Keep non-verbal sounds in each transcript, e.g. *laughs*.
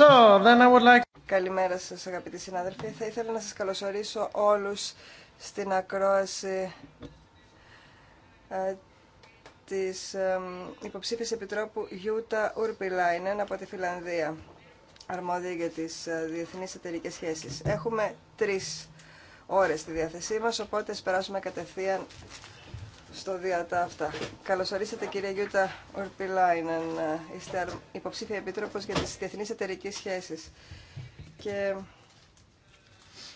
So, then I would like... Καλημέρα σας αγαπητοί συνάδελφοι. Θα ήθελα να σας καλωσορίσω όλους στην ακρόαση ε, της ε, επιτρόπου Γιούτα Ουρπιλάινεν από τη Φιλανδία, αρμόδια για τις ε, διεθνείς εταιρικές σχέσεις. Έχουμε τρεις ώρες στη διάθεσή μας, οπότε περάσουμε κατευθείαν στο διάτα αυτά. Καλώς κυρία Γιούτα Ορπιλάινεν, είστε υποψήφια επίτροπος για τις διεθνείς εταιρικές σχέσεις. Και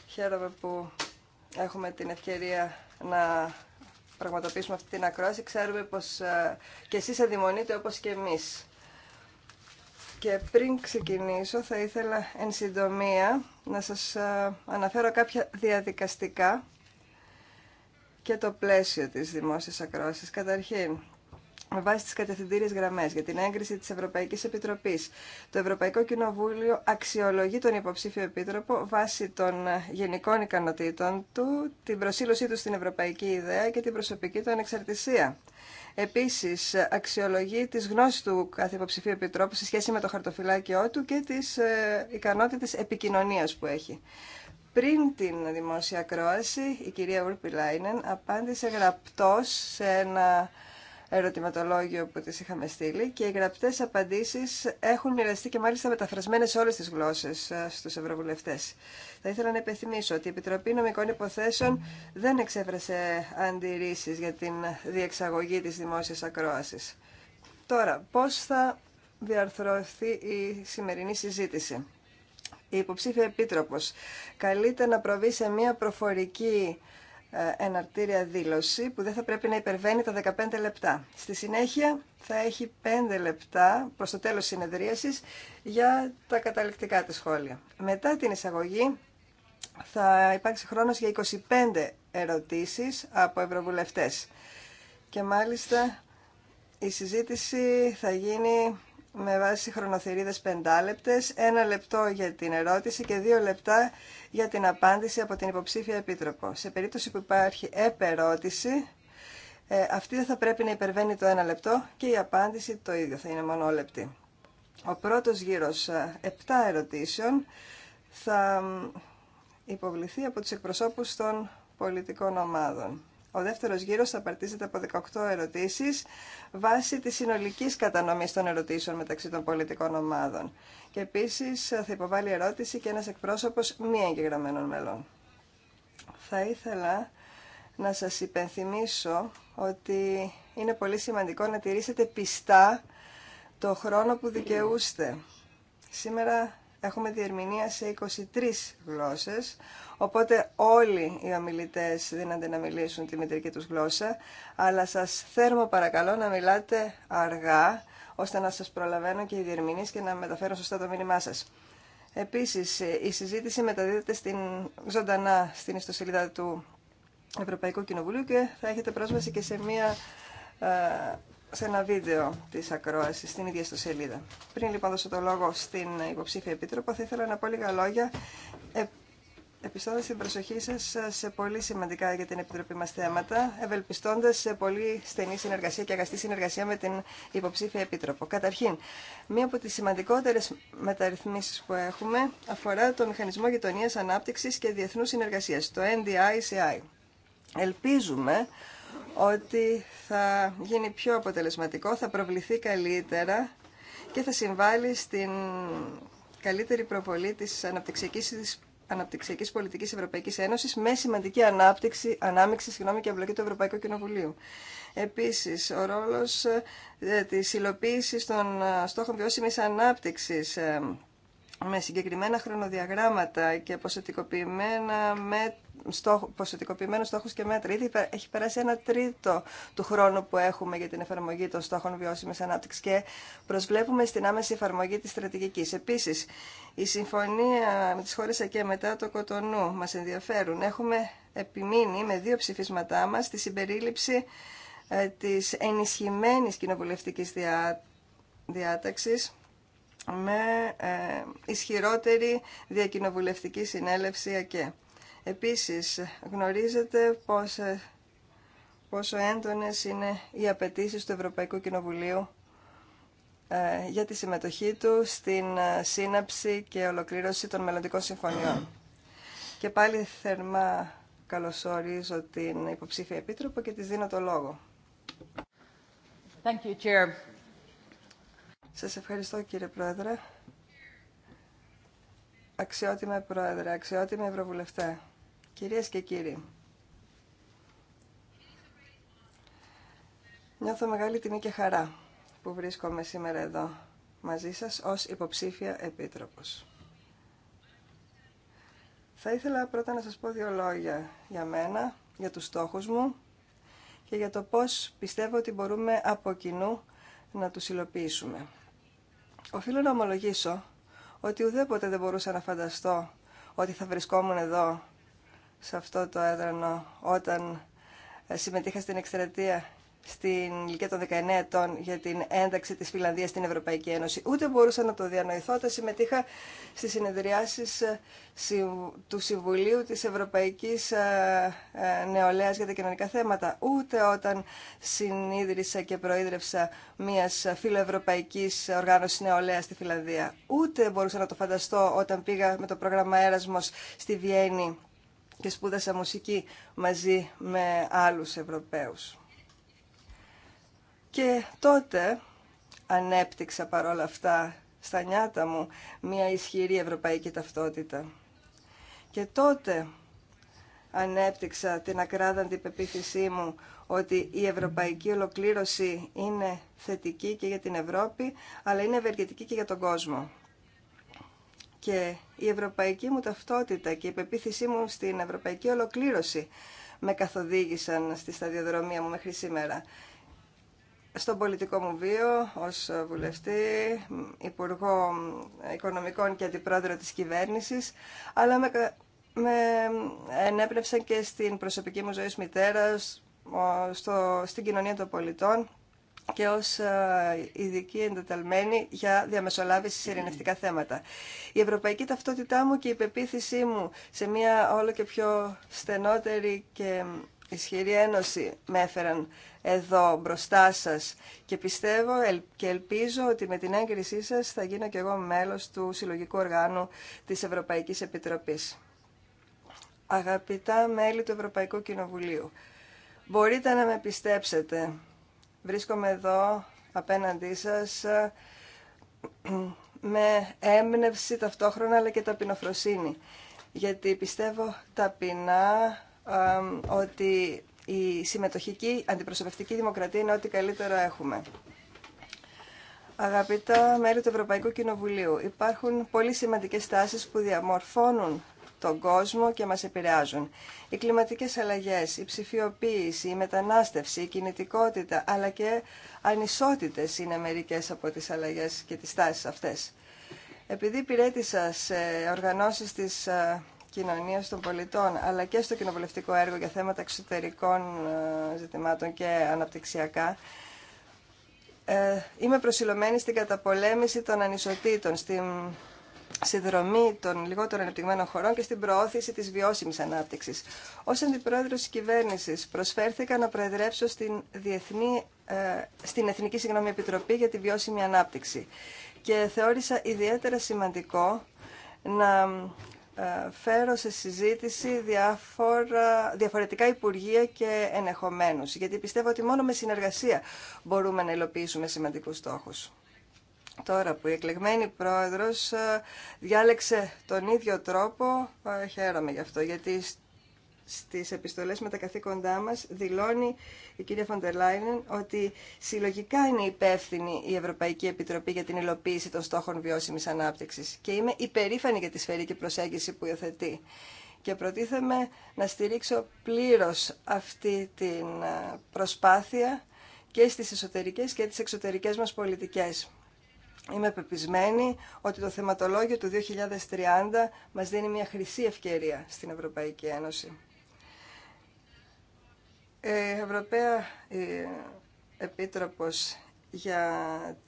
χαίρομαι που έχουμε την ευκαιρία να πραγματοποιήσουμε αυτή την ακρόαση. Ξέρουμε πως ε, και εσείς αδειμονείτε όπως και εμείς. Και πριν ξεκινήσω θα ήθελα εν συντομία να σας ε, αναφέρω κάποια διαδικαστικά και το πλαίσιο της δημόσιας ακρόασης. Καταρχήν, με βάση τι κατευθυντήριες γραμμέ για την έγκριση της Ευρωπαϊκής Επιτροπής, το Ευρωπαϊκό Κοινοβούλιο αξιολογεί τον υποψήφιο επίτροπο βάσει των γενικών ικανοτήτων του, την προσήλωσή του στην ευρωπαϊκή ιδέα και την προσωπική του ανεξαρτησία. Επίση, αξιολογεί τι γνώσει του κάθε υποψηφίου επιτρόπου σε σχέση με το χαρτοφυλάκιό του και τι ε, ικανότητε επικοινωνία που έχει. Πριν την δημόσια ακρόαση, η κυρία Ουρπιλάινεν απάντησε γραπτός σε ένα ερωτηματολόγιο που της είχαμε στείλει και οι γραπτές απαντήσεις έχουν μοιραστεί και μάλιστα μεταφρασμένες σε όλες τις γλώσσες ε, στους ευρωβουλευτές. Θα ήθελα να υπενθυμίσω ότι η Επιτροπή Νομικών Υποθέσεων δεν εξέφρασε αντιρρήσεις για την διεξαγωγή της δημόσιας ακρόασης. Τώρα, πώς θα διαρθρωθεί η σημερινή συζήτηση η υποψήφια επίτροπος καλείται να προβεί σε μια προφορική ε, εναρτήρια δήλωση που δεν θα πρέπει να υπερβαίνει τα 15 λεπτά. Στη συνέχεια θα έχει 5 λεπτά προς το τέλος συνεδρίασης για τα καταληκτικά της σχόλια. Μετά την εισαγωγή θα υπάρξει χρόνος για 25 ερωτήσεις από ευρωβουλευτές. Και μάλιστα η συζήτηση θα γίνει με βάση χρονοθυρίδες πεντάλεπτες, ένα λεπτό για την ερώτηση και δύο λεπτά για την απάντηση από την υποψήφια επίτροπο. Σε περίπτωση που υπάρχει επερώτηση, ε, αυτή θα πρέπει να υπερβαίνει το ένα λεπτό και η απάντηση το ίδιο, θα είναι μονόλεπτη. Ο πρώτος γύρος ε, επτά ερωτήσεων θα υποβληθεί από τους εκπροσώπους των πολιτικών ομάδων. Ο δεύτερος γύρος θα παρτίζεται από 18 ερωτήσεις βάσει της συνολικής κατανομής των ερωτήσεων μεταξύ των πολιτικών ομάδων. Και επίσης ε, θα υποβάλει ερώτηση και ένας εκπρόσωπος μη εγγεγραμμένων μελών. Θα ήθελα να σας υπενθυμίσω ότι είναι πολύ σημαντικό να τηρήσετε πιστά το χρόνο που δικαιούστε. Σήμερα Έχουμε διερμηνία σε 23 γλώσσες, οπότε όλοι οι ομιλητές δίνονται να μιλήσουν τη μητρική τους γλώσσα, αλλά σας θέρμο παρακαλώ να μιλάτε αργά, ώστε να σας προλαβαίνω και οι διερμηνείς και να μεταφέρω σωστά το μήνυμά σας. Επίσης, η συζήτηση μεταδίδεται στην, ζωντανά στην ιστοσελίδα του Ευρωπαϊκού Κοινοβουλίου και θα έχετε πρόσβαση και σε μία ε, σε ένα βίντεο τη ακρόαση στην ίδια στο σελίδα. Πριν λοιπόν δώσω το λόγο στην υποψήφια επίτροπο, θα ήθελα να πω λίγα λόγια ε, επιστώντα την προσοχή σα σε πολύ σημαντικά για την Επιτροπή μα θέματα, ευελπιστώντα σε πολύ στενή συνεργασία και αγαστή συνεργασία με την υποψήφια Επίτροπο. Καταρχήν, μία από τι σημαντικότερε μεταρρυθμίσει που έχουμε αφορά το Μηχανισμό γειτονία ανάπτυξη και διεθνού συνεργασία, το NDICI. Ελπίζουμε ότι θα γίνει πιο αποτελεσματικό, θα προβληθεί καλύτερα και θα συμβάλλει στην καλύτερη προβολή της αναπτυξιακής, της αναπτυξιακής πολιτικής Ευρωπαϊκής Ένωσης με σημαντική ανάπτυξη, ανάμειξη συγγνώμη, και εμπλοκή του Ευρωπαϊκού Κοινοβουλίου. Επίσης, ο ρόλος ε, της υλοποίησης των ε, στόχων βιώσιμης ανάπτυξης ε, με συγκεκριμένα χρονοδιαγράμματα και ποσοτικοποιημένα με ποσοτικοποιημένους στόχους και μέτρα. Ήδη έχει περάσει ένα τρίτο του χρόνου που έχουμε για την εφαρμογή των στόχων βιώσιμης ανάπτυξης και προσβλέπουμε στην άμεση εφαρμογή της στρατηγικής. Επίσης, η συμφωνία με τις χώρες ΑΚΕ μετά το Κοτονού μας ενδιαφέρουν. Έχουμε επιμείνει με δύο ψηφίσματά μας τη συμπερίληψη ε, της ενισχυμένης κοινοβουλευτικής διά, διάταξης με ε, ισχυρότερη διακοινοβουλευτική συνέλευση ΑΚΕ. Επίσης, γνωρίζετε πως, ε, πόσο έντονες είναι οι απαιτήσει του Ευρωπαϊκού Κοινοβουλίου ε, για τη συμμετοχή του στην σύναψη και ολοκλήρωση των μελλοντικών συμφωνιών. Και πάλι θερμά καλωσορίζω την υποψήφια επίτροπο και της δίνω το λόγο. Thank you, Chair. Σας ευχαριστώ κύριε Πρόεδρε. Αξιότιμε Πρόεδρε, αξιότιμε Ευρωβουλευτέ, κυρίες και κύριοι. Νιώθω μεγάλη τιμή και χαρά που βρίσκομαι σήμερα εδώ μαζί σας ως υποψήφια επίτροπος. Θα ήθελα πρώτα να σας πω δύο λόγια για μένα, για τους στόχους μου και για το πώς πιστεύω ότι μπορούμε από κοινού να τους υλοποιήσουμε. Οφείλω να ομολογήσω ότι ουδέποτε δεν μπορούσα να φανταστώ ότι θα βρισκόμουν εδώ, σε αυτό το έδρανο, όταν ε, συμμετείχα στην εκστρατεία στην ηλικία των 19 ετών για την ένταξη της Φιλανδίας στην Ευρωπαϊκή Ένωση. Ούτε μπορούσα να το διανοηθώ, όταν συμμετείχα στις συνεδριάσεις ε, του Συμβουλίου της Ευρωπαϊκής ε, ε, Νεολαίας για τα κοινωνικά θέματα. Ούτε όταν συνείδησα και προείδρευσα μιας φιλοευρωπαϊκής οργάνωσης νεολαίας στη Φιλανδία. Ούτε μπορούσα να το φανταστώ όταν πήγα με το πρόγραμμα Έρασμος στη Βιέννη και σπούδασα μουσική μαζί με άλλους Ευρωπαίους. Και τότε ανέπτυξα παρόλα αυτά στα νιάτα μου μια ισχυρή ευρωπαϊκή ταυτότητα. Και τότε ανέπτυξα την ακράδαντη πεποίθησή μου ότι η ευρωπαϊκή ολοκλήρωση είναι θετική και για την Ευρώπη, αλλά είναι ευεργετική και για τον κόσμο. Και η ευρωπαϊκή μου ταυτότητα και η πεποίθησή μου στην ευρωπαϊκή ολοκλήρωση με καθοδήγησαν στη σταδιοδρομία μου μέχρι σήμερα στον πολιτικό μου βίο ως βουλευτή, Υπουργό Οικονομικών και Αντιπρόεδρο της Κυβέρνησης, αλλά με, με ενέπνευσαν και στην προσωπική μου ζωή ως στο, στην κοινωνία των πολιτών και ως ε, ειδική εντεταλμένη για διαμεσολάβηση σε ειρηνευτικά θέματα. Η ευρωπαϊκή ταυτότητά μου και η πεποίθησή μου σε μια όλο και πιο στενότερη και ισχυρή ένωση με έφεραν εδώ μπροστά σας και πιστεύω και ελπίζω ότι με την έγκρισή σας θα γίνω και εγώ μέλος του Συλλογικού Οργάνου της Ευρωπαϊκής Επιτροπής. Αγαπητά μέλη του Ευρωπαϊκού Κοινοβουλίου, μπορείτε να με πιστέψετε. Βρίσκομαι εδώ απέναντί σας *clears throat* με έμπνευση ταυτόχρονα αλλά και ταπεινοφροσύνη γιατί πιστεύω ταπεινά ότι η συμμετοχική αντιπροσωπευτική δημοκρατία είναι ό,τι καλύτερο έχουμε. Αγαπητά μέλη του Ευρωπαϊκού Κοινοβουλίου, υπάρχουν πολύ σημαντικές τάσεις που διαμορφώνουν τον κόσμο και μας επηρεάζουν. Οι κλιματικές αλλαγές, η ψηφιοποίηση, η μετανάστευση, η κινητικότητα, αλλά και ανισότητες είναι μερικές από τις αλλαγές και τις τάσεις αυτές. Επειδή υπηρέτησα σε οργανώσεις της ε, κοινωνία των πολιτών, αλλά και στο κοινοβουλευτικό έργο για θέματα εξωτερικών ε, ζητημάτων και αναπτυξιακά, ε, είμαι προσιλωμένη στην καταπολέμηση των ανισοτήτων, στην συνδρομή των λιγότερων ανεπτυγμένων χωρών και στην προώθηση της βιώσιμης ανάπτυξης. Ως αντιπρόεδρος της κυβέρνησης προσφέρθηκα να προεδρεύσω στην, Διεθνή, ε, στην Εθνική Συγγνώμη Επιτροπή για τη Βιώσιμη Ανάπτυξη και θεώρησα ιδιαίτερα σημαντικό να ε, φέρω σε συζήτηση διάφορα, διαφορετικά υπουργεία και ενεχομένους, γιατί πιστεύω ότι μόνο με συνεργασία μπορούμε να υλοποιήσουμε σημαντικούς στόχους. Τώρα που η εκλεγμένη πρόεδρος ε, διάλεξε τον ίδιο τρόπο, ε, χαίρομαι γι' αυτό, γιατί στις επιστολές με τα καθήκοντά μας δηλώνει η κυρία Φοντερ Λάινεν ότι συλλογικά είναι υπεύθυνη η Ευρωπαϊκή Επιτροπή για την υλοποίηση των στόχων βιώσιμης ανάπτυξης και είμαι υπερήφανη για τη σφαιρική προσέγγιση που υιοθετεί και προτίθεμαι να στηρίξω πλήρως αυτή την ε, προσπάθεια και στις εσωτερικές και τις εξωτερικές μας πολιτικές. Είμαι πεπισμένη ότι το θεματολόγιο του 2030 μας δίνει μια χρυσή ευκαιρία στην Ευρωπαϊκή Ένωση. Ε, Ευρωπαία ε, Επίτροπος για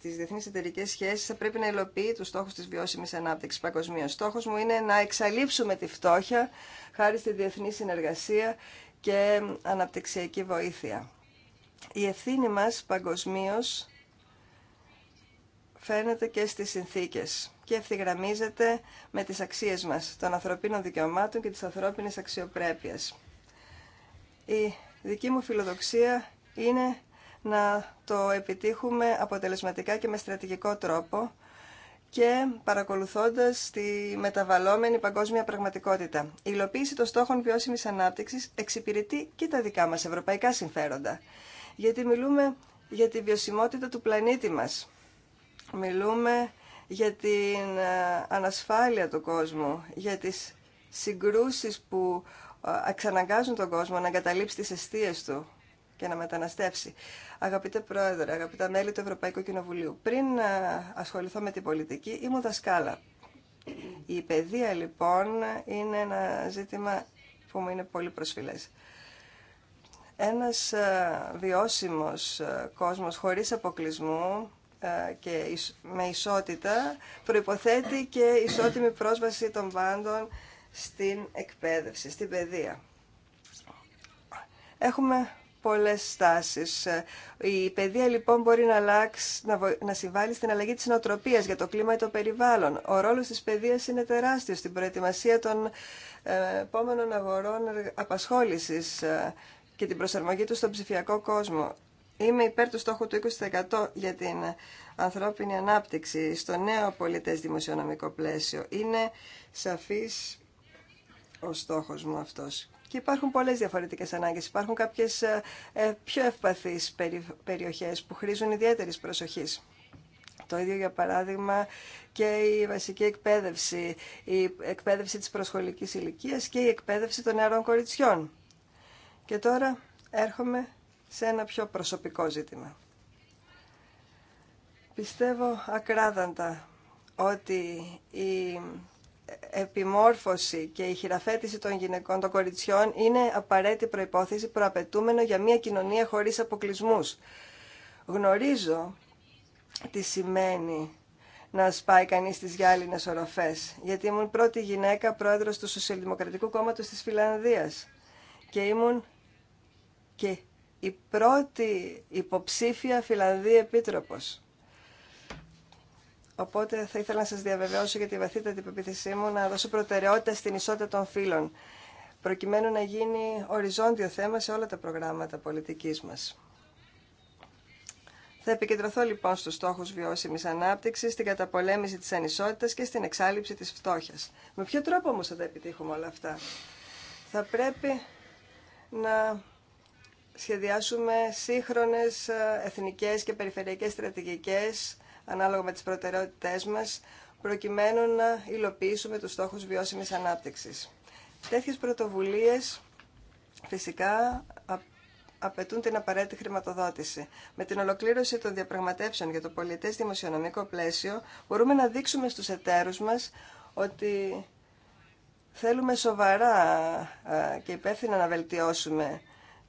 τις διεθνείς εταιρικέ σχέσεις θα πρέπει να υλοποιεί του στόχου της βιώσιμης ανάπτυξης παγκοσμίως. Στόχος μου είναι να εξαλείψουμε τη φτώχεια χάρη στη διεθνή συνεργασία και αναπτυξιακή βοήθεια. Η ευθύνη μας παγκοσμίω φαίνεται και στις συνθήκες και ευθυγραμμίζεται με τι αξίε μα, των ανθρωπίνων δικαιωμάτων και τη ανθρώπινη αξιοπρέπεια. Η Δική μου φιλοδοξία είναι να το επιτύχουμε αποτελεσματικά και με στρατηγικό τρόπο και παρακολουθώντας τη μεταβαλλόμενη παγκόσμια πραγματικότητα. Η υλοποίηση των στόχων βιώσιμης ανάπτυξης εξυπηρετεί και τα δικά μας ευρωπαϊκά συμφέροντα. Γιατί μιλούμε για τη βιωσιμότητα του πλανήτη μας. Μιλούμε για την ε, ανασφάλεια του κόσμου, για τις συγκρούσεις που εξαναγκάζουν τον κόσμο να εγκαταλείψει τις αιστείες του και να μεταναστεύσει. Αγαπητέ Πρόεδρε, αγαπητά μέλη του Ευρωπαϊκού Κοινοβουλίου, πριν ε, ασχοληθώ με την πολιτική, ήμουν δασκάλα. Η παιδεία, λοιπόν, είναι ένα ζήτημα που μου είναι πολύ προσφυλές. Ένας ε, βιώσιμος ε, κόσμος χωρίς αποκλεισμού και με ισότητα προϋποθέτει και ισότιμη πρόσβαση των πάντων στην εκπαίδευση, στην παιδεία. Έχουμε πολλές στάσεις. Ε, η παιδεία λοιπόν μπορεί να, αλλάξει, να, συμβάλλει στην αλλαγή της νοοτροπίας για το κλίμα ή το περιβάλλον. Ο ρόλος της παιδείας είναι τεράστιος στην προετοιμασία των ε, επόμενων αγορών απασχόλησης ε, και την προσαρμογή του στον ψηφιακό κόσμο. Είμαι υπέρ του στόχου του 20% για την ανθρώπινη ανάπτυξη στο νέο πολιτές δημοσιονομικό πλαίσιο. Είναι σαφής ο στόχος μου αυτός. Και υπάρχουν πολλές διαφορετικές ανάγκες. Υπάρχουν κάποιες ε, ε, πιο ευπαθείς περιοχές που χρήζουν ιδιαίτερης προσοχής. Το ίδιο για παράδειγμα και η βασική εκπαίδευση, η εκπαίδευση της προσχολικής ηλικίας και η εκπαίδευση των νεαρών κοριτσιών. Και τώρα έρχομαι σε ένα πιο προσωπικό ζήτημα. Πιστεύω ακράδαντα ότι η επιμόρφωση και η χειραφέτηση των γυναικών, των κοριτσιών είναι απαραίτητη προϋπόθεση προαπαιτούμενο για μια κοινωνία χωρίς αποκλεισμού. Γνωρίζω τι σημαίνει να σπάει κανεί τις γυάλινε οροφέ, γιατί ήμουν πρώτη γυναίκα πρόεδρο του Σοσιαλδημοκρατικού κόμματο τη Φιλανδίας και ήμουν και η πρώτη υποψήφια Φιλανδία Επίτροπος. Οπότε θα ήθελα να σα διαβεβαιώσω για τη βαθύτατη πεποίθησή μου να δώσω προτεραιότητα στην ισότητα των φύλων, προκειμένου να γίνει οριζόντιο θέμα σε όλα τα προγράμματα πολιτική μα. Θα επικεντρωθώ λοιπόν στους στόχους βιώσιμης ανάπτυξης, στην καταπολέμηση της ανισότητας και στην εξάλληψη της φτώχειας. Με ποιο τρόπο όμως θα τα επιτύχουμε όλα αυτά. Θα πρέπει να σχεδιάσουμε σύγχρονες ε, εθνικές και περιφερειακές στρατηγικές ανάλογα με τις προτεραιότητές μας, προκειμένου να υλοποιήσουμε τους στόχους βιώσιμης ανάπτυξης. Τέτοιες πρωτοβουλίες φυσικά απαιτούν την απαραίτητη χρηματοδότηση. Με την ολοκλήρωση των διαπραγματεύσεων για το πολιτές δημοσιονομικό πλαίσιο, μπορούμε να δείξουμε στους εταίρους μας ότι θέλουμε σοβαρά ε, και υπεύθυνα να βελτιώσουμε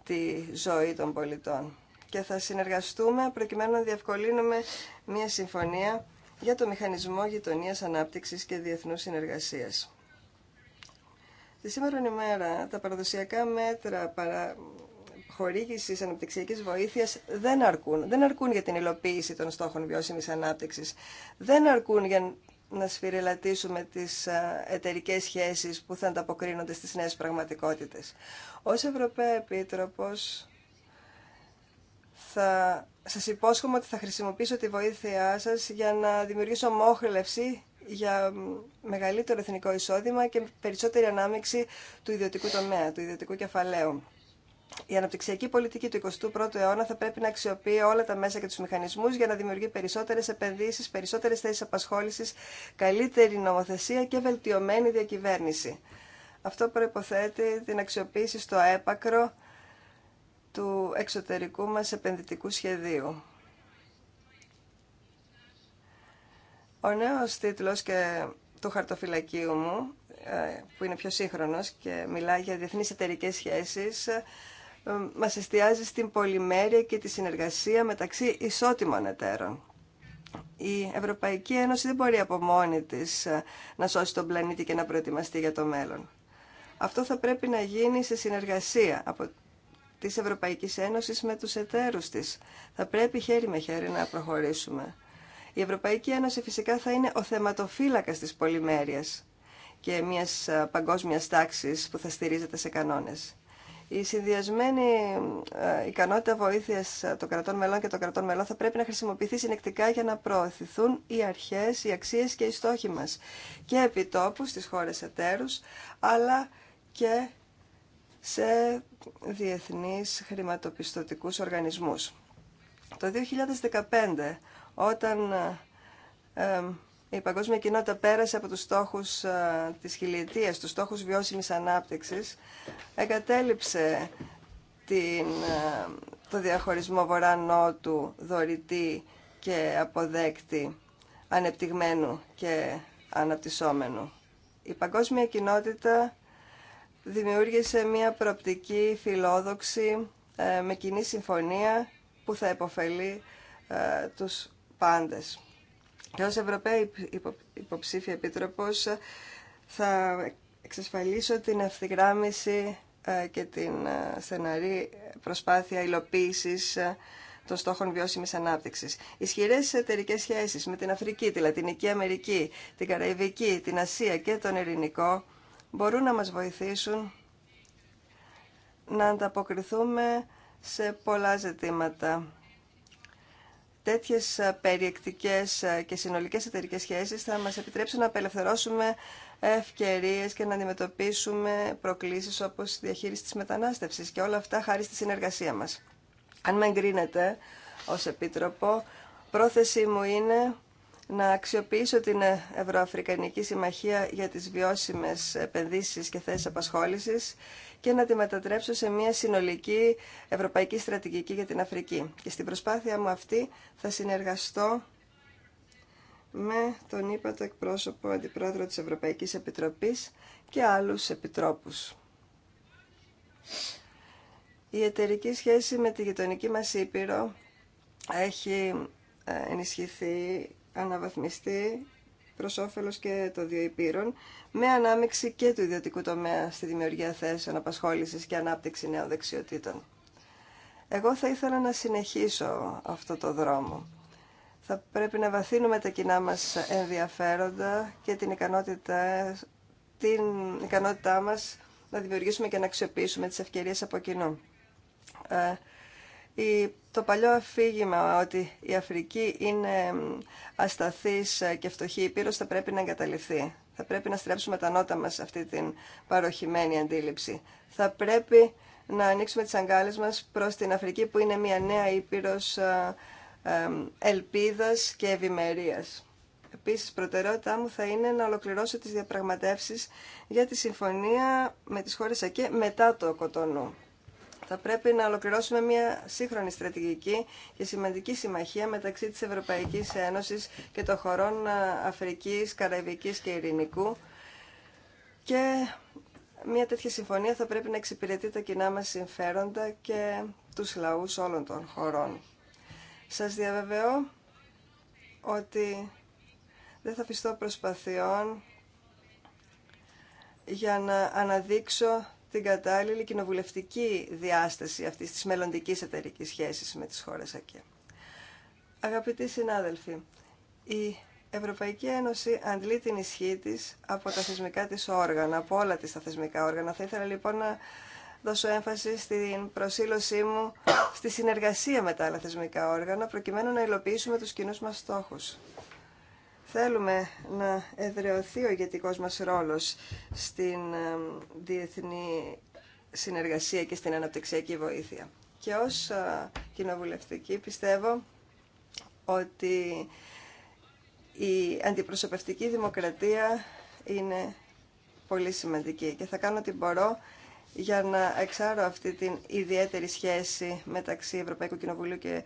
τη ζωή των πολιτών και θα συνεργαστούμε προκειμένου να διευκολύνουμε μια συμφωνία για το Μηχανισμό γειτονία Ανάπτυξης και Διεθνούς Συνεργασίας. Τη σήμερα ημέρα τα παραδοσιακά μέτρα παρα... χορήγηση αναπτυξιακής βοήθειας δεν αρκούν. Δεν αρκούν για την υλοποίηση των στόχων βιώσιμης ανάπτυξης. Δεν αρκούν για να σφυριλατήσουμε τι εταιρικέ σχέσει που θα ανταποκρίνονται στις νέε πραγματικότητες. Ω Ευρωπαίο Επίτροπο, θα σας υπόσχομαι ότι θα χρησιμοποιήσω τη βοήθειά σας για να δημιουργήσω μόχλευση για μεγαλύτερο εθνικό εισόδημα και περισσότερη ανάμειξη του ιδιωτικού τομέα, του ιδιωτικού κεφαλαίου. Η αναπτυξιακή πολιτική του 21ου αιώνα θα πρέπει να αξιοποιεί όλα τα μέσα και του μηχανισμού για να δημιουργεί περισσότερε επενδύσει, περισσότερε θέσει απασχόληση, καλύτερη νομοθεσία και βελτιωμένη διακυβέρνηση. Αυτό προποθέτει την αξιοποίηση στο έπακρο του εξωτερικού μας επενδυτικού σχεδίου. Ο νέος τίτλος και του χαρτοφυλακίου μου, ε, που είναι πιο σύγχρονος και μιλά για διεθνείς εταιρικέ σχέσεις, ε, μας εστιάζει στην πολυμέρεια και τη συνεργασία μεταξύ ισότιμων εταίρων. Η Ευρωπαϊκή Ένωση δεν μπορεί από μόνη της ε, να σώσει τον πλανήτη και να προετοιμαστεί για το μέλλον. Αυτό θα πρέπει να γίνει σε συνεργασία από της Ευρωπαϊκής Ένωσης με τους εταίρους της. Θα πρέπει χέρι με χέρι να προχωρήσουμε. Η Ευρωπαϊκή Ένωση φυσικά θα είναι ο θεματοφύλακας της πολυμέρειας και μιας ε, παγκόσμιας τάξης που θα στηρίζεται σε κανόνες. Η συνδυασμένη ε, ικανότητα βοήθειας ε, των κρατών μελών και των κρατών μελών θα πρέπει να χρησιμοποιηθεί συνεκτικά για να προωθηθούν οι αρχές, οι αξίες και οι στόχοι μας και επιτόπου στις χώρες εταίρους, αλλά και σε διεθνείς χρηματοπιστωτικούς οργανισμούς. Το 2015, όταν η παγκόσμια κοινότητα πέρασε από τους στόχους ε, της χιλιετίας, τους στόχους βιώσιμης ανάπτυξης, εγκατέλειψε την, το διαχωρισμό βορρά-νότου, δωρητή και αποδέκτη, ανεπτυγμένου και αναπτυσσόμενου. Η παγκόσμια κοινότητα δημιούργησε μια προοπτική φιλόδοξη ε, με κοινή συμφωνία που θα επωφελεί ε, τους πάντες. Και ως Ευρωπαίοι υποψήφια επίτροπος ε, θα εξασφαλίσω την ευθυγράμμιση και την στεναρή προσπάθεια υλοποίησης των στόχων βιώσιμης ανάπτυξης. Ισχυρές εταιρικές σχέσεις με την Αφρική, τη Λατινική Αμερική, την Καραϊβική, την Ασία και τον Ειρηνικό μπορούν να μας βοηθήσουν να ανταποκριθούμε σε πολλά ζητήματα. Τέτοιες ε, περιεκτικές ε, και συνολικές εταιρικές σχέσεις θα μας επιτρέψουν να απελευθερώσουμε ευκαιρίες και να αντιμετωπίσουμε προκλήσεις όπως η διαχείριση της μετανάστευσης και όλα αυτά χάρη στη συνεργασία μας. Αν με εγκρίνετε ως Επίτροπο, πρόθεσή μου είναι να αξιοποιήσω την Ευρωαφρικανική Συμμαχία για τις βιώσιμες επενδύσεις και θέσεις απασχόλησης και να τη μετατρέψω σε μια συνολική ευρωπαϊκή στρατηγική για την Αφρική. Και στην προσπάθεια μου αυτή θα συνεργαστώ με τον ύπατο εκπρόσωπο αντιπρόεδρο της Ευρωπαϊκής Επιτροπής και άλλους επιτρόπους. Η εταιρική σχέση με τη γειτονική μας Ήπειρο έχει ε, ενισχυθεί αναβαθμιστεί προ όφελο και των δύο υπήρων, με ανάμειξη και του ιδιωτικού τομέα στη δημιουργία θέσεων απασχόληση και ανάπτυξη νέων δεξιοτήτων. Εγώ θα ήθελα να συνεχίσω αυτό το δρόμο. Θα πρέπει να βαθύνουμε τα κοινά μας ενδιαφέροντα και την ικανότητα, την ικανότητά μας να δημιουργήσουμε και να αξιοποιήσουμε τις ευκαιρίες από κοινού. Ε, το παλιό αφήγημα ότι η Αφρική είναι ασταθής ε, και φτωχή ήπειρος θα πρέπει να εγκαταληφθεί. Θα πρέπει να στρέψουμε τα νότα μας σε αυτή την παροχημένη αντίληψη. Θα πρέπει να ανοίξουμε τις αγκάλες μας προς την Αφρική που είναι μια νέα ήπειρος ε, ε, ελπίδας και ευημερία. Επίσης, προτεραιότητά μου θα είναι να ολοκληρώσω τις διαπραγματεύσεις για τη συμφωνία με τις χώρες ΑΚΕ μετά το Κοτονού. Θα πρέπει να ολοκληρώσουμε μια σύγχρονη στρατηγική και σημαντική συμμαχία μεταξύ της Ευρωπαϊκής Ένωσης και των χωρών ε, Αφρικής, Καραϊβικής και Ειρηνικού και μια τέτοια συμφωνία θα πρέπει να εξυπηρετεί τα κοινά μας συμφέροντα και τους λαούς όλων των χωρών. Σας διαβεβαιώ ότι δεν θα πιστώ προσπαθειών για να αναδείξω την κατάλληλη κοινοβουλευτική διάσταση αυτής της μελλοντική εταιρική σχέσης με τις χώρες ΑΚΕ. Αγαπητοί συνάδελφοι, η Ευρωπαϊκή Ένωση αντλεί την ισχύ της από τα θεσμικά της όργανα, από όλα τις τα θεσμικά όργανα. Θα ήθελα λοιπόν να δώσω έμφαση στην προσήλωσή μου στη συνεργασία με τα άλλα θεσμικά όργανα, προκειμένου να υλοποιήσουμε τους κοινούς μας στόχους θέλουμε να εδραιωθεί ο ηγετικό μας ρόλος στην διεθνή συνεργασία και στην αναπτυξιακή βοήθεια. Και ως ε, κοινοβουλευτική πιστεύω ότι η αντιπροσωπευτική δημοκρατία είναι πολύ σημαντική και θα κάνω ό,τι μπορώ για να εξάρω αυτή την ιδιαίτερη σχέση μεταξύ Ευρωπαϊκού Κοινοβουλίου και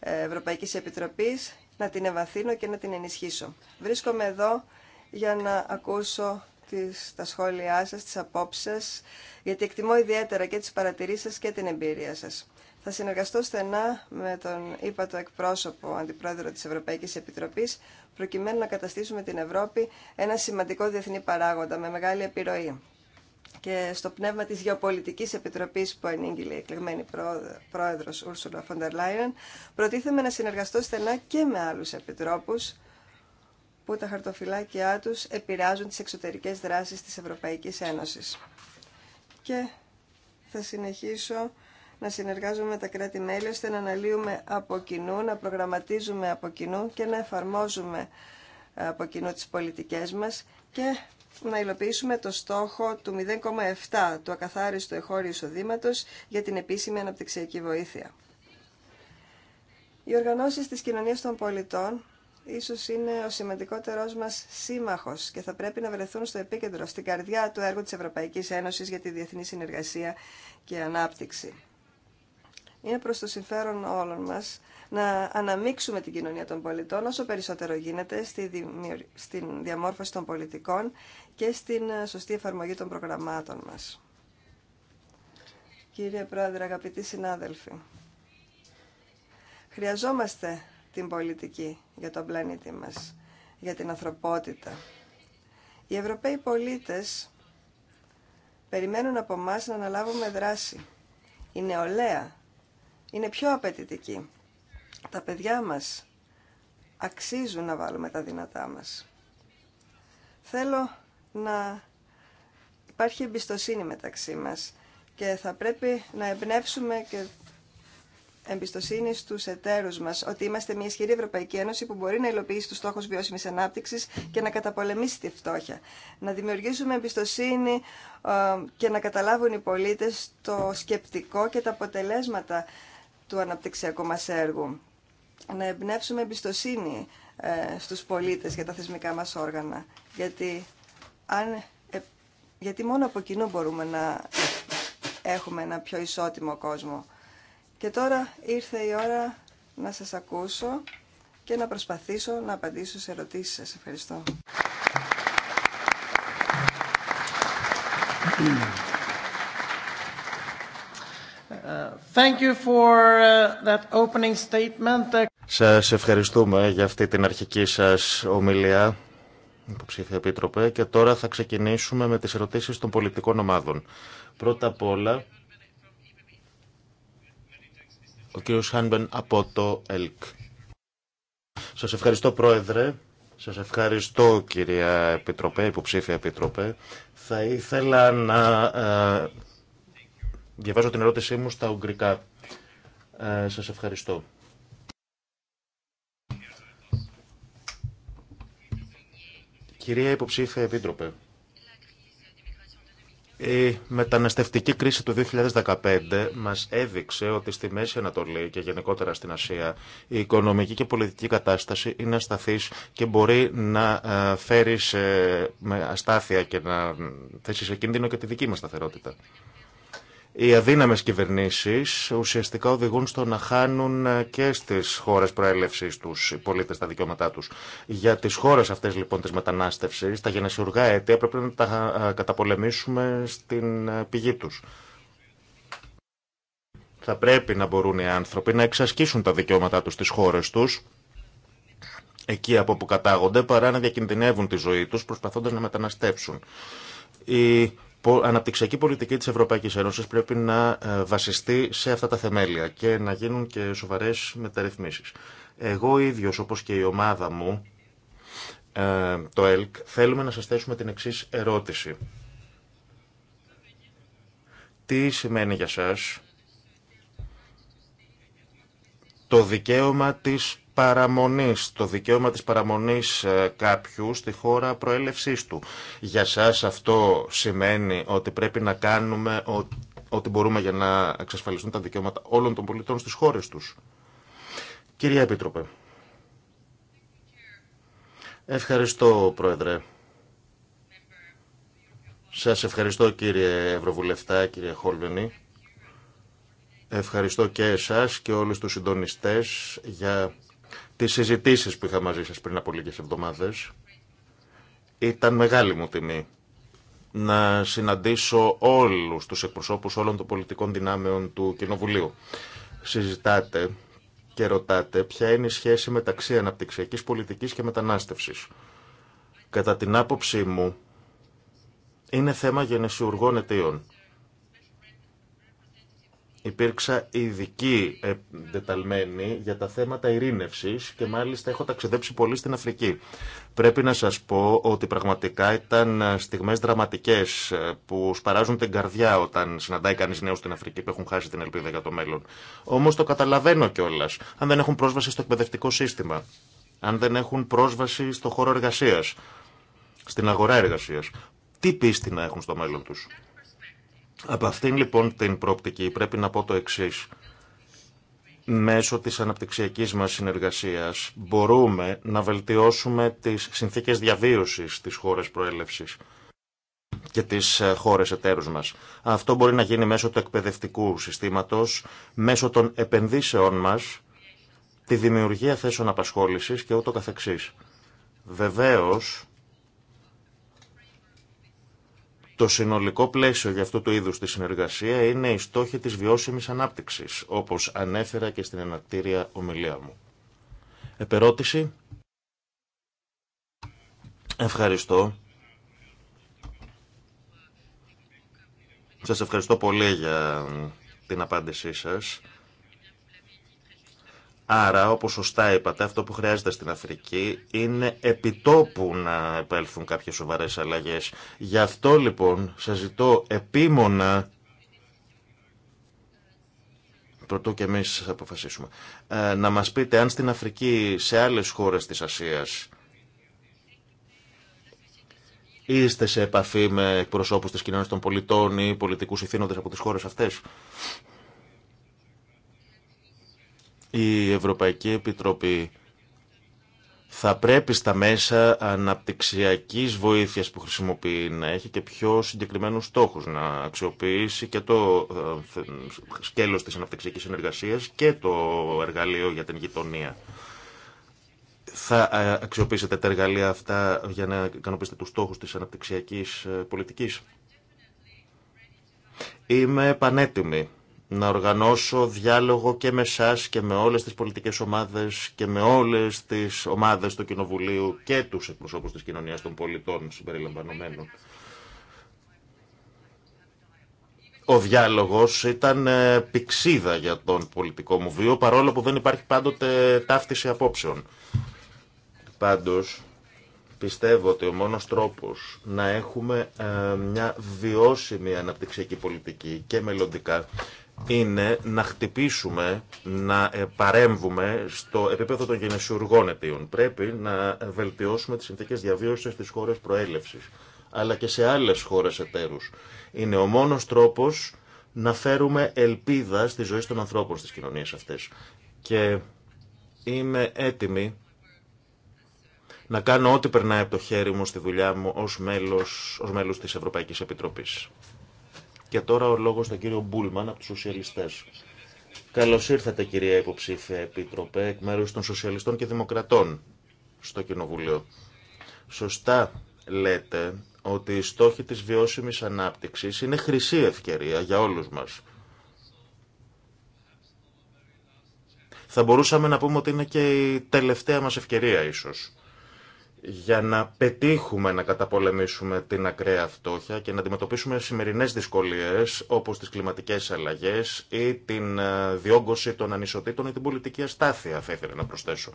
ε, Ευρωπαϊκής Επιτροπής να την ευαθύνω και να την ενισχύσω. Βρίσκομαι εδώ για να ακούσω τις, τα σχόλιά σας, τις απόψεις σας, γιατί εκτιμώ ιδιαίτερα και τις παρατηρήσεις σας και την εμπειρία σας. Θα συνεργαστώ στενά με τον ύπατο εκπρόσωπο, αντιπρόεδρο της Ευρωπαϊκής Επιτροπής, προκειμένου να καταστήσουμε την Ευρώπη ένα σημαντικό διεθνή παράγοντα με μεγάλη επιρροή και στο πνεύμα της Γεωπολιτικής Επιτροπής που ανήγγειλε η εκλεγμένη πρόεδρος Ούρσουλα Φοντερ Leyen, προτίθεμαι να συνεργαστώ στενά και με άλλους επιτρόπους που τα χαρτοφυλάκια τους επηρεάζουν τις εξωτερικές δράσεις της Ευρωπαϊκής Ένωσης. Και θα συνεχίσω να συνεργάζομαι με τα κράτη-μέλη ώστε να αναλύουμε από κοινού, να προγραμματίζουμε από κοινού και να εφαρμόζουμε από κοινού τις πολιτικές μας και να υλοποιήσουμε το στόχο του 0,7 του ακαθάριστου εχώριου εισοδήματο για την επίσημη αναπτυξιακή βοήθεια. Οι οργανώσεις της κοινωνίας των πολιτών ίσως είναι ο σημαντικότερός μας σύμμαχος και θα πρέπει να βρεθούν στο επίκεντρο, στην καρδιά του έργου της Ευρωπαϊκής Ένωσης για τη διεθνή συνεργασία και ανάπτυξη. Είναι προς το συμφέρον όλων μας να αναμίξουμε την κοινωνία των πολιτών όσο περισσότερο γίνεται στην διαμόρφωση των πολιτικών και στην ε, σωστή εφαρμογή των προγραμμάτων μας. Κύριε Πρόεδρε, αγαπητοί συνάδελφοι, χρειαζόμαστε την πολιτική για τον πλανήτη μας, για την ανθρωπότητα. Οι Ευρωπαίοι πολίτες περιμένουν από εμά να αναλάβουμε δράση. Η νεολαία είναι πιο απαιτητική τα παιδιά μας αξίζουν να βάλουμε τα δυνατά μας. Θέλω να υπάρχει εμπιστοσύνη μεταξύ μας και θα πρέπει να εμπνεύσουμε και εμπιστοσύνη στους εταίρους μας ότι είμαστε μια ισχυρή Ευρωπαϊκή Ένωση που μπορεί να υλοποιήσει τους στόχους βιώσιμης ανάπτυξης και να καταπολεμήσει τη φτώχεια. Να δημιουργήσουμε εμπιστοσύνη ε, και να καταλάβουν οι πολίτες το σκεπτικό και τα αποτελέσματα του αναπτυξιακού μας έργου να εμπνεύσουμε εμπιστοσύνη ε, στους πολίτες για τα θεσμικά μας όργανα. Γιατί, αν, ε, γιατί μόνο από κοινού μπορούμε να έχουμε ένα πιο ισότιμο κόσμο. Και τώρα ήρθε η ώρα να σας ακούσω και να προσπαθήσω να απαντήσω σε ερωτήσεις σας. Ευχαριστώ. Thank you for uh, that opening statement. Σας ευχαριστούμε για αυτή την αρχική σας ομιλία, υποψήφια επίτροπε, και τώρα θα ξεκινήσουμε με τις ερωτήσεις των πολιτικών ομάδων. Πρώτα απ' όλα, ο κύριος Χάνμπεν από το ΕΛΚ. Σας ευχαριστώ, Πρόεδρε. Σας ευχαριστώ, κυρία Επιτροπέ, υποψήφια Επιτροπέ. Θα ήθελα να ε, διαβάζω την ερώτησή μου στα ουγγρικά. Ε, σας ευχαριστώ. Κυρία Υποψήφια Επίτροπε, η μεταναστευτική κρίση του 2015 μας έδειξε ότι στη Μέση Ανατολή και γενικότερα στην Ασία η οικονομική και πολιτική κατάσταση είναι ασταθής και μπορεί να ε, φέρει σε με αστάθεια και να θέσει σε κίνδυνο και τη δική μας σταθερότητα. Οι αδύναμες κυβερνήσεις ουσιαστικά οδηγούν στο να χάνουν ε, και στις χώρες προέλευσης τους οι πολίτες τα δικαιώματά τους. Για τις χώρες αυτές λοιπόν της μετανάστευσης, τα γενεσιουργά αίτια πρέπει να τα ε, καταπολεμήσουμε στην ε, πηγή τους. Θα πρέπει να μπορούν οι άνθρωποι να εξασκήσουν τα δικαιώματά τους στις χώρες τους, εκεί από που κατάγονται, παρά να διακινδυνεύουν τη ζωή τους προσπαθώντας να μεταναστεύσουν αναπτυξιακή πολιτική της Ευρωπαϊκής Ένωσης πρέπει να ε, βασιστεί σε αυτά τα θεμέλια και να γίνουν και σοβαρές μεταρρυθμίσεις. Εγώ ίδιος, όπως και η ομάδα μου, ε, το ΕΛΚ, θέλουμε να σας θέσουμε την εξής ερώτηση. Τι σημαίνει για σας το δικαίωμα της Παραμονή. το δικαίωμα της παραμονής ε, κάποιου στη χώρα προέλευση του. Για σας αυτό σημαίνει ότι πρέπει να κάνουμε ό,τι μπορούμε για να εξασφαλιστούν τα δικαιώματα όλων των πολιτών στις χώρες τους. Κυρία Επίτροπε. Ευχαριστώ, Πρόεδρε. Σας ευχαριστώ, κύριε Ευρωβουλευτά, κύριε Χόλβενη. Ευχαριστώ και εσάς και όλους τους συντονιστές για τις συζητήσεις που είχα μαζί σας πριν από λίγες εβδομάδες. Ήταν μεγάλη μου τιμή να συναντήσω όλους τους εκπροσώπους όλων των πολιτικών δυνάμεων του Κοινοβουλίου. Συζητάτε και ρωτάτε ποια είναι η σχέση μεταξύ αναπτυξιακής πολιτικής και μετανάστευσης. Κατά την άποψή μου, είναι θέμα γενεσιουργών αιτίων. Υπήρξα ειδική ε, εντεταλμένη για τα θέματα ειρήνευσης και μάλιστα έχω ταξιδέψει πολύ στην Αφρική. Πρέπει να σας πω ότι πραγματικά ήταν ε, στιγμές δραματικές ε, που σπαράζουν την καρδιά όταν συναντάει κανείς νέους στην Αφρική που έχουν χάσει την ελπίδα για το μέλλον. Όμως το καταλαβαίνω κιόλα. αν δεν έχουν πρόσβαση στο εκπαιδευτικό σύστημα, αν δεν έχουν πρόσβαση στο χώρο εργασίας, στην αγορά εργασίας. Τι πίστη να έχουν στο μέλλον τους. Από αυτήν λοιπόν την πρόπτικη πρέπει να πω το εξή. μέσω της αναπτυξιακής μας συνεργασίας μπορούμε να βελτιώσουμε τις συνθήκες διαβίωσης της χώρες προέλευσης και τις ε, χώρες εταίρους μας. Αυτό μπορεί να γίνει μέσω του εκπαιδευτικού συστήματος, μέσω των επενδύσεών μας, τη δημιουργία θέσεων απασχόλησης και ούτω καθεξής. Βεβαίως, το συνολικό πλαίσιο για αυτού του είδους τη συνεργασία είναι η στόχη της βιώσιμης ανάπτυξης, όπως ανέφερα και στην ανακτήρια ομιλία μου. Επερώτηση. Ευχαριστώ. Σας ευχαριστώ πολύ για την απάντησή σας. Άρα, όπως σωστά είπατε, αυτό που χρειάζεται στην Αφρική είναι επιτόπου να επέλθουν κάποιες σοβαρέ αλλαγέ. Γι' αυτό λοιπόν σα ζητώ επίμονα πρωτού και εμείς αποφασίσουμε, ε, να μας πείτε αν στην Αφρική, σε άλλες χώρες της Ασίας, είστε σε επαφή με εκπροσώπους της κοινωνίας των πολιτών ή πολιτικούς ηθήνοντες από τις χώρες αυτές. Η Ευρωπαϊκή Επιτροπή θα πρέπει στα μέσα αναπτυξιακής βοήθειας που χρησιμοποιεί να έχει και πιο συγκεκριμένους στόχους να αξιοποιήσει και το ε, σκέλος της αναπτυξιακής συνεργασίας και το εργαλείο για την γειτονία. Θα ε, αξιοποιήσετε τα εργαλεία αυτά για να ικανοποιήσετε τους στόχους της αναπτυξιακής ε, πολιτικής. Είμαι πανέτοιμη να οργανώσω διάλογο και με εσά και με όλες τις πολιτικές ομάδες και με όλες τις ομάδες του Κοινοβουλίου και τους εκπροσώπους της κοινωνίας των πολιτών συμπεριλαμβανομένων. Ο διάλογος ήταν ε, πηξίδα για τον πολιτικό μου βίο, παρόλο που δεν υπάρχει πάντοτε ταύτιση απόψεων. Πάντως, πιστεύω ότι ο μόνος τρόπος να έχουμε ε, μια βιώσιμη αναπτυξιακή πολιτική και μελλοντικά είναι να χτυπήσουμε, να ε, παρέμβουμε στο επίπεδο των γενεσιουργών αιτίων. Πρέπει να βελτιώσουμε τις συνθήκες διαβίωσης στις χώρες προέλευσης, αλλά και σε άλλες χώρες εταίρους. Είναι ο μόνος τρόπος να φέρουμε ελπίδα στη ζωή των ανθρώπων στις κοινωνίες αυτές. Και είμαι έτοιμη να κάνω ό,τι περνάει από το χέρι μου στη δουλειά μου ως μέλος, ως μέλος της Ευρωπαϊκής Επιτροπής. Και τώρα ο λόγος στον κύριο Μπούλμαν από τους σοσιαλιστές. Καλώς ήρθατε κυρία υποψήφια επίτροπε εκ μέρους των σοσιαλιστών και δημοκρατών στο Κοινοβουλίο. Σωστά λέτε ότι οι στόχοι της βιώσιμης ανάπτυξης είναι χρυσή ευκαιρία για όλους μας. Θα μπορούσαμε να πούμε ότι είναι και η τελευταία μας ευκαιρία ίσως για να πετύχουμε να καταπολεμήσουμε την ακραία φτώχεια και να αντιμετωπίσουμε σημερινές δυσκολίες όπως τις κλιματικές αλλαγές ή την ε, διόγκωση των ανισοτήτων ή την πολιτική αστάθεια, θα ήθελα να προσθέσω.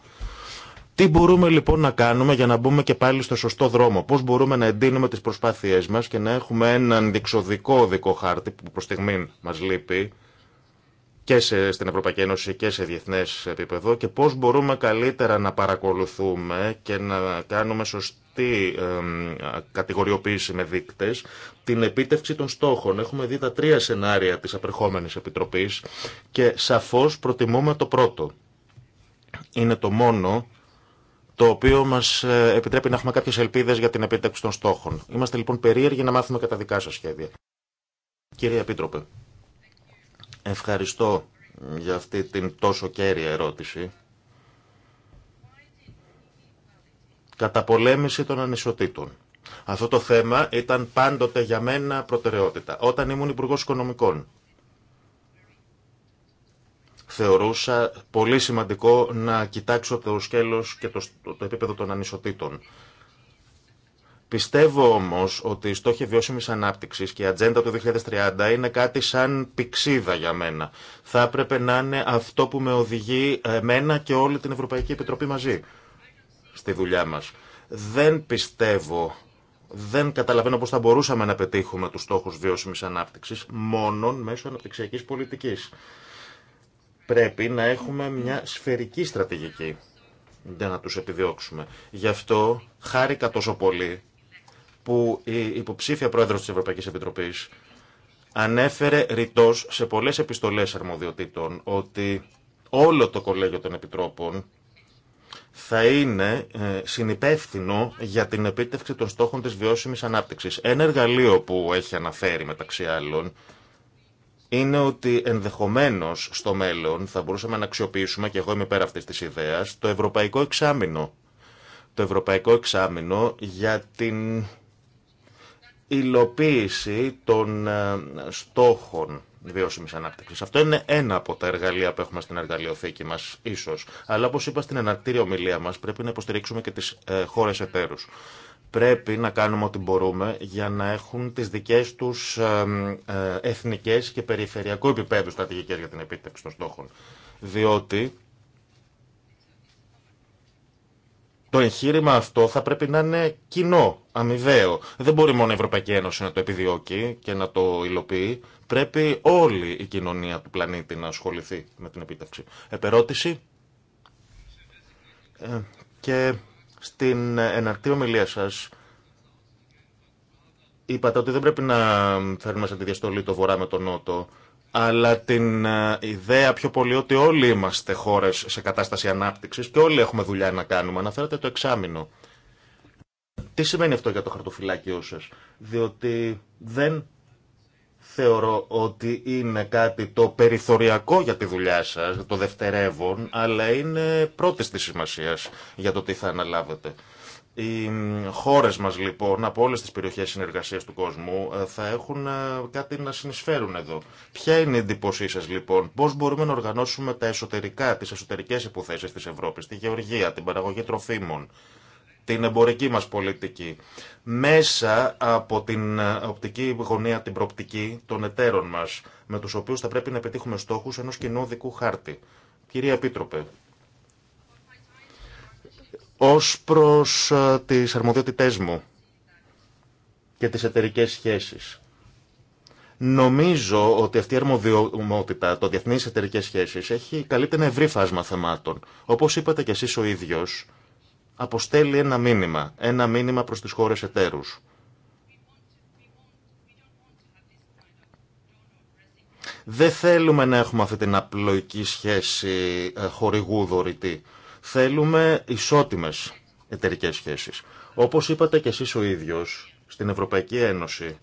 Τι μπορούμε λοιπόν να κάνουμε για να μπούμε και πάλι στο σωστό δρόμο, πώς μπορούμε να εντείνουμε τις προσπάθειές μας και να έχουμε έναν διεξοδικό δικό χάρτη που προς στιγμή μας λείπει, και σε, στην Ευρωπαϊκή Ένωση και σε διεθνές επίπεδο και πώς μπορούμε καλύτερα να παρακολουθούμε και να κάνουμε σωστή κατηγοριοποίηση με δείκτες την επίτευξη των στόχων. Έχουμε δει τα τρία σενάρια της απερχόμενης Επιτροπής και σαφώς προτιμούμε το πρώτο. Είναι το μόνο το οποίο μα ε, επιτρέπει να έχουμε κάποιε ελπίδε για την επίτευξη των στόχων. Είμαστε λοιπόν περίεργοι να μάθουμε κατά δικά σα σχέδια. Κύριε Επίτροπε. Ευχαριστώ για αυτή την τόσο κέρια ερώτηση. Καταπολέμηση των ανισοτήτων. Αυτό το θέμα ήταν πάντοτε για μένα προτεραιότητα. Όταν ήμουν υπουργό Οικονομικών, θεωρούσα πολύ σημαντικό να κοιτάξω το σκέλος και το, το επίπεδο των ανισοτήτων. Πιστεύω όμω ότι οι στόχοι βιώσιμη ανάπτυξη και η ατζέντα του 2030 είναι κάτι σαν πηξίδα για μένα. Θα έπρεπε να είναι αυτό που με οδηγεί εμένα και όλη την Ευρωπαϊκή Επιτροπή μαζί στη δουλειά μα. Δεν πιστεύω, δεν καταλαβαίνω πώ θα μπορούσαμε να πετύχουμε του στόχου βιώσιμη ανάπτυξη μόνον μέσω αναπτυξιακή πολιτική. Πρέπει να έχουμε μια σφαιρική στρατηγική για να τους επιδιώξουμε. Γι' αυτό χάρηκα τόσο πολύ που η υποψήφια πρόεδρος της Ευρωπαϊκής Επιτροπής ανέφερε ρητός σε πολλές επιστολές αρμοδιοτήτων ότι όλο το κολέγιο των επιτρόπων θα είναι ε, συνυπεύθυνο για την επίτευξη των στόχων της βιώσιμης ανάπτυξης. Ένα εργαλείο που έχει αναφέρει μεταξύ άλλων είναι ότι ενδεχομένως στο μέλλον θα μπορούσαμε να αξιοποιήσουμε, και εγώ είμαι πέρα αυτής της ιδέας, το ευρωπαϊκό εξάμεινο. Το ευρωπαϊκό εξάμεινο για την υλοποίηση των ε, στόχων βιώσιμης ανάπτυξης. Αυτό είναι ένα από τα εργαλεία που έχουμε στην εργαλειοθήκη μας, ίσως. Αλλά όπως είπα στην ανακτήρια ομιλία μας, πρέπει να υποστηρίξουμε και τις ε, χώρε Πρέπει να κάνουμε ό,τι μπορούμε για να έχουν τι δικέ του ε, ε, εθνικές και περιφερειακού επίπεδου στρατηγικέ για την επίτευξη των στόχων. Διότι Το εγχείρημα αυτό θα πρέπει να είναι κοινό, αμοιβαίο. Δεν μπορεί μόνο η Ευρωπαϊκή Ένωση να το επιδιώκει και να το υλοποιεί. Πρέπει όλη η κοινωνία του πλανήτη να ασχοληθεί με την επίτευξη. Επερώτηση. Ε, και στην εναρτή ομιλία σας είπατε ότι δεν πρέπει να φέρνουμε σαν τη διαστολή το βορρά με τον νότο αλλά την ε, ιδέα πιο πολύ ότι όλοι είμαστε χώρε σε κατάσταση ανάπτυξης και όλοι έχουμε δουλειά να κάνουμε. Αναφέρατε το εξάμεινο. Τι σημαίνει αυτό για το χαρτοφυλάκιό σα, διότι δεν θεωρώ ότι είναι κάτι το περιθωριακό για τη δουλειά σας, το δευτερεύον, αλλά είναι πρώτη τη σημασία για το τι θα αναλάβετε. Οι χώρε μα λοιπόν από όλε τι περιοχέ συνεργασία του κόσμου ε, θα έχουν ε, κάτι να συνεισφέρουν εδώ. Ποια είναι η εντύπωσή σα λοιπόν, πώ μπορούμε να οργανώσουμε τα εσωτερικά, τι εσωτερικέ υποθέσει τη Ευρώπη, τη γεωργία, την παραγωγή τροφίμων, την εμπορική μας πολιτική, μέσα από την ε, οπτική γωνία, την προπτική των εταίρων μας, με τους οποίους θα πρέπει να πετύχουμε στόχους ενός κοινού δικού χάρτη. Κυρία Επίτροπε, ως προς τις αρμοδιότητές μου και τις εταιρικέ σχέσεις. Νομίζω ότι αυτή η αρμοδιότητα το διεθνείς εταιρικέ σχέσεις έχει καλύπτει ένα ευρύ φάσμα θεμάτων. Όπως είπατε κι εσείς ο ίδιος, αποστέλει ένα μήνυμα, ένα μήνυμα προς τις χώρες εταίρους. Δεν θέλουμε να έχουμε αυτή την απλοϊκή σχέση ε, χορηγού δωρητή. Θέλουμε ισότιμες εταιρικές σχέσεις. Όπως είπατε και εσείς ο ίδιος, στην Ευρωπαϊκή Ένωση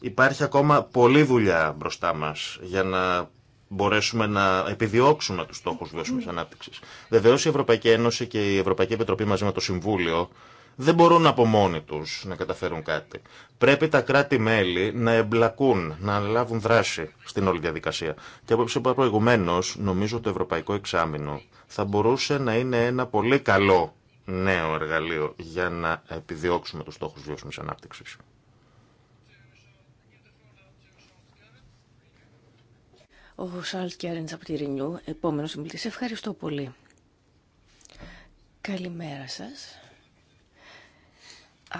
υπάρχει ακόμα πολλή δουλειά μπροστά μας για να μπορέσουμε να επιδιώξουμε τους στόχους βιώσιμης ανάπτυξης. Βεβαίω, η Ευρωπαϊκή Ένωση και η Ευρωπαϊκή Επιτροπή μαζί με το Συμβούλιο δεν μπορούν από μόνοι τους να καταφέρουν κάτι. Πρέπει τα κράτη-μέλη να εμπλακούν, να λάβουν δράση στην όλη διαδικασία. Και από είπα προηγουμένως, νομίζω το Ευρωπαϊκό Εξάμεινο θα μπορούσε να είναι ένα πολύ καλό νέο εργαλείο για να επιδιώξουμε τους στόχους βιώσιμης ανάπτυξης. Ο Σαλτ από τη Ρινιού, επόμενος Ευχαριστώ πολύ. Καλημέρα σας.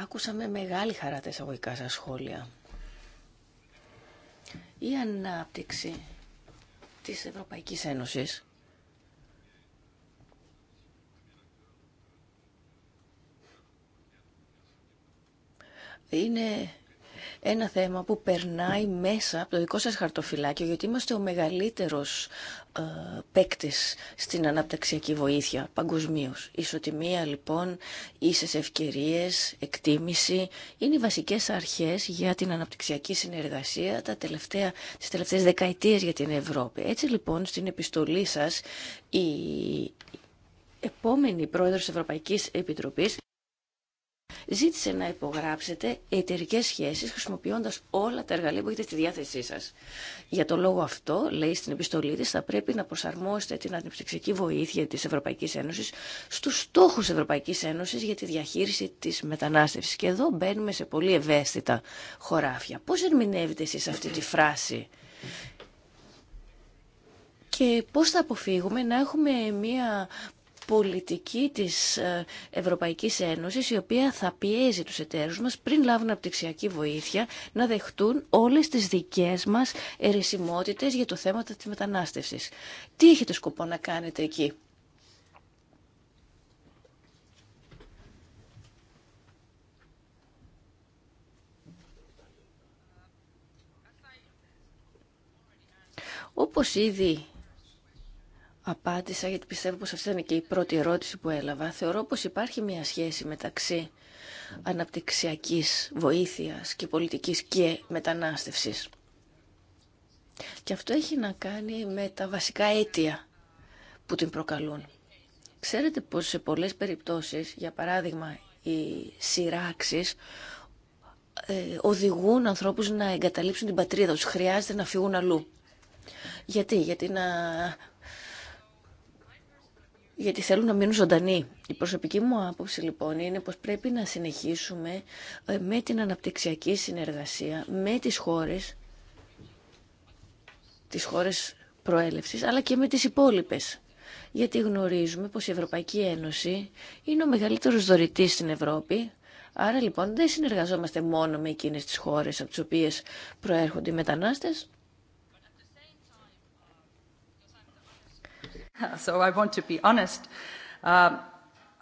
Άκουσα με μεγάλη χαρά τα εισαγωγικά σας σχόλια. Η ανάπτυξη της Ευρωπαϊκής Ένωσης είναι ένα θέμα που περνάει μέσα από το δικό σας χαρτοφυλάκιο, γιατί είμαστε ο μεγαλύτερος ε, παίκτη στην αναπτυξιακή βοήθεια παγκοσμίω. Ισοτιμία λοιπόν, ίσες ευκαιρίες, εκτίμηση είναι οι βασικές αρχές για την αναπτυξιακή συνεργασία τα τελευταία, τις τελευταίες δεκαετίες για την Ευρώπη. Έτσι λοιπόν στην επιστολή σας η επόμενη πρόεδρος Ευρωπαϊκής Επιτροπής ζήτησε να υπογράψετε εταιρικέ σχέσει χρησιμοποιώντα όλα τα εργαλεία που έχετε στη διάθεσή σα. Για τον λόγο αυτό, λέει στην επιστολή τη, θα πρέπει να προσαρμόσετε την ανεπτυξιακή βοήθεια τη Ευρωπαϊκή Ένωση στου στόχου Ευρωπαϊκή Ένωση για τη διαχείριση τη μετανάστευση. Και εδώ μπαίνουμε σε πολύ ευαίσθητα χωράφια. Πώ ερμηνεύετε εσεί αυτή τη φράση και πώς θα αποφύγουμε να έχουμε μια πολιτική της ε, Ευρωπαϊκής Ένωσης η οποία θα πιέζει τους εταίρους μας πριν λάβουν απτυξιακή βοήθεια να δεχτούν όλες τις δικές μας ερεσιμότητες για το θέμα της μετανάστευσης. Τι έχετε σκοπό να κάνετε εκεί. Όπως ήδη απάντησα γιατί πιστεύω πως αυτή ήταν και η πρώτη ερώτηση που έλαβα. Θεωρώ πως υπάρχει μια σχέση μεταξύ αναπτυξιακής βοήθειας και πολιτικής και μετανάστευσης. Και αυτό έχει να κάνει με τα βασικά αίτια που την προκαλούν. Ξέρετε πως σε πολλές περιπτώσεις, για παράδειγμα οι σειράξεις, ε, οδηγούν ανθρώπους να εγκαταλείψουν την πατρίδα τους. Χρειάζεται να φύγουν αλλού. Γιατί, γιατί να γιατί θέλουν να μείνουν ζωντανοί. Η προσωπική μου άποψη λοιπόν είναι πως πρέπει να συνεχίσουμε ε, με την αναπτυξιακή συνεργασία με τις χώρες, τις χώρες προέλευσης, αλλά και με τις υπόλοιπες. Γιατί γνωρίζουμε πως η Ευρωπαϊκή Ένωση είναι ο μεγαλύτερος δωρητής στην Ευρώπη, άρα λοιπόν δεν συνεργαζόμαστε μόνο με εκείνες τις χώρες από τις οποίες προέρχονται οι μετανάστες, *laughs* So I want to be honest. Um,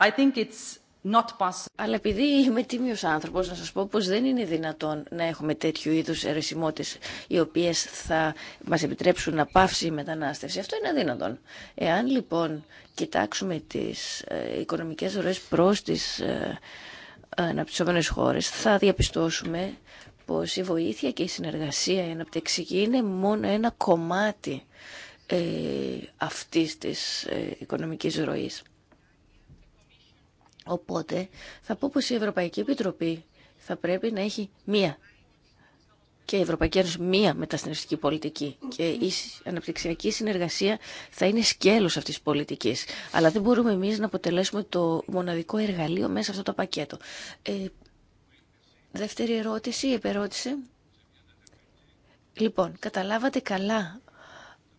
I think it's not possible. Αλλά επειδή είμαι τίμιο άνθρωπο, να σας πω πως δεν είναι δυνατόν να έχουμε τέτοιου είδους αιρεσιμότητε οι οποίε θα μα επιτρέψουν να πάυσει η μετανάστευση. Αυτό είναι αδύνατον. Εάν λοιπόν κοιτάξουμε τις ε, οικονομικές ροέ προς τις ε, χώρες, θα διαπιστώσουμε πως η βοήθεια και η συνεργασία η αναπτυξική είναι μόνο ένα κομμάτι ε, αυτής της ε, οικονομικής ροής. Οπότε θα πω πως η Ευρωπαϊκή Επιτροπή θα πρέπει να έχει μία και η Ευρωπαϊκή Ένωση μία μετασυνεργαστική πολιτική και η αναπτυξιακή συνεργασία θα είναι σκέλος αυτής της πολιτικής. Αλλά δεν μπορούμε εμείς να αποτελέσουμε το μοναδικό εργαλείο μέσα σε αυτό το πακέτο. Ε, δεύτερη ερώτηση, επερώτηση. Λοιπόν, καταλάβατε καλά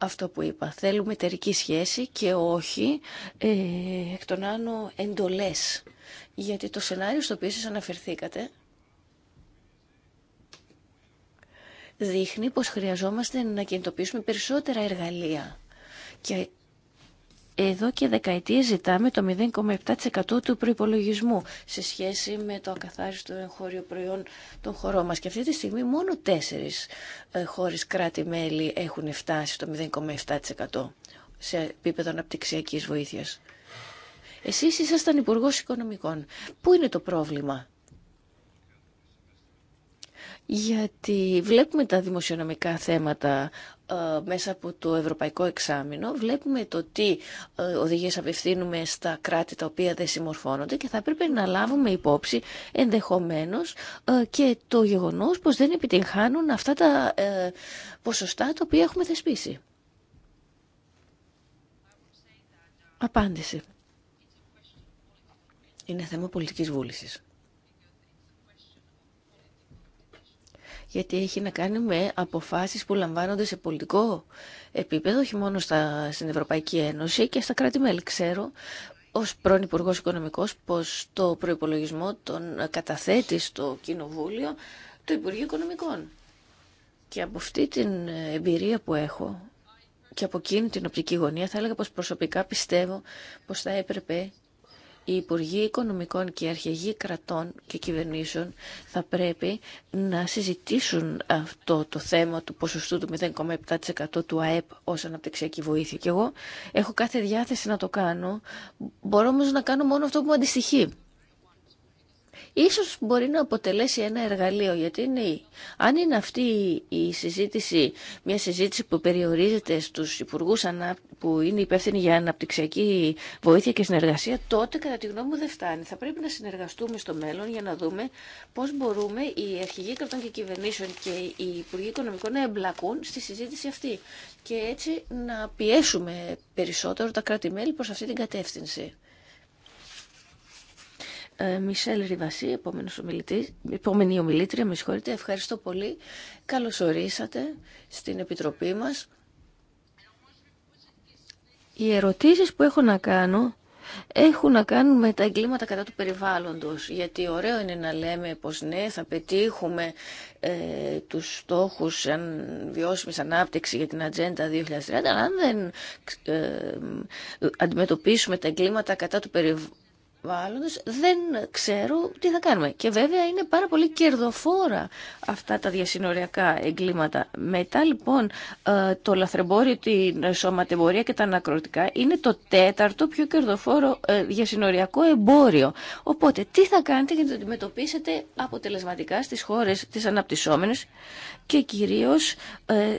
αυτό που είπα. Θέλουμε εταιρική σχέση και όχι ε, εκ των άνω εντολές. Γιατί το σενάριο στο οποίο σας αναφερθήκατε δείχνει πως χρειαζόμαστε να κινητοποιήσουμε περισσότερα εργαλεία και εδώ και δεκαετίες ζητάμε το 0,7% του προϋπολογισμού σε σχέση με το ακαθάριστο εγχώριο προϊόν των χωρών μας. Και αυτή τη στιγμή μόνο τέσσερις ε, χώρες κράτη-μέλη έχουν φτάσει στο 0,7% σε επίπεδο αναπτυξιακή βοήθειας. Εσείς ήσασταν υπουργό Οικονομικών. Πού είναι το πρόβλημα? Γιατί βλέπουμε τα δημοσιονομικά θέματα ε, μέσα από το Ευρωπαϊκό Εξάμεινο βλέπουμε το τι ε, οδηγίες απευθύνουμε στα κράτη τα οποία δεν συμμορφώνονται και θα πρέπει να λάβουμε υπόψη ενδεχομένως ε, και το γεγονός πως δεν επιτυγχάνουν αυτά τα ποσοστά τα οποία έχουμε θεσπίσει. Απάντηση. Είναι θέμα πολιτικής βούλησης. γιατί έχει να κάνει με αποφάσεις που λαμβάνονται σε πολιτικό επίπεδο, όχι μόνο στα, στην Ευρωπαϊκή Ένωση και στα κράτη-μέλη. Ξέρω ως πρώην υπουργό Οικονομικός πως το προϋπολογισμό τον καταθέτει στο Κοινοβούλιο το Υπουργείο Οικονομικών. Και από αυτή την εμπειρία που έχω και από εκείνη την οπτική γωνία θα έλεγα πως προσωπικά πιστεύω πως θα έπρεπε οι Υπουργοί Οικονομικών και οι Αρχηγοί Κρατών και Κυβερνήσεων θα πρέπει να συζητήσουν αυτό το θέμα του ποσοστού του 0,7% του ΑΕΠ ως αναπτυξιακή βοήθεια. Και εγώ έχω κάθε διάθεση να το κάνω, μπορώ όμως να κάνω μόνο αυτό που μου αντιστοιχεί ίσως μπορεί να αποτελέσει ένα εργαλείο, γιατί είναι αν είναι αυτή η συζήτηση, μια συζήτηση που περιορίζεται στους υπουργού που είναι υπεύθυνοι για αναπτυξιακή βοήθεια και συνεργασία, τότε κατά τη γνώμη μου δεν φτάνει. Θα πρέπει να συνεργαστούμε στο μέλλον για να δούμε πώς μπορούμε οι αρχηγοί κρατών και κυβερνήσεων και οι υπουργοί οικονομικών να εμπλακούν στη συζήτηση αυτή και έτσι να πιέσουμε περισσότερο τα κράτη-μέλη προς αυτή την κατεύθυνση. Ε, Μισελ Ριβασί, επόμενη ομιλήτρια, με συγχωρείτε. Ευχαριστώ πολύ. Καλώς ορίσατε στην Επιτροπή μας. Οι ερωτήσεις που έχω να κάνω έχουν να κάνουν με τα εγκλήματα κατά του περιβάλλοντος. Γιατί ωραίο είναι να λέμε πως ναι, θα πετύχουμε ε, τους στόχους αν βιώσιμης ανάπτυξη για την Ατζέντα 2030, αλλά αν δεν ε, αντιμετωπίσουμε τα εγκλήματα κατά του περιβάλλοντος, περιβάλλοντος δεν ξέρω τι θα κάνουμε. Και βέβαια είναι πάρα πολύ κερδοφόρα αυτά τα διασυνοριακά εγκλήματα. Μετά λοιπόν ε, το λαθρεμπόριο, την σωματεμπορία και τα ανακροτικά είναι το τέταρτο πιο κερδοφόρο ε, διασυνοριακό εμπόριο. Οπότε τι θα κάνετε για να το αντιμετωπίσετε αποτελεσματικά στις χώρες τις αναπτυσσόμενες και κυρίως ε,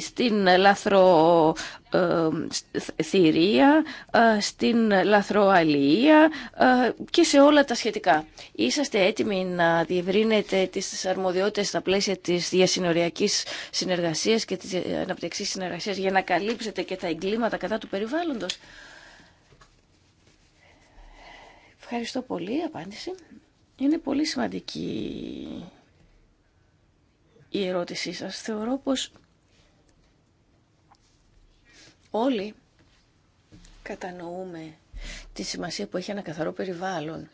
στην λαθροθυρία, ε, ε, στην λαθροαλία ε, και σε όλα τα σχετικά. Είσαστε έτοιμοι να διευρύνετε τις αρμοδιότητες στα πλαίσια της διασυνοριακής συνεργασίας και της αναπτυξής συνεργασίας για να καλύψετε και τα εγκλήματα κατά του περιβάλλοντος. Ευχαριστώ πολύ απάντηση. Είναι πολύ σημαντική η ερώτησή σας. Θεωρώ πως Όλοι κατανοούμε τη σημασία που έχει ένα καθαρό περιβάλλον.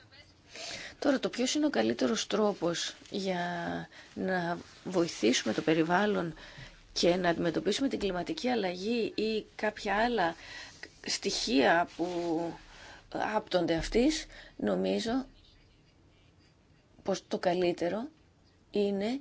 Τώρα, το ποιος είναι ο καλύτερος τρόπος για να βοηθήσουμε το περιβάλλον και να αντιμετωπίσουμε την κλιματική αλλαγή ή κάποια άλλα στοιχεία που άπτονται αυτής, νομίζω πως το καλύτερο είναι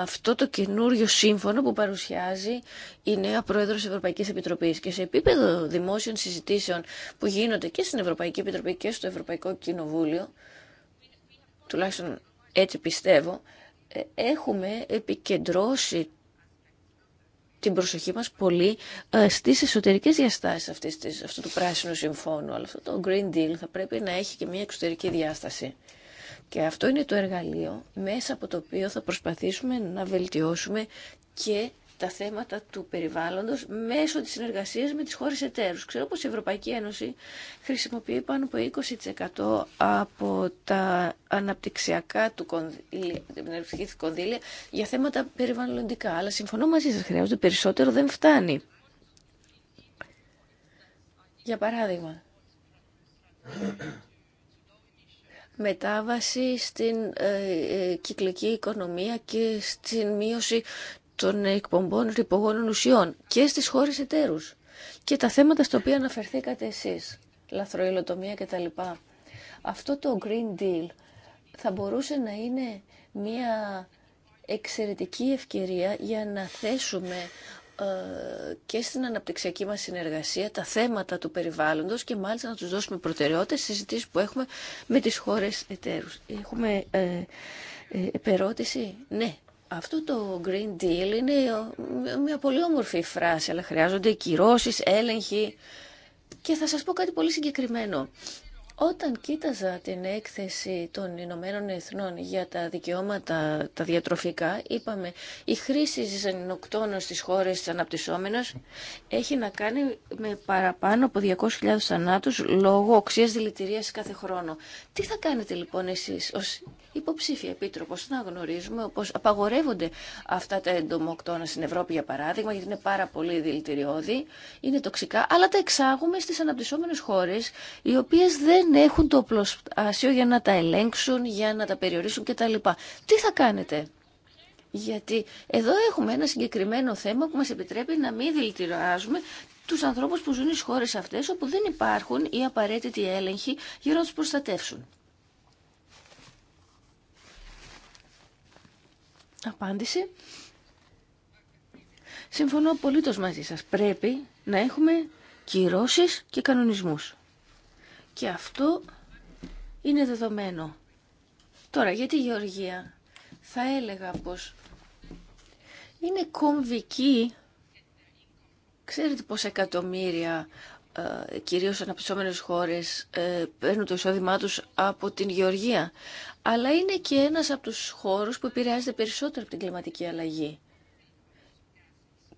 αυτό το καινούριο σύμφωνο που παρουσιάζει η νέα Πρόεδρος Ευρωπαϊκής Επιτροπής. Και σε επίπεδο δημόσιων συζητήσεων που γίνονται και στην Ευρωπαϊκή Επιτροπή και στο Ευρωπαϊκό Κοινοβούλιο, τουλάχιστον έτσι πιστεύω, ε, έχουμε επικεντρώσει την προσοχή μας πολύ ε, στις εσωτερικές διαστάσεις αυτής, αυτού του πράσινου συμφώνου. Αλλά αυτό το Green Deal θα πρέπει να έχει και μια εξωτερική διάσταση. Και αυτό είναι το εργαλείο μέσα από το οποίο θα προσπαθήσουμε να βελτιώσουμε και τα θέματα του περιβάλλοντος μέσω της συνεργασίας με τις χώρες εταίρους. Ξέρω πως η Ευρωπαϊκή Ένωση χρησιμοποιεί πάνω από 20% από τα αναπτυξιακά του κονδύλια, για θέματα περιβαλλοντικά. Αλλά συμφωνώ μαζί σας, χρειάζονται περισσότερο, δεν φτάνει. Για παράδειγμα, μετάβαση στην ε, ε, κυκλική οικονομία και στην μείωση των εκπομπών ρηπογόνων ουσιών και στις χώρες εταίρους. Και τα θέματα στα οποία αναφερθήκατε εσείς, λαθροϊλοτομία κτλ. Αυτό το Green Deal θα μπορούσε να είναι μια εξαιρετική ευκαιρία για να θέσουμε ε, και στην αναπτυξιακή μας συνεργασία τα θέματα του περιβάλλοντος και μάλιστα να τους δώσουμε προτεραιότητες στις συζητήσεις που έχουμε με τις χώρες εταίρους. Έχουμε ε, ε, επερώτηση. Ναι, αυτό το Green Deal είναι μια πολύ όμορφη φράση, αλλά χρειάζονται κυρώσεις, έλεγχοι. Και θα σας πω κάτι πολύ συγκεκριμένο. Όταν κοίταζα την έκθεση των Ηνωμένων Εθνών για τα δικαιώματα τα διατροφικά, είπαμε η χρήση της στις χώρες της αναπτυσσόμενας έχει να κάνει με παραπάνω από 200.000 θανάτους λόγω οξίας δηλητηρίας κάθε χρόνο. Τι θα κάνετε λοιπόν εσείς ως υποψήφια επίτροπος να γνωρίζουμε πως απαγορεύονται αυτά τα εντομοκτώνα στην Ευρώπη για παράδειγμα γιατί είναι πάρα πολύ δηλητηριώδη, είναι τοξικά, αλλά τα εξάγουμε στις αναπτυσσόμενες χώρες οι οποίες δεν δεν έχουν το οπλοστάσιο για να τα ελέγξουν, για να τα περιορίσουν κτλ. Τι θα κάνετε. Γιατί εδώ έχουμε ένα συγκεκριμένο θέμα που μας επιτρέπει να μην δηλητηριάζουμε τους ανθρώπους που ζουν στις χώρες αυτές όπου δεν υπάρχουν οι απαραίτητοι έλεγχοι για να τους προστατεύσουν. Απάντηση. Συμφωνώ απολύτως μαζί σας. Πρέπει να έχουμε κυρώσεις και κανονισμούς. Και αυτό είναι δεδομένο. Τώρα, για τη Γεωργία θα έλεγα πως είναι κομβική, ξέρετε πόσα εκατομμύρια ε, κυρίως αναπτυσσόμενες χώρες ε, παίρνουν το εισόδημά τους από την γεωργία. Αλλά είναι και ένας από τους χώρους που επηρεάζεται περισσότερο από την κλιματική αλλαγή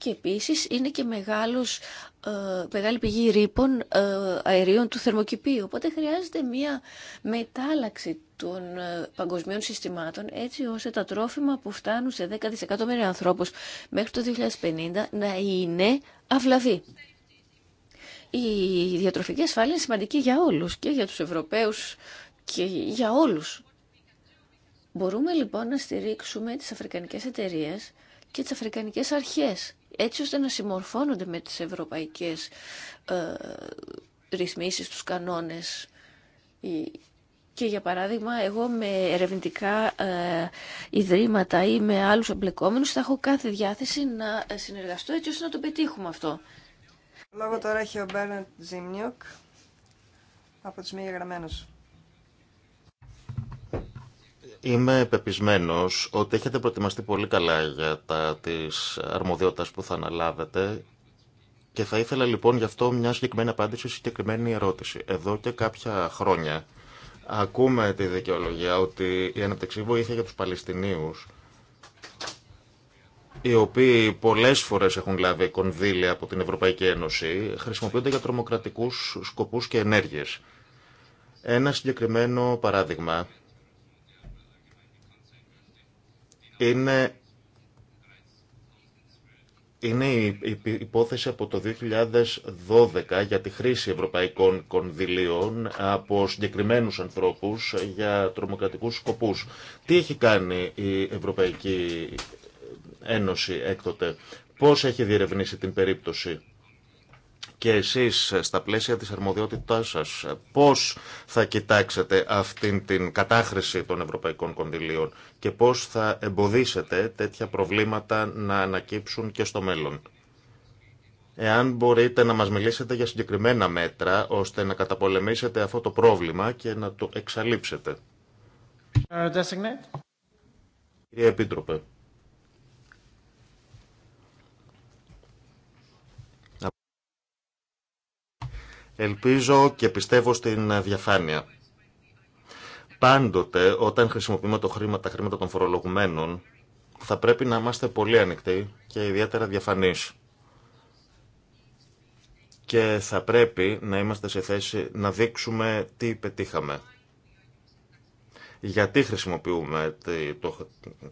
και επίσης είναι και μεγάλος, ε, μεγάλη πηγή ρήπων ε, αερίων του θερμοκηπίου. Οπότε χρειάζεται μία μετάλλαξη των ε, παγκοσμίων συστημάτων έτσι ώστε τα τρόφιμα που φτάνουν σε 10 δισεκατομμύρια ανθρώπους μέχρι το 2050 να είναι αυλαβή. Η διατροφική ασφάλεια είναι σημαντική για όλους και για τους Ευρωπαίους και για όλους. Μπορούμε λοιπόν να στηρίξουμε τις αφρικανικές εταιρείες και τις αφρικανικές αρχές, έτσι ώστε να συμμορφώνονται με τις ευρωπαϊκές ε, ρυθμίσεις, τους κανόνες. Και για παράδειγμα, εγώ με ερευνητικά ε, ιδρύματα ή με άλλους εμπλεκόμενους θα έχω κάθε διάθεση να ε, συνεργαστώ έτσι ώστε να το πετύχουμε αυτό. Λόγω τώρα έχει ο από Είμαι πεπισμένος ότι έχετε προετοιμαστεί πολύ καλά για τα της που θα αναλάβετε και θα ήθελα λοιπόν γι' αυτό μια συγκεκριμένη απάντηση, συγκεκριμένη ερώτηση. Εδώ και κάποια χρόνια ακούμε τη δικαιολογία ότι η αναπτυξή βοήθεια για τους Παλαιστινίους οι οποίοι πολλές φορές έχουν λάβει κονδύλια από την Ευρωπαϊκή Ένωση, χρησιμοποιούνται για τρομοκρατικούς σκοπούς και ενέργειες. Ένα συγκεκριμένο παράδειγμα είναι είναι η υπόθεση από το 2012 για τη χρήση ευρωπαϊκών κονδυλίων από συγκεκριμένους ανθρώπους για τρομοκρατικούς σκοπούς. Τι έχει κάνει η Ευρωπαϊκή Ένωση έκτοτε, πώς έχει διερευνήσει την περίπτωση και εσείς στα πλαίσια της αρμοδιότητάς σας πώς θα κοιτάξετε αυτήν την κατάχρηση των ευρωπαϊκών κονδυλίων και πώς θα εμποδίσετε τέτοια προβλήματα να ανακύψουν και στο μέλλον. Εάν μπορείτε να μας μιλήσετε για συγκεκριμένα μέτρα ώστε να καταπολεμήσετε αυτό το πρόβλημα και να το εξαλείψετε. Uh, Κύριε Επίτροπε. Ελπίζω και πιστεύω στην διαφάνεια. Πάντοτε, όταν χρησιμοποιούμε το χρήμα, τα χρήματα των φορολογουμένων, θα πρέπει να είμαστε πολύ ανοιχτοί και ιδιαίτερα διαφανείς. Και θα πρέπει να είμαστε σε θέση να δείξουμε τι πετύχαμε. Γιατί χρησιμοποιούμε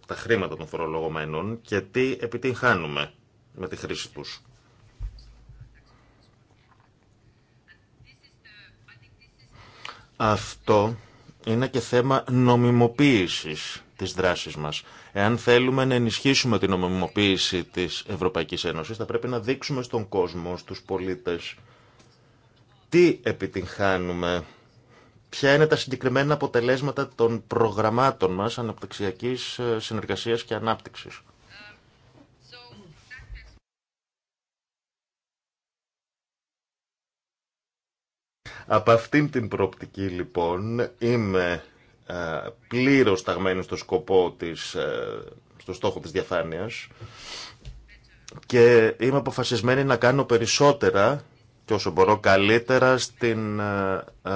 τα χρήματα των φορολογουμένων και τι επιτυγχάνουμε με τη χρήση τους. Αυτό είναι και θέμα νομιμοποίησης της δράσης μας. Εάν θέλουμε να ενισχύσουμε την νομιμοποίηση της Ευρωπαϊκής Ένωσης, θα πρέπει να δείξουμε στον κόσμο, στους πολίτες, τι επιτυγχάνουμε, ποια είναι τα συγκεκριμένα αποτελέσματα των προγραμμάτων μας αναπτυξιακής ε, συνεργασίας και ανάπτυξης. Από αυτήν την προοπτική λοιπόν είμαι ε, πλήρως ταγμένη στο σκοπό της, ε, στο στόχο της διαφάνειας και είμαι αποφασισμένη να κάνω περισσότερα και όσο μπορώ καλύτερα στην, ε, ε,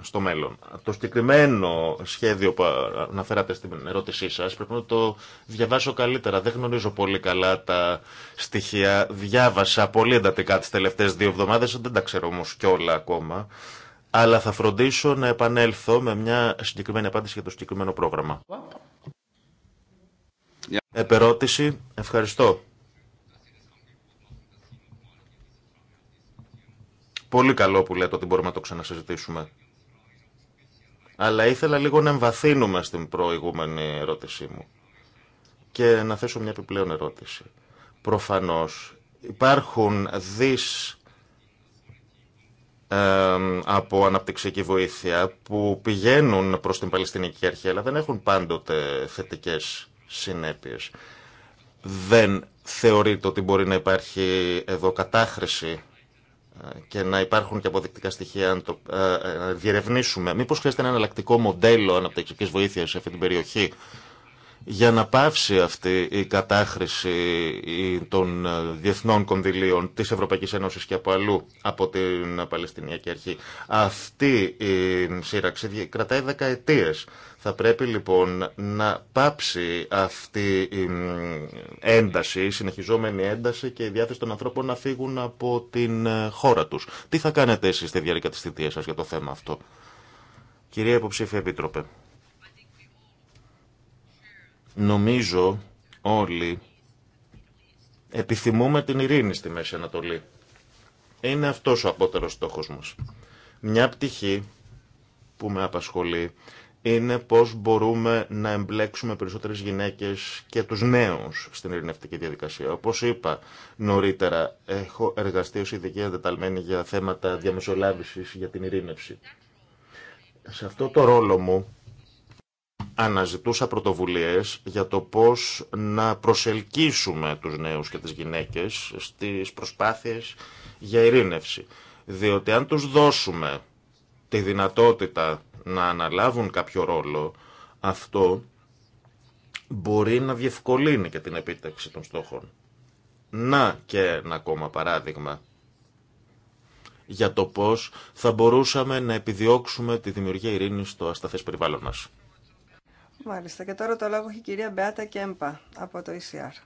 στο μέλλον. Το συγκεκριμένο σχέδιο που αναφέρατε στην ερώτησή σας πρέπει να το διαβάσω καλύτερα. Δεν γνωρίζω πολύ καλά τα στοιχεία. Διάβασα πολύ εντατικά τις τελευταίες δύο εβδομάδες, δεν τα ξέρω όμως όλα ακόμα. Αλλά θα φροντίσω να επανέλθω με μια συγκεκριμένη απάντηση για το συγκεκριμένο πρόγραμμα. Επερώτηση. Ευχαριστώ. Πολύ καλό που λέτε ότι μπορούμε να το ξανασυζητήσουμε. Αλλά ήθελα λίγο να εμβαθύνουμε στην προηγούμενη ερώτησή μου. Και να θέσω μια επιπλέον ερώτηση. Προφανώς υπάρχουν δις από αναπτυξιακή βοήθεια που πηγαίνουν προς την Παλαιστινική Αρχή αλλά δεν έχουν πάντοτε θετικές συνέπειες. Δεν θεωρείτε ότι μπορεί να υπάρχει εδώ κατάχρηση και να υπάρχουν και αποδεικτικά στοιχεία να το ε, ε, διερευνήσουμε. Μήπως χρειάζεται ένα εναλλακτικό μοντέλο αναπτυξιακής βοήθειας σε αυτή την περιοχή για να πάυσει αυτή η κατάχρηση των ε, διεθνών κονδυλίων της Ευρωπαϊκής Ένωσης και από αλλού από την Παλαιστινιακή Αρχή. Αυτή η σύραξη κρατάει δεκαετίες. Θα πρέπει λοιπόν να πάψει αυτή η ένταση, η συνεχιζόμενη ένταση και η διάθεση των ανθρώπων να φύγουν από την ε, χώρα τους. Τι θα κάνετε εσείς στη διάρκεια της θητείας σας για το θέμα αυτό. Κυρία Υποψήφια Επίτροπε. Νομίζω όλοι επιθυμούμε την ειρήνη στη Μέση Ανατολή. Είναι αυτός ο απότερος στόχος μας. Μια πτυχή που με απασχολεί είναι πώς μπορούμε να εμπλέξουμε περισσότερες γυναίκες και τους νέους στην ειρηνευτική διαδικασία. Όπως είπα νωρίτερα, έχω εργαστεί ως ειδική αντεταλμένη για θέματα διαμεσολάβησης για την ειρήνευση. Σε αυτό το ρόλο μου αναζητούσα πρωτοβουλίες για το πώς να προσελκύσουμε τους νέους και τις γυναίκες στις προσπάθειες για ειρήνευση. Διότι αν τους δώσουμε τη δυνατότητα να αναλάβουν κάποιο ρόλο, αυτό μπορεί να διευκολύνει και την επίτευξη των στόχων. Να και ένα ακόμα παράδειγμα για το πώς θα μπορούσαμε να επιδιώξουμε τη δημιουργία ειρήνης στο ασταθές περιβάλλον μας. Μάλιστα. Και τώρα το λόγο έχει η κυρία Μπεάτα Κέμπα από το ECR.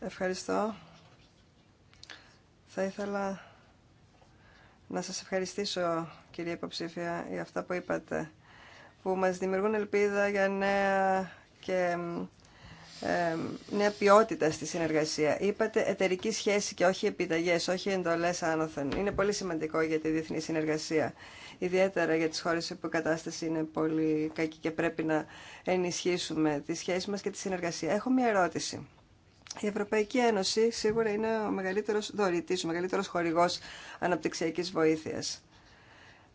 Ευχαριστώ. Θα ήθελα να σας ευχαριστήσω, κυρία υποψήφια, για αυτά που είπατε, που μας δημιουργούν ελπίδα για νέα και νέα ποιότητα στη συνεργασία. Είπατε εταιρική σχέση και όχι επιταγές, όχι εντολές άνωθεν. Είναι πολύ σημαντικό για τη διεθνή συνεργασία ιδιαίτερα για τις χώρες που η κατάσταση είναι πολύ κακή και πρέπει να ενισχύσουμε τις σχέσεις μας και τη συνεργασία. Έχω μια ερώτηση. Η Ευρωπαϊκή Ένωση σίγουρα είναι ο μεγαλύτερος δωρητής, ο μεγαλύτερος χορηγός αναπτυξιακής βοήθειας.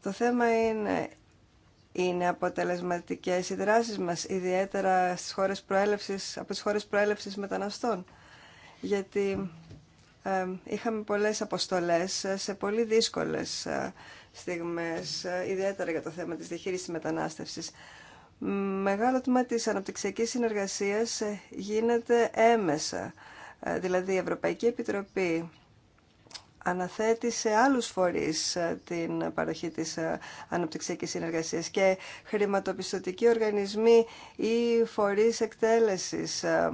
Το θέμα είναι, είναι αποτελεσματικές οι δράσεις μας, ιδιαίτερα στις χώρες προέλευσης, από τις χώρες προέλευσης μεταναστών. Γιατί ε, είχαμε πολλές αποστολές σε πολύ δύσκολες ε, στιγμές, ε, ιδιαίτερα για το θέμα της διαχείρισης μετανάστευσης. Μεγάλο τμήμα της αναπτυξιακής συνεργασίας ε, γίνεται έμεσα. Ε, δηλαδή η Ευρωπαϊκή Επιτροπή αναθέτει σε άλλους φορείς ε, την παροχή της ε, αναπτυξιακής συνεργασίας και χρηματοπιστωτικοί οργανισμοί ή φορείς εκτέλεσης ε,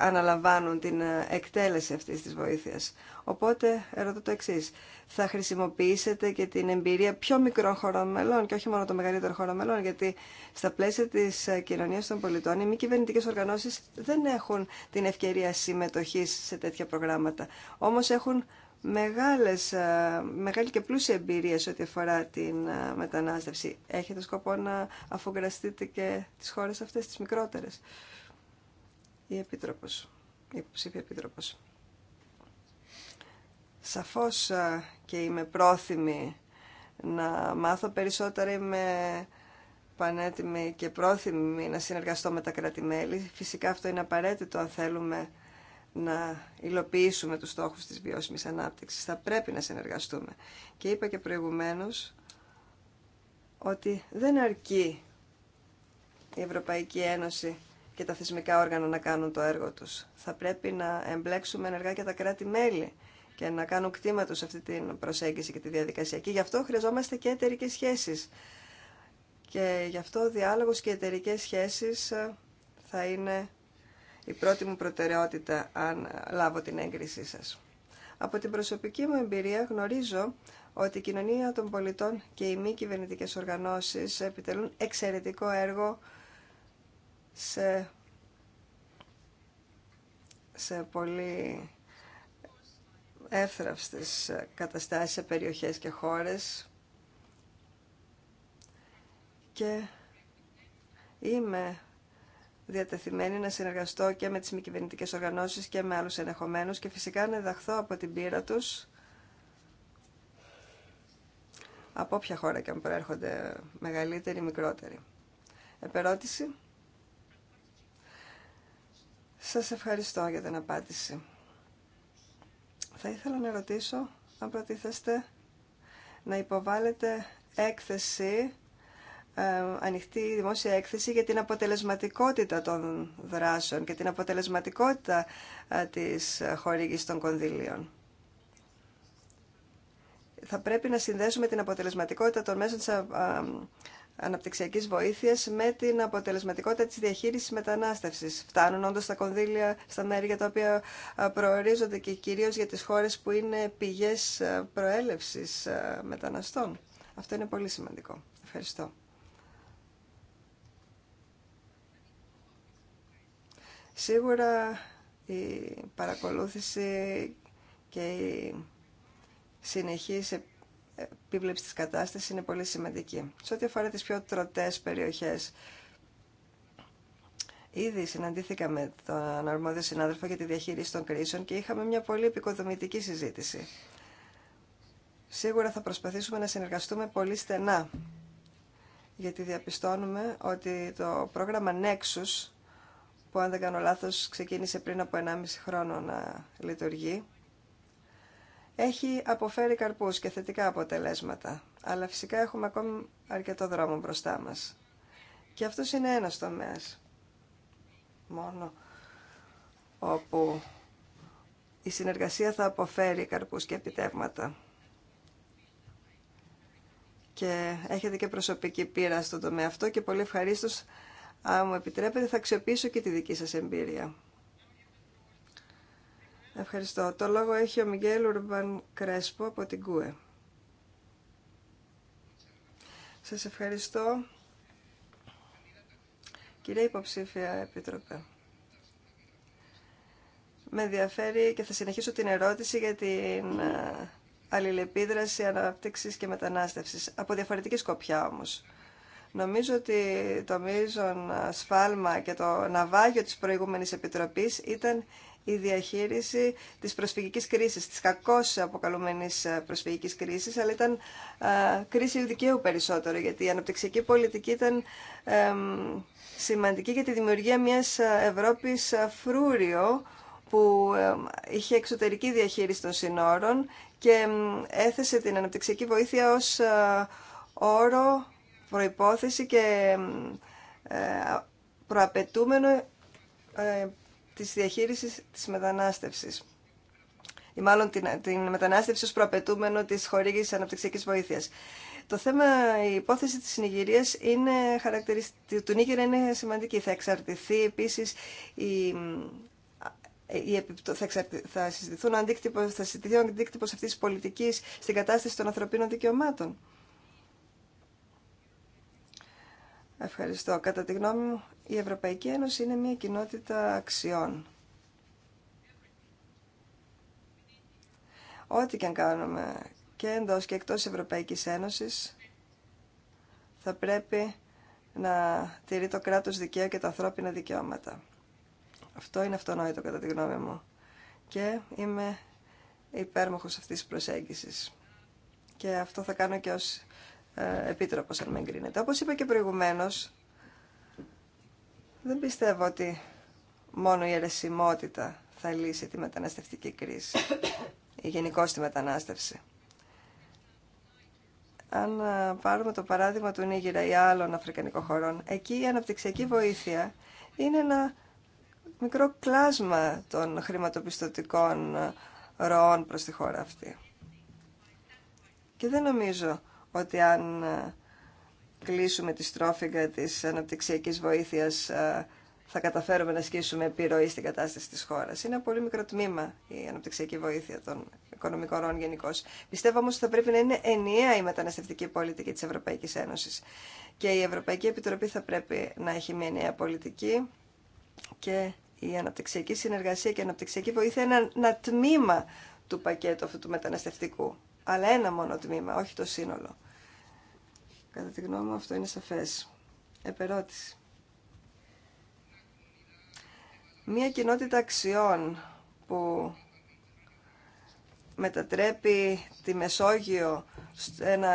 αναλαμβάνουν την εκτέλεση αυτής της βοήθειας. Οπότε, ερωτώ το εξή. Θα χρησιμοποιήσετε και την εμπειρία πιο μικρών χωρών μελών και όχι μόνο των μεγαλύτερων χωρών μελών, γιατί στα πλαίσια τη κοινωνία των πολιτών οι μη κυβερνητικέ οργανώσει δεν έχουν την ευκαιρία συμμετοχή σε τέτοια προγράμματα. Όμω έχουν μεγάλες, ε, μεγάλη και πλούσια εμπειρία σε ό,τι αφορά την ε, μετανάστευση. Έχετε σκοπό να αφογκραστείτε και τις χώρες αυτές, τις μικρότερες. Η Επίτροπος, η υποψήφια Επίτροπος. Σαφώς ε, και είμαι πρόθυμη να μάθω περισσότερα, είμαι πανέτοιμη και πρόθυμη να συνεργαστώ με τα κράτη-μέλη. Φυσικά αυτό είναι απαραίτητο αν θέλουμε να υλοποιήσουμε τους στόχους της βιώσιμης ανάπτυξης. Θα πρέπει να συνεργαστούμε. Και είπα και προηγουμένως ότι δεν αρκεί η Ευρωπαϊκή Ένωση και τα θεσμικά όργανα να κάνουν το έργο τους. Θα πρέπει να εμπλέξουμε ενεργά και τα κράτη-μέλη και να κάνουν κτήμα τους αυτή την προσέγγιση και τη διαδικασία. Και γι' αυτό χρειαζόμαστε και εταιρικέ σχέσεις. Και γι' αυτό ο διάλογος και οι εταιρικέ σχέσεις ε, θα είναι η πρώτη μου προτεραιότητα αν λάβω την έγκρισή σας. Από την προσωπική μου εμπειρία γνωρίζω ότι η κοινωνία των πολιτών και οι μη κυβερνητικέ οργανώσεις επιτελούν εξαιρετικό έργο σε, σε πολύ εύθραυστες καταστάσεις σε περιοχές και χώρες και είμαι διατεθειμένη να συνεργαστώ και με τις μη κυβερνητικές οργανώσεις και με άλλους ενεχομένους και φυσικά να διδαχθώ από την πείρα τους από όποια χώρα και αν προέρχονται μεγαλύτερη ή μικρότερη. Επερώτηση. Σας ευχαριστώ για την απάντηση. Θα ήθελα να ρωτήσω αν προτίθεστε να υποβάλλετε έκθεση ε, ανοιχτή δημόσια έκθεση για την αποτελεσματικότητα των δράσεων και την αποτελεσματικότητα ε, της χορήγησης των κονδυλίων. Θα πρέπει να συνδέσουμε την αποτελεσματικότητα των μέσων της αναπτυξιακής βοήθειας με την αποτελεσματικότητα της διαχείρισης μετανάστευσης. Φτάνουν όντως τα κονδύλια στα μέρη για τα οποία προορίζονται και κυρίως για τις χώρες που είναι πηγές προέλευσης μεταναστών. Αυτό είναι πολύ σημαντικό. Ευχαριστώ. Σίγουρα η παρακολούθηση και η συνεχής επίβλεψη της κατάστασης είναι πολύ σημαντική. Σε ό,τι αφορά τις πιο τροτές περιοχές, Ήδη συναντήθηκα με τον αρμόδιο συνάδελφο για τη διαχείριση των κρίσεων και είχαμε μια πολύ επικοδομητική συζήτηση. Σίγουρα θα προσπαθήσουμε να συνεργαστούμε πολύ στενά, γιατί διαπιστώνουμε ότι το πρόγραμμα Nexus που αν δεν κάνω λάθος ξεκίνησε πριν από 1,5 χρόνο να λειτουργεί, έχει αποφέρει καρπούς και θετικά αποτελέσματα. Αλλά φυσικά έχουμε ακόμη αρκετό δρόμο μπροστά μας. Και αυτός είναι ένας τομέας μόνο όπου η συνεργασία θα αποφέρει καρπούς και επιτεύγματα. Και έχετε και προσωπική πείρα στον τομέα αυτό και πολύ ευχαρίστως αν μου επιτρέπετε θα αξιοποιήσω και τη δική σας εμπειρία. Ευχαριστώ. Το λόγο έχει ο Μιγγέλ Ουρμπαν Κρέσπο από την ΚΟΕ. Σας ευχαριστώ. Κυρία Υποψήφια Επίτροπε, με ενδιαφέρει και θα συνεχίσω την ερώτηση για την ε, αλληλεπίδραση ανάπτυξης και μετανάστευσης, από διαφορετική σκοπιά όμως. Νομίζω ότι το μείζον σφάλμα και το ναυάγιο της προηγούμενης επιτροπής ήταν η διαχείριση της προσφυγικής κρίσης, της κακώς αποκαλούμενης ε, προσφυγικής κρίσης, αλλά ήταν ε, κρίση δικαίου περισσότερο, γιατί η αναπτυξιακή πολιτική ήταν σημαντική για τη δημιουργία μιας ε, Ευρώπης φρούριο, που είχε εξωτερική διαχείριση των συνόρων και έθεσε την αναπτυξιακή βοήθεια ως όρο προϋπόθεση και ε, προαπαιτούμενο ε, της διαχείρισης της μετανάστευσης ή μάλλον την, την μετανάστευση ως προαπαιτούμενο της χορήγησης αναπτυξιακής βοήθειας. Το θέμα, η υπόθεση της Νιγηρίας είναι του Νίγηρα είναι σημαντική. Θα εξαρτηθεί επίσης η, η, θα, εξαρτη, θα συζητηθούν αντίκτυπος, θα συζητηθεί ο αντίκτυπος αυτής της πολιτικής στην κατάσταση των ανθρωπίνων δικαιωμάτων. Ευχαριστώ. Κατά τη γνώμη μου, η Ευρωπαϊκή Ένωση είναι μια κοινότητα αξιών. Ό,τι και αν κάνουμε και εντός και εκτός Ευρωπαϊκής Ένωσης, θα πρέπει να τηρεί το κράτος δικαίου και τα ανθρώπινα δικαιώματα. Αυτό είναι αυτονόητο κατά τη γνώμη μου. Και είμαι υπέρμαχος αυτής της προσέγγισης. Και αυτό θα κάνω και ως ε, επίτροπος, αν με εγκρίνεται. Όπως είπα και προηγουμένως, δεν πιστεύω ότι μόνο η αιρεσιμότητα θα λύσει τη μεταναστευτική κρίση ή γενικώ τη μετανάστευση. Αν ε, πάρουμε το παράδειγμα του Νίγηρα ή άλλων αφρικανικών χωρών, εκεί η αναπτυξιακή βοήθεια είναι ένα μικρό κλάσμα των χρηματοπιστωτικών ροών προς τη χώρα αυτή. Και δεν νομίζω ότι αν ε, κλείσουμε τη στρόφιγγα της αναπτυξιακής βοήθειας ε, θα καταφέρουμε να ασκήσουμε επιρροή στην κατάσταση της χώρας. Είναι ένα πολύ μικρό τμήμα η αναπτυξιακή βοήθεια των οικονομικών γενικώ. Πιστεύω όμως ότι θα πρέπει να είναι ενιαία η μεταναστευτική πολιτική της Ευρωπαϊκής Ένωσης. Και η Ευρωπαϊκή Επιτροπή θα πρέπει να έχει μια ενιαία πολιτική και η αναπτυξιακή συνεργασία και η αναπτυξιακή βοήθεια είναι ένα, ένα τμήμα του πακέτου αυτού του μεταναστευτικού. Αλλά ένα μόνο τμήμα, όχι το σύνολο. Κατά τη γνώμη μου αυτό είναι σαφές. Επερώτηση. Μία κοινότητα αξιών που μετατρέπει τη Μεσόγειο σε ένα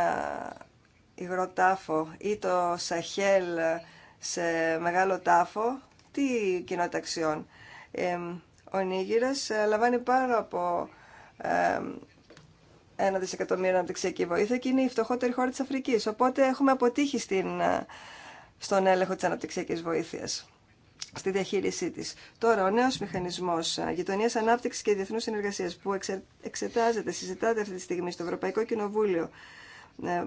υγρό τάφο ή το Σαχέλ σε μεγάλο τάφο, τι κοινότητα αξιών. ο Νίγηρας ε, λαμβάνει πάνω από ένα δισεκατομμύριο αναπτυξιακή βοήθεια και είναι η φτωχότερη χώρα της Αφρικής. Οπότε έχουμε αποτύχει στην, ε, στον έλεγχο της αναπτυξιακής βοήθειας στη διαχείρισή τη. Τώρα, ο νέο μηχανισμό ε, γειτονία ανάπτυξη και διεθνού συνεργασία που εξετάζεται, συζητάται αυτή τη στιγμή στο Ευρωπαϊκό Κοινοβούλιο, ε,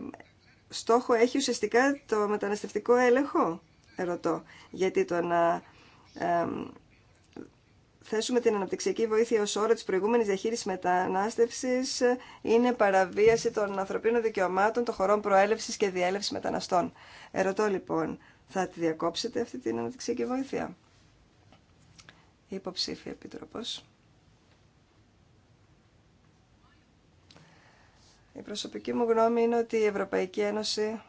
στόχο έχει ουσιαστικά το μεταναστευτικό έλεγχο, ερωτώ. Γιατί το να θέσουμε την αναπτυξιακή βοήθεια ως όρο της προηγούμενης διαχείρισης μετανάστευσης είναι παραβίαση των ανθρωπίνων δικαιωμάτων των χωρών προέλευσης και διέλευσης μεταναστών. Ερωτώ λοιπόν, θα τη διακόψετε αυτή την αναπτυξιακή βοήθεια. υποψήφια Επίτροπος. Η προσωπική μου γνώμη είναι ότι η Ευρωπαϊκή Ένωση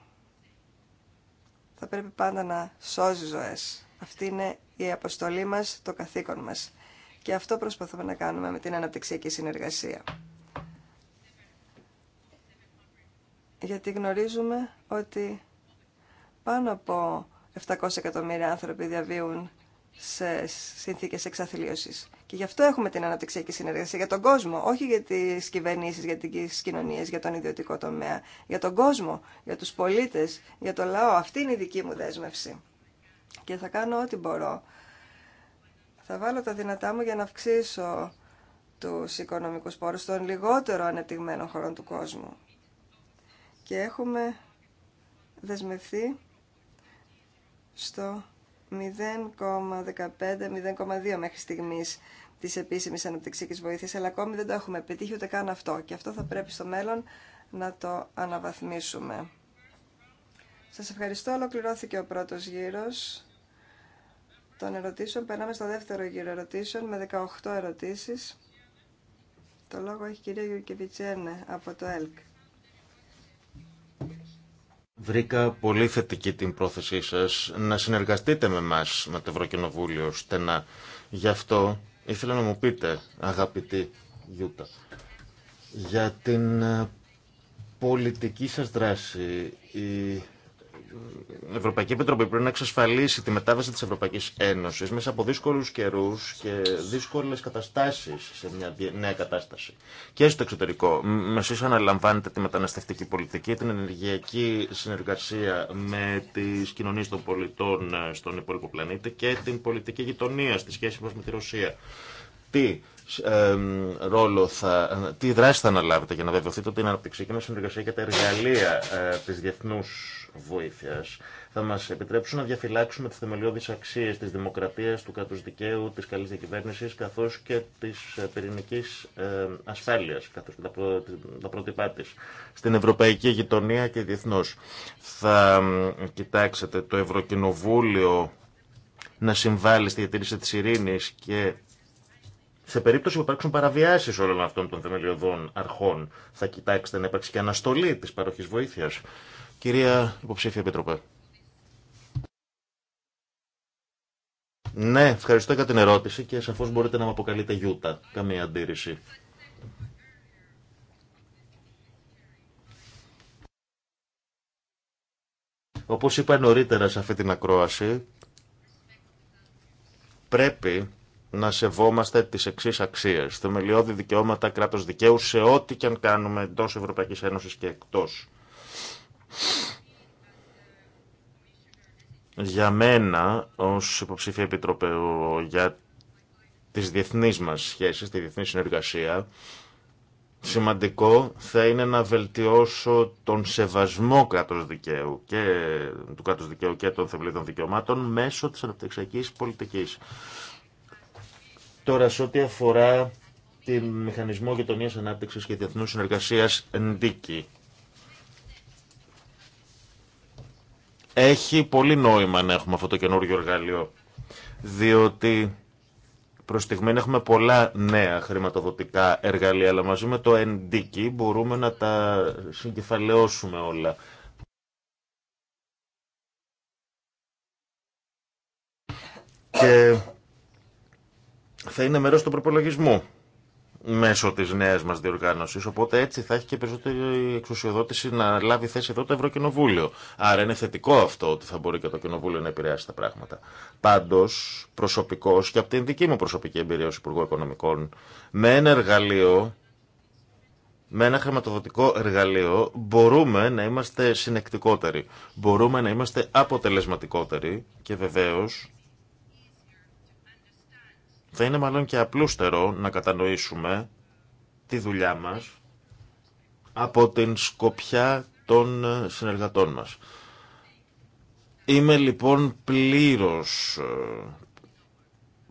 θα πρέπει πάντα να σώζει ζωές. Αυτή είναι η αποστολή μας, το καθήκον μας. Και αυτό προσπαθούμε να κάνουμε με την αναπτυξιακή συνεργασία. Γιατί γνωρίζουμε ότι πάνω από 700 εκατομμύρια άνθρωποι διαβίουν σε συνθήκε εξαθλίωση. Και γι' αυτό έχουμε την αναπτυξιακή συνεργασία για τον κόσμο, όχι για τι κυβερνήσει, για τις κοινωνίε, για τον ιδιωτικό τομέα. Για τον κόσμο, για του πολίτε, για το λαό. Αυτή είναι η δική μου δέσμευση. Και θα κάνω ό,τι μπορώ θα βάλω τα δυνατά μου για να αυξήσω τους οικονομικούς πόρους των λιγότερο ανεπτυγμένων χωρών του κόσμου. Και έχουμε δεσμευθεί στο 0,15-0,2 μέχρι στιγμής τη επίσημη αναπτυξική βοήθειας, αλλά ακόμη δεν το έχουμε πετύχει ούτε καν αυτό. Και αυτό θα πρέπει στο μέλλον να το αναβαθμίσουμε. Σας ευχαριστώ. Ολοκληρώθηκε ο πρώτος γύρος των ερωτήσεων περνάμε στο δεύτερο γύρο ερωτήσεων με 18 ερωτήσεις. Το λόγο έχει η κυρία Γιουρκεβιτσένε από το ΕΛΚ. Βρήκα πολύ θετική την πρόθεσή σας να συνεργαστείτε με εμά με το Ευρωκοινοβούλιο, στενά. Γι' αυτό ήθελα να μου πείτε, αγαπητή Γιούτα, για την ε, πολιτική σας δράση. Η η Ευρωπαϊκή Επιτροπή πρέπει να εξασφαλίσει τη μετάβαση τη Ευρωπαϊκή Ένωση μέσα από δύσκολου καιρού και δύσκολε καταστάσει σε μια νέα κατάσταση. Και στο εξωτερικό, εσείς αναλαμβάνετε τη μεταναστευτική πολιτική, την ενεργειακή συνεργασία με τι κοινωνίε των πολιτών ε, στον υπόλοιπο πλανήτη και την πολιτική γειτονία στη σχέση μα με τη Ρωσία. Τι ε, ρόλο θα, τι δράση θα αναλάβετε για να βεβαιωθείτε ότι είναι αναπτυξιακή μας συνεργασία και τα εργαλεία ε, της διεθνούς Βοήθεια, θα μα επιτρέψουν να διαφυλάξουμε τι θεμελιώδει αξίες τη δημοκρατία, του κράτου δικαίου, τη καλή διακυβέρνηση καθώ και της ε, πυρηνικής ε, ασφάλεια, καθώς και τα πρότυπά της, στην ευρωπαϊκή γειτονία και διεθνώ Θα κοιτάξετε το Ευρωκοινοβούλιο να συμβάλλει στη διατήρηση τη ειρήνης και σε περίπτωση που υπάρξουν παραβιάσεις όλων αυτών των θεμελιωδών αρχών, θα κοιτάξετε να υπάρξει και αναστολή της παροχής βοήθειας. Κυρία Υποψήφια Επίτροπε. Ναι, ευχαριστώ για την ερώτηση και σαφώς μπορείτε να με αποκαλείτε Γιούτα. Καμία αντίρρηση. Όπως είπα νωρίτερα σε αυτή την ακρόαση, πρέπει να σεβόμαστε τις εξή αξίες. Θεμελιώδη δικαιώματα, κράτο δικαίου, σε ό,τι και αν κάνουμε εντός Ευρωπαϊκής Ένωσης και εκτός. Για μένα, ως υποψήφια επιτροπεύω για τις διεθνείς μας σχέσεις, τη διεθνή συνεργασία, σημαντικό θα είναι να βελτιώσω τον σεβασμό κράτους δικαίου και, του κράτους δικαίου και των θεμελιδών δικαιωμάτων μέσω της αναπτυξιακής πολιτικής. Τώρα, σε ό,τι αφορά τη Μηχανισμό Γειτονία Ανάπτυξη και Διεθνού Συνεργασία, ενδίκη Έχει πολύ νόημα να έχουμε αυτό το καινούργιο εργαλείο, διότι προ στιγμή έχουμε πολλά νέα χρηματοδοτικά εργαλεία, αλλά μαζί με το NDK μπορούμε να τα συγκεφαλαιώσουμε όλα. Και θα είναι μέρος του προπολογισμού μέσω τη νέα μα διοργάνωση. οπότε έτσι θα έχει και περισσότερη εξουσιοδότηση να λάβει θέση εδώ το Ευρωκοινοβούλιο. Άρα είναι θετικό αυτό ότι θα μπορεί και το Κοινοβούλιο να επηρεάσει τα πράγματα. Πάντω, προσωπικός και από την δική μου προσωπική εμπειρία ω Υπουργό Οικονομικών, με ένα εργαλείο με ένα χρηματοδοτικό εργαλείο μπορούμε να είμαστε συνεκτικότεροι, μπορούμε να είμαστε αποτελεσματικότεροι και βεβαίω. Θα είναι μάλλον και απλούστερο να κατανοήσουμε τη δουλειά μας από την σκοπιά των ε, συνεργατών μας. Είμαι λοιπόν πλήρως ε,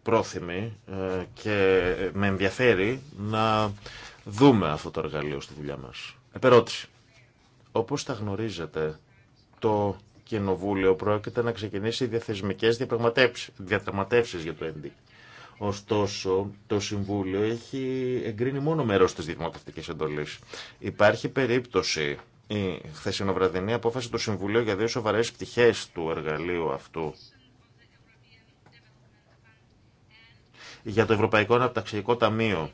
πρόθυμη ε, και με ενδιαφέρει να δούμε αυτό το εργαλείο στη δουλειά μας. Επερώτηση. Όπως τα γνωρίζετε, το Κοινοβούλιο πρόκειται να ξεκινήσει διαθεσμικές διαπραγματεύσεις, για το ΕΝΤΙΚ. Ωστόσο, το Συμβούλιο έχει εγκρίνει μόνο μέρο τη διαπραγματευτική εντολή. Υπάρχει περίπτωση η χθεσινοβραδινή απόφαση του Συμβουλίου για δύο σοβαρέ πτυχέ του εργαλείου αυτού για το Ευρωπαϊκό Αναπταξιακό Ταμείο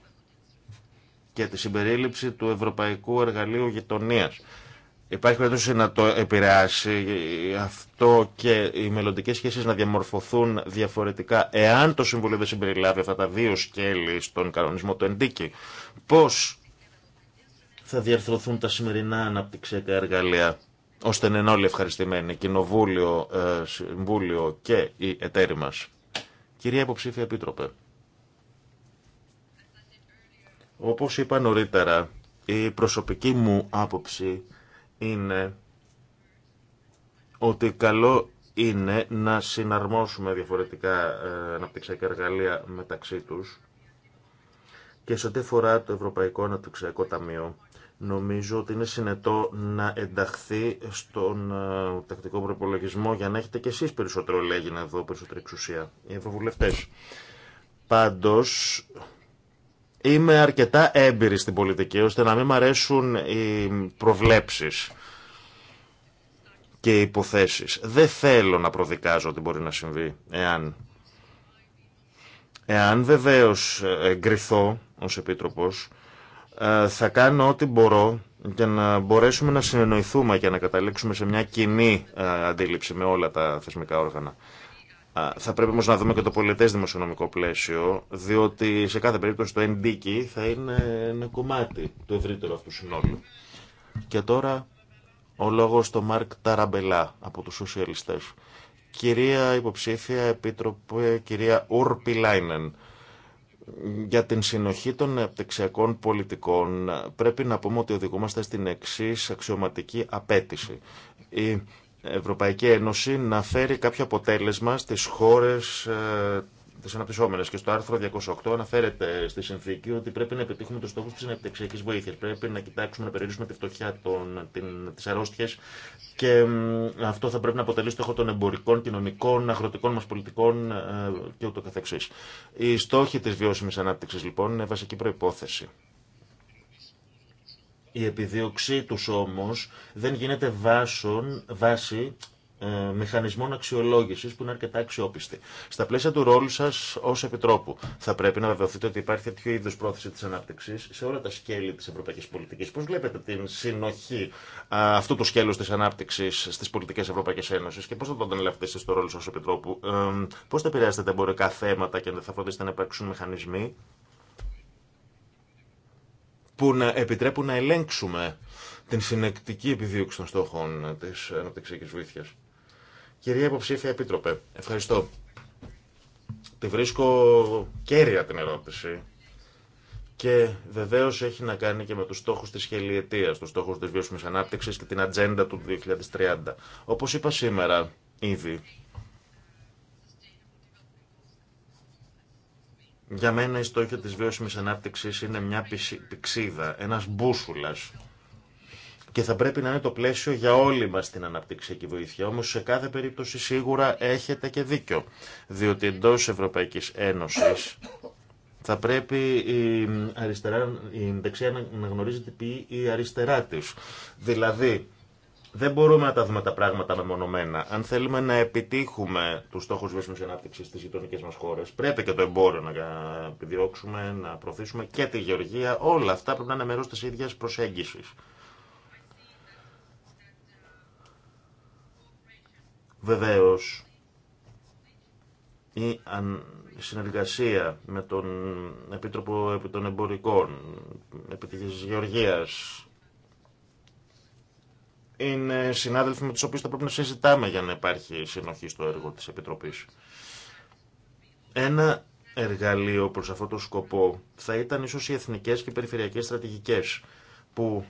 και τη συμπερίληψη του Ευρωπαϊκού Εργαλείου Γειτονίας Υπάρχει περίπτωση να το επηρεάσει αυτό και οι μελλοντικέ σχέσει να διαμορφωθούν διαφορετικά εάν το Συμβουλίο δεν συμπεριλάβει αυτά τα δύο σκέλη στον κανονισμό του Εντίκη. Πώ θα διαρθρωθούν τα σημερινά αναπτυξιακά εργαλεία ώστε να είναι όλοι ευχαριστημένοι, Κοινοβούλιο, ε, Συμβούλιο και οι εταίροι μα. Κυρία Υποψήφια Επίτροπε, όπως είπα νωρίτερα, η προσωπική μου άποψη είναι ότι καλό είναι να συναρμόσουμε διαφορετικά ε, αναπτυξιακά εργαλεία μεταξύ τους και σε ό,τι αφορά το Ευρωπαϊκό Αναπτυξιακό Ταμείο νομίζω ότι είναι συνετό να ενταχθεί στον ε, τακτικό προπολογισμό για να έχετε κι εσείς περισσότερο λέγει να δω περισσότερη εξουσία οι ευρωβουλευτές. Πάντως, είμαι αρκετά έμπειρη στην πολιτική ώστε να μην μ' αρέσουν οι προβλέψεις και οι υποθέσεις. Δεν θέλω να προδικάζω ότι μπορεί να συμβεί εάν. Εάν βεβαίως ε, εγκριθώ ως Επίτροπος, ε, θα κάνω ό,τι μπορώ για να μπορέσουμε να συνεννοηθούμε και να καταλήξουμε σε μια κοινή ε, αντίληψη με όλα τα θεσμικά όργανα. Θα πρέπει όμω να δούμε και το πολιτέ δημοσιονομικό πλαίσιο, διότι σε κάθε περίπτωση το NDK θα είναι ένα κομμάτι του ευρύτερου αυτού συνόλου. Και τώρα ο λόγος στο Μάρκ Ταραμπελά από τους σοσιαλιστές. Κυρία υποψήφια επίτροπε, κυρία Ούρπι Λάινεν, για την συνοχή των επτεξιακών πολιτικών πρέπει να πούμε ότι οδηγούμαστε στην εξή αξιωματική απέτηση. Ευρωπαϊκή Ένωση να φέρει κάποιο αποτέλεσμα στις χώρες ε, τις αναπτυσσόμενες. Και στο άρθρο 208 αναφέρεται στη συνθήκη ότι πρέπει να επιτύχουμε τους στόχους της αναπτυξιακής βοήθειας. Πρέπει να κοιτάξουμε να περιορίσουμε τη φτωχιά, των, την, τις αρρώστιες και αυτό θα πρέπει να αποτελεί στόχο των εμπορικών, κοινωνικών, αγροτικών μας πολιτικών ε, και ούτω καθεξής. Οι στόχοι της βιώσιμης ανάπτυξης λοιπόν είναι βασική προϋπόθεση η επιδίωξή τους όμως δεν γίνεται βάσον, βάση ε, μηχανισμών αξιολόγηση που είναι αρκετά αξιόπιστη. Στα πλαίσια του ρόλου σα ω Επιτρόπου, θα πρέπει να βεβαιωθείτε ότι υπάρχει τέτοιο είδους πρόθεση τη ανάπτυξη σε όλα τα σκέλη της ευρωπαϊκής πολιτικής. Πώς βλέπετε την συνοχή αυτού του σκέλους της ανάπτυξης στις πολιτικές Ευρωπαϊκή Ένωση και πώς θα τον εσείς στο ρόλο σας ως Επιτρόπου, ε, πώ θα επηρεάσετε τα εμπορικά θέματα και αν θα φροντίσετε να υπάρξουν μηχανισμοί που να επιτρέπουν να ελέγξουμε την συνεκτική επιδίωξη των στόχων της αναπτυξιακή βοήθεια. Κυρία Υποψήφια Επίτροπε, ευχαριστώ. Τη βρίσκω κέρια την ερώτηση και βεβαίω έχει να κάνει και με τους στόχους της χελιετία, τους στόχους της βιώσιμης ανάπτυξης και την ατζέντα του 2030. Όπως είπα σήμερα ήδη, Για μένα η στόχη της βιώσιμης ανάπτυξης είναι μια πηξίδα, ένας μπούσουλας. Και θα πρέπει να είναι το πλαίσιο για όλη μας την αναπτυξιακή βοήθεια. Όμως σε κάθε περίπτωση σίγουρα έχετε και δίκιο. Διότι εντός Ευρωπαϊκής Ένωσης θα πρέπει η, αριστερά, η δεξιά να γνωρίζει τι πει η αριστερά της. Δηλαδή, δεν μπορούμε να τα δούμε τα πράγματα μεμονωμένα. Αν θέλουμε να επιτύχουμε του στόχου βιώσιμη ανάπτυξη στι γειτονικέ μα χώρε, πρέπει και το εμπόριο να επιδιώξουμε, να προωθήσουμε και τη γεωργία. Όλα αυτά πρέπει να είναι μέρο τη ίδια προσέγγιση. Βεβαίω, η συνεργασία με τον Επίτροπο επί των Εμπορικών, επί Γεωργίας, είναι συνάδελφοι με τους οποίους θα πρέπει να συζητάμε για να υπάρχει συνοχή στο έργο της Επιτροπής. Ένα εργαλείο προς αυτό το σκοπό θα ήταν ίσως οι εθνικές και περιφερειακές στρατηγικές που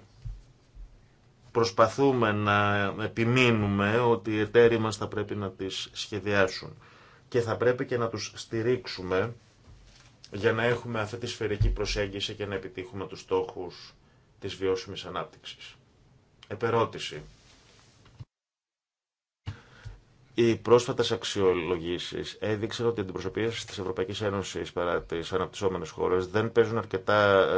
προσπαθούμε να επιμείνουμε ότι οι εταίροι μας θα πρέπει να τις σχεδιάσουν και θα πρέπει και να τους στηρίξουμε για να έχουμε αυτή τη σφαιρική προσέγγιση και να επιτύχουμε τους στόχους της βιώσιμης ανάπτυξης. Επερώτηση. Οι πρόσφατε αξιολογήσει έδειξαν ότι οι αντιπροσωπείε τη Ευρωπαϊκή Ένωση παρά τι αναπτυσσόμενε χώρε δεν παίζουν αρκετά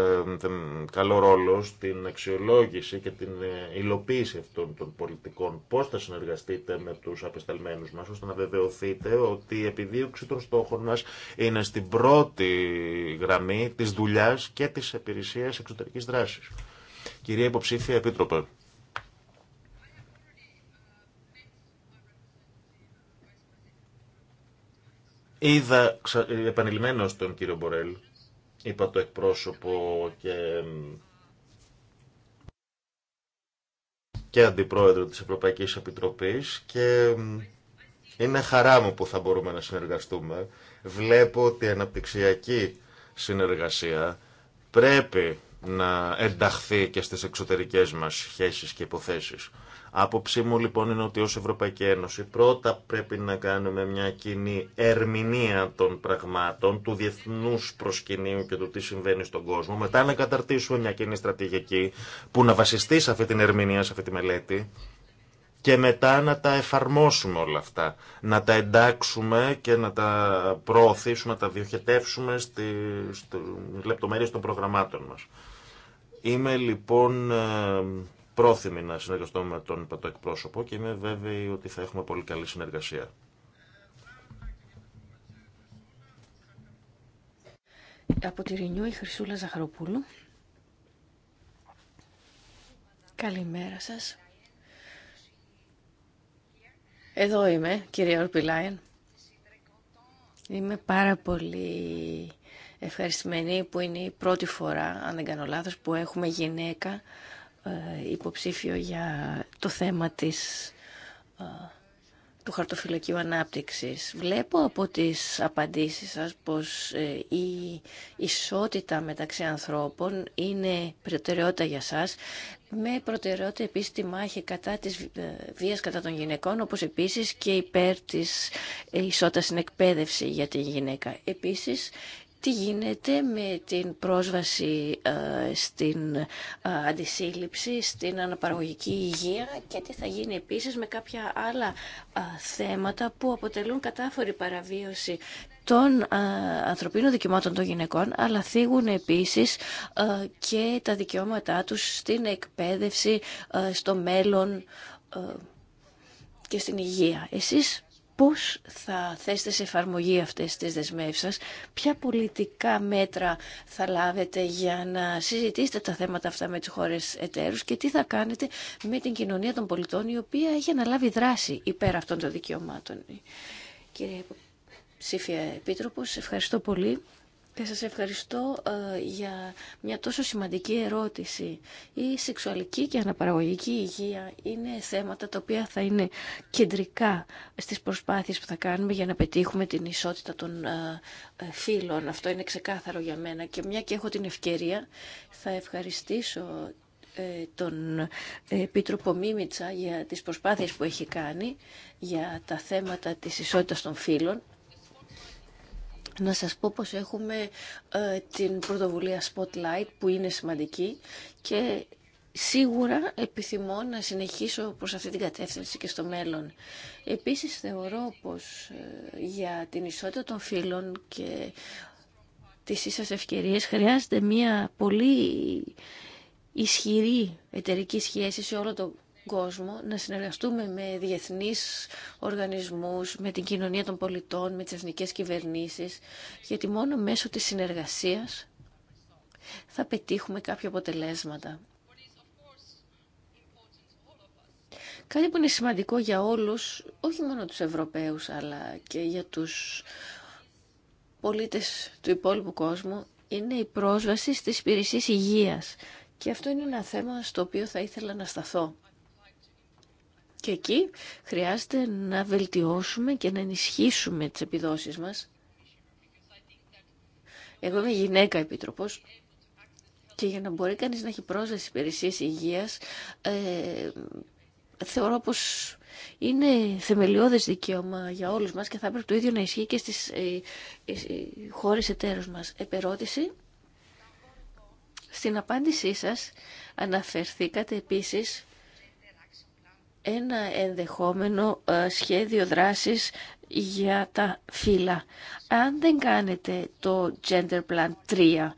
ε, καλό ρόλο στην αξιολόγηση και την ε, υλοποίηση αυτών των πολιτικών. Πώ θα συνεργαστείτε με του απεσταλμένου μα ώστε να βεβαιωθείτε ότι η επιδίωξη των στόχων μα είναι στην πρώτη γραμμή τη δουλειά και τη υπηρεσία εξωτερική δράση. Κυρία Υποψήφια Επίτροπε. Είδα επανειλημμένο τον κύριο Μπορέλ, είπα το εκπρόσωπο και, και αντιπρόεδρο της Ευρωπαϊκής Επιτροπής και είναι χαρά μου που θα μπορούμε να συνεργαστούμε. Βλέπω ότι η αναπτυξιακή συνεργασία πρέπει να ενταχθεί και στις εξωτερικές μας σχέσεις και υποθέσεις. Άποψή μου λοιπόν είναι ότι ως Ευρωπαϊκή Ένωση πρώτα πρέπει να κάνουμε μια κοινή ερμηνεία των πραγμάτων, του διεθνούς προσκυνήου και του τι συμβαίνει στον κόσμο, μετά να καταρτήσουμε μια κοινή στρατηγική που να βασιστεί σε αυτή την ερμηνεία, σε αυτή τη μελέτη και μετά να τα εφαρμόσουμε όλα αυτά, να τα εντάξουμε και να τα προωθήσουμε, να τα διοχετεύσουμε στις λεπτομέρειες των προγραμμάτων μας. Είμαι λοιπόν ε, πρόθυμη να συνεργαστώ με τον πατό εκπρόσωπο και είμαι βέβαιη ότι θα έχουμε πολύ καλή συνεργασία. Από τη Ρηνιού η Χρυσούλα Ζαχαροπούλου. Καλημέρα σας. Εδώ είμαι, κυρία Ορπιλάιν. Είμαι πάρα πολύ ευχαριστημένη που είναι η πρώτη φορά, αν δεν κάνω λάθος, που έχουμε γυναίκα ε, υποψήφιο για το θέμα της, ε, του χαρτοφυλακίου ανάπτυξης. Βλέπω από τις απαντήσεις σας πως ε, η ισότητα μεταξύ ανθρώπων είναι προτεραιότητα για σας με προτεραιότητα επίσης τη μάχη κατά της βίας κατά των γυναικών, όπως επίσης και υπέρ της ισότητας στην εκπαίδευση για τη γυναίκα. Επίσης, τι γίνεται με την πρόσβαση ε, στην ε, αντισύλληψη, στην αναπαραγωγική υγεία και τι θα γίνει επίσης με κάποια άλλα ε, θέματα που αποτελούν κατάφορη παραβίωση των ανθρωπίνων δικαιωμάτων των γυναικών, αλλά θίγουν επίσης και τα δικαιώματά τους στην εκπαίδευση, στο μέλλον και στην υγεία. Εσείς πώς θα θέσετε σε εφαρμογή αυτές τις δεσμεύσεις σας, ποια πολιτικά μέτρα θα λάβετε για να συζητήσετε τα θέματα αυτά με τις χώρες εταίρους και τι θα κάνετε με την κοινωνία των πολιτών η οποία έχει αναλάβει δράση υπέρ αυτών των δικαιωμάτων. Κύριε Ψήφια Επίτροπος, ευχαριστώ πολύ. Και σας ευχαριστώ ε, για μια τόσο σημαντική ερώτηση. Η σεξουαλική και αναπαραγωγική υγεία είναι θέματα τα οποία θα είναι κεντρικά στις προσπάθειες που θα κάνουμε για να πετύχουμε την ισότητα των ε, ε, φίλων. Αυτό είναι ξεκάθαρο για μένα και μια και έχω την ευκαιρία θα ευχαριστήσω τον Επίτροπο Μίμητσα για τις προσπάθειες που έχει κάνει για τα θέματα της ισότητας των φύλων να σας πω πως έχουμε ε, την πρωτοβουλία Spotlight που είναι σημαντική και σίγουρα επιθυμώ να συνεχίσω προς αυτή την κατεύθυνση και στο μέλλον. Επίσης θεωρώ πως ε, για την ισότητα των φίλων και τις ίσες ευκαιρίες χρειάζεται μια πολύ ισχυρή εταιρική σχέση σε όλο το κόσμο, να συνεργαστούμε με διεθνείς οργανισμούς, με την κοινωνία των πολιτών, με τις εθνικές κυβερνήσεις, γιατί μόνο μέσω της συνεργασίας θα πετύχουμε κάποια αποτελέσματα. Κάτι που είναι σημαντικό για όλους, όχι μόνο τους Ευρωπαίους, αλλά και για τους πολίτες του υπόλοιπου κόσμου, είναι η πρόσβαση στις υπηρεσίες υγείας. Και αυτό είναι ένα θέμα στο οποίο θα ήθελα να σταθώ. Και εκεί χρειάζεται να βελτιώσουμε και να ενισχύσουμε τις επιδόσεις μας. Εγώ είμαι γυναίκα επίτροπος και για να μπορεί κανείς να έχει πρόσβαση υπηρεσίες υγείας ε, θεωρώ πως είναι θεμελιώδες δικαίωμα για όλους μας και θα έπρεπε το ίδιο να ισχύει και στις ε, ε, χώρες εταίρους μας. Επερώτηση. Στην απάντησή σας αναφερθήκατε επίσης ένα ενδεχόμενο ε, σχέδιο δράσης για τα φύλλα. Αν δεν κάνετε το Gender Plan 3,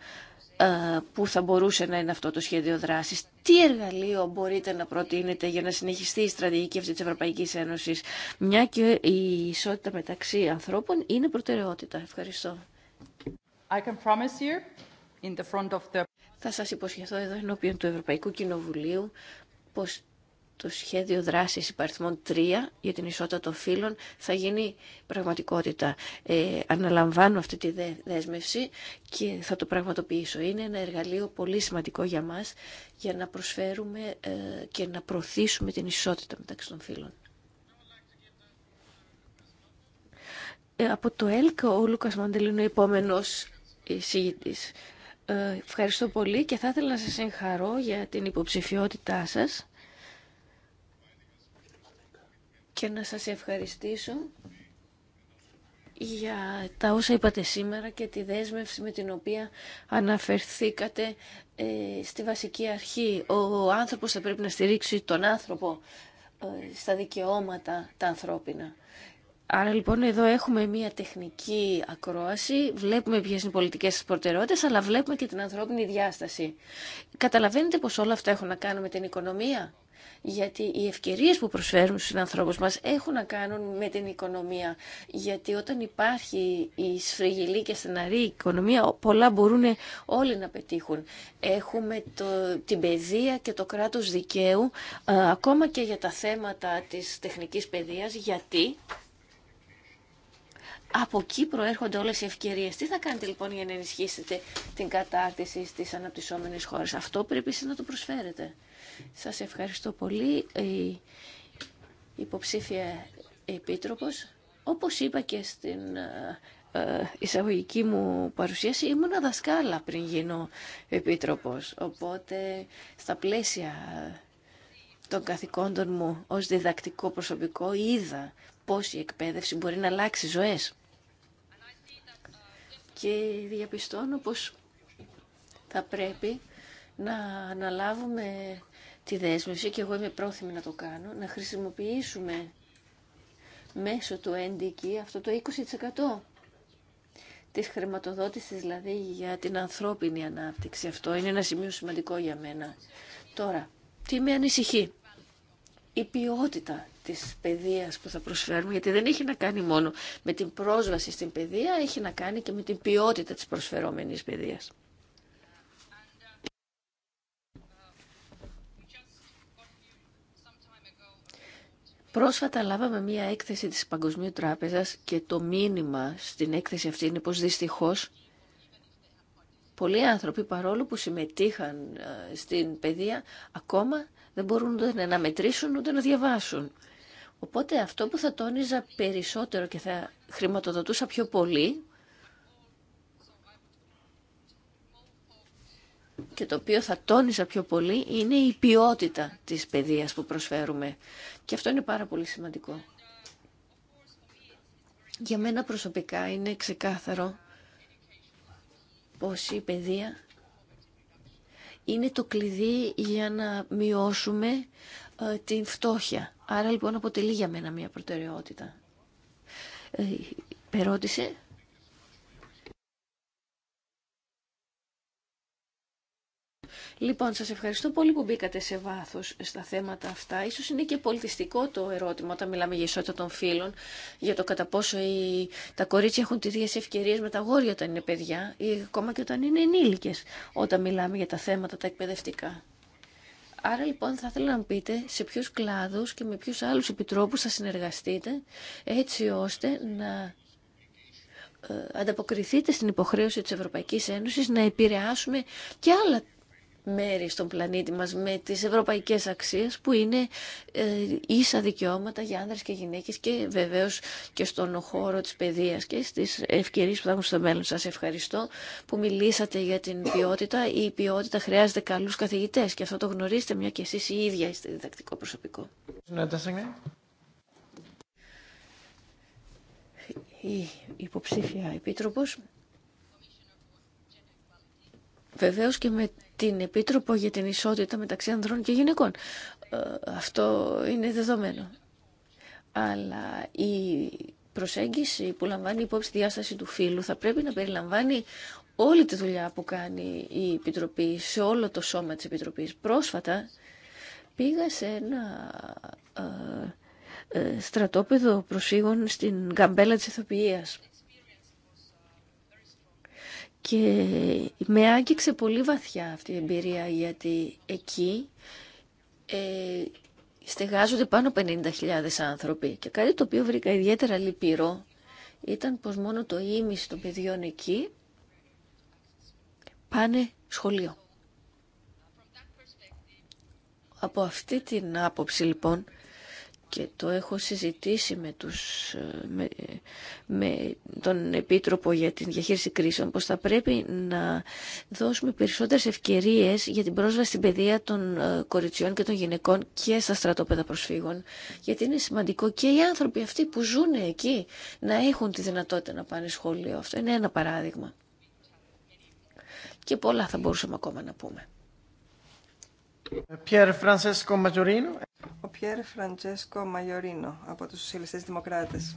ε, που θα μπορούσε να είναι αυτό το σχέδιο δράσης. Τι εργαλείο μπορείτε να προτείνετε για να συνεχιστεί η στρατηγική αυτή της Ευρωπαϊκής Ένωσης, μια και η ισότητα μεταξύ ανθρώπων είναι προτεραιότητα. Ευχαριστώ. I can in the front of the... Θα σας υποσχεθώ εδώ ενώπιον του Ευρωπαϊκού Κοινοβουλίου πως το σχέδιο δράσης υπαριθμών 3 για την ισότητα των φύλων θα γίνει πραγματικότητα. Ε, αναλαμβάνω αυτή τη δέσμευση και θα το πραγματοποιήσω. Είναι ένα εργαλείο πολύ σημαντικό για μας για να προσφέρουμε ε, και να προωθήσουμε την ισότητα μεταξύ των φύλων. Ε, από το ΕΛΚ ο Λούκας Μαντελή είναι ο επόμενος εισηγητής. Ε, ευχαριστώ πολύ και θα ήθελα να σας εγχαρώ για την υποψηφιότητά σας και να σας ευχαριστήσω για τα όσα είπατε σήμερα και τη δέσμευση με την οποία αναφερθήκατε ε, στη βασική αρχή. Ο άνθρωπος θα πρέπει να στηρίξει τον άνθρωπο ε, στα δικαιώματα τα ανθρώπινα. Άρα λοιπόν εδώ έχουμε μια τεχνική ακρόαση, βλέπουμε ποιε είναι οι πολιτικέ σα προτεραιότητε, αλλά βλέπουμε και την ανθρώπινη διάσταση. Καταλαβαίνετε πω όλα αυτά έχουν να κάνουν με την οικονομία γιατί οι ευκαιρίες που προσφέρουν στους ανθρώπους μας έχουν να κάνουν με την οικονομία. Γιατί όταν υπάρχει η σφριγιλή και στεναρή οικονομία, πολλά μπορούν όλοι να πετύχουν. Έχουμε το, την παιδεία και το κράτος δικαίου, ε, ακόμα και για τα θέματα της τεχνικής παιδείας, γιατί από εκεί προέρχονται όλες οι ευκαιρίες. Τι θα κάνετε λοιπόν για να ενισχύσετε την κατάρτιση στις αναπτυσσόμενες χώρες. Αυτό πρέπει να το προσφέρετε. Σας ευχαριστώ πολύ. Η υποψήφια επίτροπος, όπως είπα και στην ε, ε, εισαγωγική μου παρουσίαση ήμουν δασκάλα πριν γίνω επίτροπος. Οπότε στα πλαίσια των καθηκόντων μου ως διδακτικό προσωπικό είδα πώς η εκπαίδευση μπορεί να αλλάξει ζωές. Και διαπιστώνω πως θα πρέπει να αναλάβουμε τη δέσμευση και εγώ είμαι πρόθυμη να το κάνω, να χρησιμοποιήσουμε μέσω του NDK αυτό το 20% της χρηματοδότησης δηλαδή για την ανθρώπινη ανάπτυξη. Αυτό είναι ένα σημείο σημαντικό για μένα. Τώρα, τι με ανησυχεί. Η ποιότητα της παιδείας που θα προσφέρουμε, γιατί δεν έχει να κάνει μόνο με την πρόσβαση στην παιδεία, έχει να κάνει και με την ποιότητα της προσφερόμενης παιδείας. Πρόσφατα λάβαμε μία έκθεση της Παγκοσμίου Τράπεζας και το μήνυμα στην έκθεση αυτή είναι πως δυστυχώς πολλοί άνθρωποι παρόλο που συμμετείχαν ε, στην παιδεία ακόμα δεν μπορούν ούτε να μετρήσουν ούτε να διαβάσουν. Οπότε αυτό που θα τόνιζα περισσότερο και θα χρηματοδοτούσα πιο πολύ και το οποίο θα τόνιζα πιο πολύ είναι η ποιότητα της παιδείας που προσφέρουμε. Και αυτό είναι πάρα πολύ σημαντικό. Για μένα προσωπικά είναι ξεκάθαρο πως η παιδεία είναι το κλειδί για να μειώσουμε ε, την φτώχεια. Άρα λοιπόν αποτελεί για μένα μια προτεραιότητα. Ε, Λοιπόν, σας ευχαριστώ πολύ που μπήκατε σε βάθος στα θέματα αυτά. Ίσως είναι και πολιτιστικό το ερώτημα όταν μιλάμε για ισότητα των φίλων, για το κατά πόσο οι... τα κορίτσια έχουν τις ίδιες ευκαιρίες με τα γόρια όταν είναι παιδιά ή ακόμα και όταν είναι ενήλικες, όταν μιλάμε για τα θέματα τα εκπαιδευτικά. Άρα λοιπόν θα ήθελα να μου πείτε σε ποιους κλάδους και με ποιους άλλους επιτρόπους θα συνεργαστείτε έτσι ώστε να ε, ανταποκριθείτε στην υποχρέωση της Ευρωπαϊκής Ένωσης να επηρεάσουμε και άλλα μέρη στον πλανήτη μας με τις ευρωπαϊκές αξίες που είναι ε, ίσα δικαιώματα για άνδρες και γυναίκες και βεβαίως και στον χώρο της παιδείας και στις ευκαιρίες που θα έχουν στο μέλλον. Σας ευχαριστώ που μιλήσατε για την ποιότητα. Η ποιότητα χρειάζεται καλούς καθηγητές και αυτό το γνωρίζετε μια και εσείς η ίδια είστε διδακτικό προσωπικό. Η υποψήφια επίτροπος βεβαίως και με την Επίτροπο για την Ισότητα μεταξύ ανδρών και γυναικών. Ε, αυτό είναι δεδομένο. Αλλά η προσέγγιση που λαμβάνει υπόψη τη διάσταση του φύλου θα πρέπει να περιλαμβάνει όλη τη δουλειά που κάνει η Επιτροπή σε όλο το σώμα της Επιτροπής. Πρόσφατα πήγα σε ένα ε, ε, στρατόπεδο προσφύγων στην καμπέλα της Ιθοποιίας. Και με άγγιξε πολύ βαθιά αυτή η εμπειρία γιατί εκεί ε, στεγάζονται πάνω από 50.000 άνθρωποι και κάτι το οποίο βρήκα ιδιαίτερα λυπηρό ήταν πως μόνο το ίμιση των παιδιών εκεί πάνε σχολείο. Από αυτή την άποψη λοιπόν και το έχω συζητήσει με, τους, με, τον Επίτροπο για την διαχείριση κρίσεων, πως θα πρέπει να δώσουμε περισσότερες ευκαιρίες για την πρόσβαση στην παιδεία των ε, κοριτσιών και των γυναικών και στα στρατόπεδα προσφύγων. Γιατί είναι σημαντικό και οι άνθρωποι αυτοί που ζουν εκεί να έχουν τη δυνατότητα να πάνε σχολείο. Αυτό είναι ένα παράδειγμα. Και πολλά θα μπορούσαμε ακόμα να πούμε. Πιέρ Φρανσέσκο Ο Πιέρ Φραντσέσκο Μαγιορίνο από τους Σοσιαλιστές Δημοκράτες.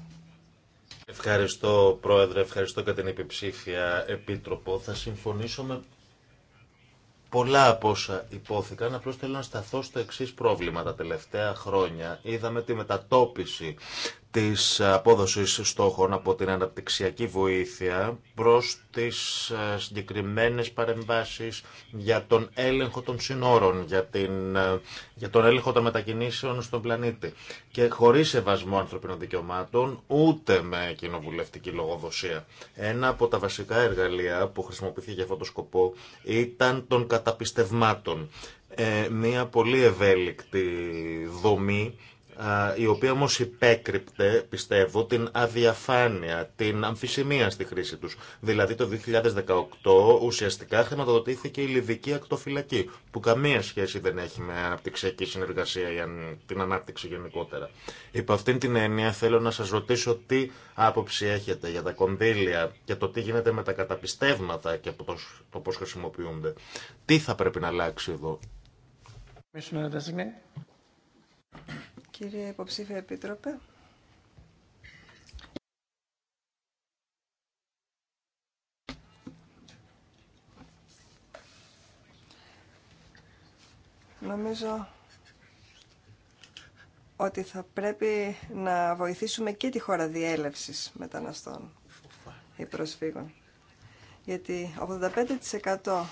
Ευχαριστώ Πρόεδρε, ευχαριστώ για την επιψήφια Επίτροπο. Θα συμφωνήσω με πολλά από όσα υπόθηκαν, απλώ θέλω να σταθώ στο εξή πρόβλημα. Τα τελευταία χρόνια είδαμε τη μετατόπιση της απόδοσης στόχων από την αναπτυξιακή βοήθεια προς τις ε, συγκεκριμένες παρεμβάσεις για τον έλεγχο των συνόρων, για, την, ε, για τον έλεγχο των μετακινήσεων στον πλανήτη. Και χωρίς σεβασμό ανθρωπίνων δικαιωμάτων, ούτε με κοινοβουλευτική λογοδοσία. Ένα από τα βασικά εργαλεία που χρησιμοποιήθηκε για αυτόν τον σκοπό ήταν των καταπιστευμάτων. Ε, μια πολύ ευέλικτη δομή η οποία όμω υπέκρυπτε, πιστεύω, την αδιαφάνεια, την αμφισημία στη χρήση του. Δηλαδή το 2018 ουσιαστικά χρηματοδοτήθηκε η Λιβική Ακτοφυλακή, που καμία σχέση δεν έχει με αναπτυξιακή συνεργασία για την ανάπτυξη γενικότερα. Υπό αυτήν την έννοια θέλω να σα ρωτήσω τι άποψη έχετε για τα κονδύλια και το τι γίνεται με τα καταπιστεύματα και το πώ χρησιμοποιούνται. Τι θα πρέπει να αλλάξει εδώ. Κύριε Υποψήφια Επίτροπε. Νομίζω ότι θα πρέπει να βοηθήσουμε και τη χώρα διέλευσης μεταναστών ή προσφύγων. Γιατί 85%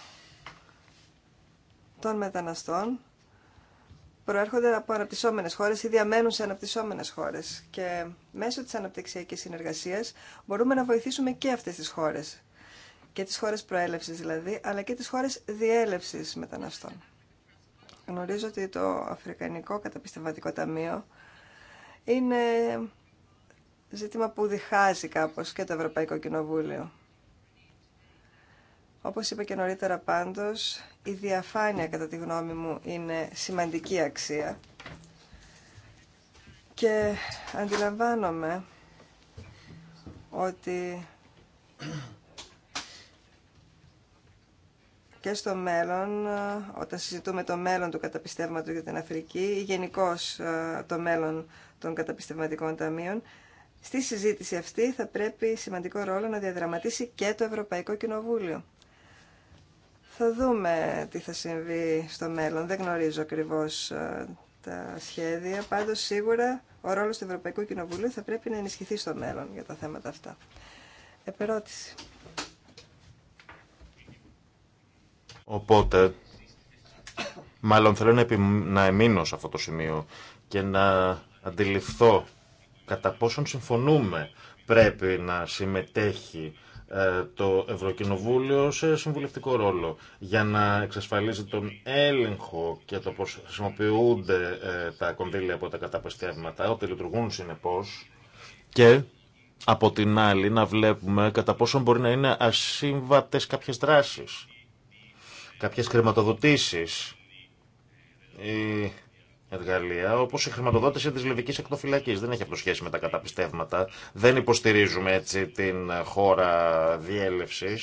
των μεταναστών προέρχονται από αναπτυσσόμενες χώρες ή διαμένουν σε αναπτύσσόμενε χώρες και μέσω της αναπτυξιακή συνεργασίας μπορούμε να βοηθήσουμε και αυτές τις χώρες και τις χώρες προέλευση, δηλαδή, αλλά και τις χώρες διέλευση μεταναστών. Γνωρίζω ότι το Αφρικανικό Καταπιστευματικό Ταμείο είναι ζήτημα που διχάζει κάπως και το Ευρωπαϊκό Κοινοβούλιο. Όπως είπα και νωρίτερα πάντως, η διαφάνεια κατά τη γνώμη μου είναι σημαντική αξία και αντιλαμβάνομαι ότι και στο μέλλον, όταν συζητούμε το μέλλον του καταπιστεύματος για την Αφρική ή γενικώ ε, το μέλλον των καταπιστευματικών ταμείων, στη συζήτηση αυτή θα πρέπει σημαντικό ρόλο να διαδραματίσει και το Ευρωπαϊκό Κοινοβούλιο. Θα δούμε τι θα συμβεί στο μέλλον. Δεν γνωρίζω ακριβώς ε, τα σχέδια. Πάντως σίγουρα ο ρόλος του Ευρωπαϊκού Κοινοβουλίου θα πρέπει να ενισχυθεί στο μέλλον για τα θέματα αυτά. Επερώτηση. Οπότε, μάλλον θέλω να, να εμείνω σε αυτό το σημείο και να αντιληφθώ κατά πόσον συμφωνούμε πρέπει να συμμετέχει ε, το Ευρωκοινοβούλιο σε συμβουλευτικό ρόλο για να εξασφαλίζει τον έλεγχο και το πώς χρησιμοποιούνται ε, τα κονδύλια από τα καταπιστεύματα, ότι λειτουργούν συνεπώς και από την άλλη να βλέπουμε κατά πόσο μπορεί να είναι ασύμβατες κάποιες δράσεις, κάποιες χρηματοδοτήσεις εργαλεία, όπω η χρηματοδότηση τη λιβική εκτοφυλακή. Δεν έχει αυτό σχέση με τα καταπιστεύματα. Δεν υποστηρίζουμε έτσι την χώρα διέλευση,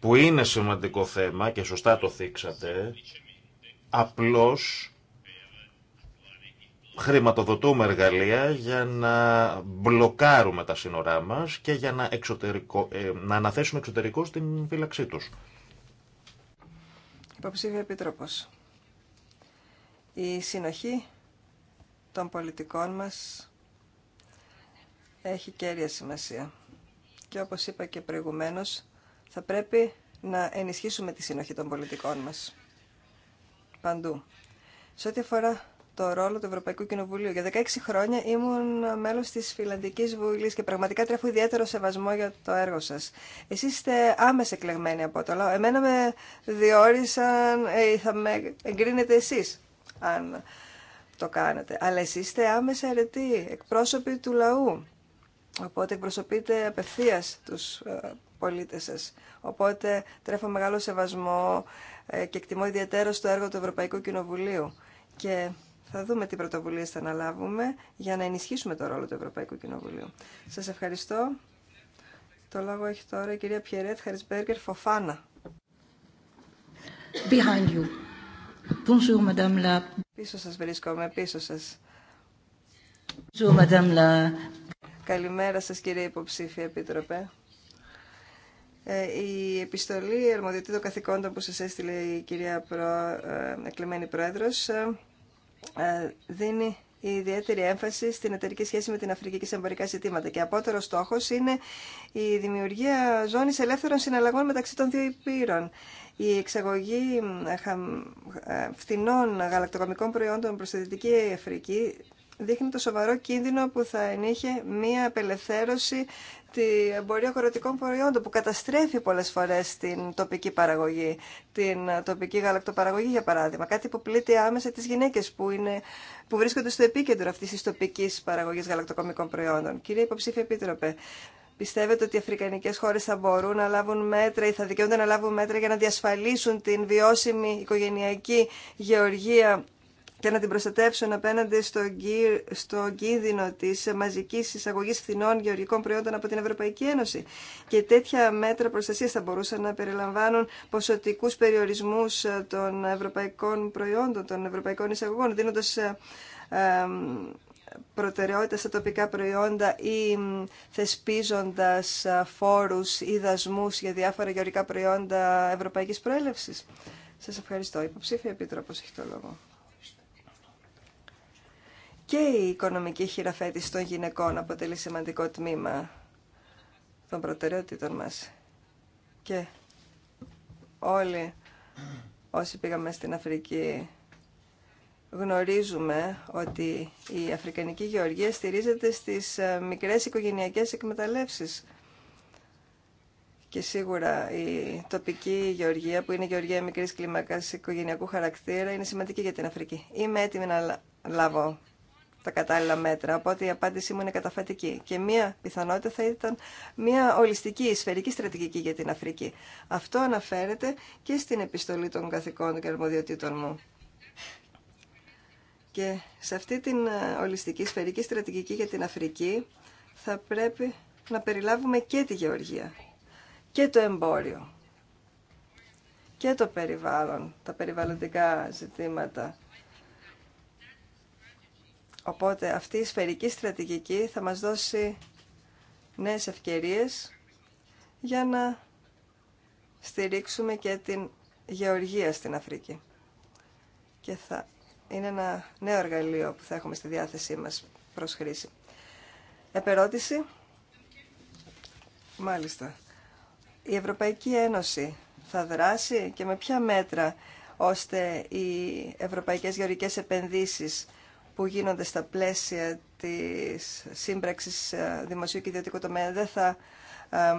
που είναι σημαντικό θέμα και σωστά το θίξατε. Απλώ χρηματοδοτούμε εργαλεία για να μπλοκάρουμε τα σύνορά μα και για να, εξωτερικό, ε, να αναθέσουμε εξωτερικώ την φύλαξή του. Υποψήφια Επίτροπος. Η συνοχή των πολιτικών μας έχει κέρια σημασία. Και όπως είπα και προηγουμένως, θα πρέπει να ενισχύσουμε τη συνοχή των πολιτικών μας. Παντού. Σε ό,τι αφορά το ρόλο του Ευρωπαϊκού Κοινοβουλίου. Για 16 χρόνια ήμουν μέλος της Φιλανδικής Βουλής και πραγματικά τρέφω ιδιαίτερο σεβασμό για το έργο σας. Εσείς είστε άμεσα εκλεγμένοι από το λαό. Εμένα με διόρισαν, ε, θα με εγκρίνετε εσείς αν το κάνετε. Αλλά εσείς είστε άμεσα αιρετοί, εκπρόσωποι του λαού. Οπότε εκπροσωπείτε απευθεία τους ε, πολίτε σα. Οπότε τρέφω μεγάλο σεβασμό ε, και εκτιμώ ιδιαίτερο στο έργο του Ευρωπαϊκού Κοινοβουλίου. Και θα δούμε τι πρωτοβουλίες θα αναλάβουμε για να ενισχύσουμε το ρόλο του Ευρωπαϊκού Κοινοβουλίου. Σας ευχαριστώ. Το λόγο έχει τώρα η κυρία Πιερέτ Χαρισμπέργκερ Φοφάνα. Behind you. Bonjour, Madame la... Πίσω σας βρίσκομαι, πίσω σας. Bonjour, Madame la... Καλημέρα σας, κύριε υποψήφια επίτροπε. Ε, η επιστολή αρμοδιοτήτων των καθηκόντων που σας έστειλε η κυρία Προ, ε, εκλεμένη πρόεδρος ε, δίνει ιδιαίτερη έμφαση στην εταιρική σχέση με την Αφρική και σε εμπορικά ζητήματα. Και απότερο στόχο είναι η δημιουργία ζώνη ελεύθερων συναλλαγών μεταξύ των δύο υπήρων η εξαγωγή ε, ε, φθηνών γαλακτοκομικών προϊόντων προς τη Δυτική Αφρική δείχνει το σοβαρό κίνδυνο που θα ενείχε μία απελευθέρωση τη εμπορία χωροτικών προϊόντων που καταστρέφει πολλές φορές την τοπική παραγωγή, την ε, τοπική γαλακτοπαραγωγή για παράδειγμα. Κάτι που πλήττει άμεσα τις γυναίκες που, είναι, που βρίσκονται στο επίκεντρο αυτής της τοπικής παραγωγής γαλακτοκομικών προϊόντων. Κύριε Υποψήφια Επίτροπε, Πιστεύετε ότι οι αφρικανικές χώρες θα μπορούν να λάβουν μέτρα ή θα δικαιούνται να λάβουν μέτρα για να διασφαλίσουν την βιώσιμη οικογενειακή γεωργία και να την προστατεύσουν απέναντι στο, κίνδυνο τη μαζική εισαγωγή φθηνών γεωργικών προϊόντων από την Ευρωπαϊκή Ένωση. Και τέτοια μέτρα προστασία θα μπορούσαν να περιλαμβάνουν ποσοτικού περιορισμού των ευρωπαϊκών προϊόντων, των ευρωπαϊκών εισαγωγών, δίνοντα ε, ε, προτεραιότητα στα τοπικά προϊόντα ή θεσπίζοντας φόρους ή δασμούς για διάφορα γεωρικά προϊόντα ευρωπαϊκής προέλευσης. Σας ευχαριστώ. Υποψήφια Επίτροπος έχει το λόγο. Και η οικονομική χειραφέτηση των γυναικών αποτελεί σημαντικό τμήμα των προτεραιότητων μας. Και όλοι όσοι πήγαμε στην Αφρική γνωρίζουμε ότι η Αφρικανική Γεωργία στηρίζεται στις ε, μικρές οικογενειακές εκμεταλλεύσεις. Και σίγουρα η τοπική γεωργία, που είναι γεωργία μικρής κλίμακας οικογενειακού χαρακτήρα, είναι σημαντική για την Αφρική. Είμαι έτοιμη να λάβω τα κατάλληλα μέτρα, οπότε η απάντησή μου είναι καταφατική. Και μία πιθανότητα θα ήταν μία ολιστική, σφαιρική στρατηγική για την Αφρική. Αυτό αναφέρεται και στην επιστολή των καθηκών και αρμοδιοτήτων μου. Και σε αυτή την ε, ολιστική σφαιρική στρατηγική για την Αφρική θα πρέπει να περιλάβουμε και τη γεωργία και το εμπόριο και το περιβάλλον, τα περιβαλλοντικά ζητήματα. Οπότε αυτή η σφαιρική στρατηγική θα μας δώσει νέες ευκαιρίες για να στηρίξουμε και την γεωργία στην Αφρική. Και θα είναι ένα νέο εργαλείο που θα έχουμε στη διάθεσή μας προς χρήση. Επερώτηση. Μάλιστα. Η Ευρωπαϊκή Ένωση θα δράσει και με ποια μέτρα ώστε οι ευρωπαϊκές γεωργικές επενδύσεις που γίνονται στα πλαίσια της σύμπραξης ε, δημοσίου και ιδιωτικού τομέα δεν θα ε,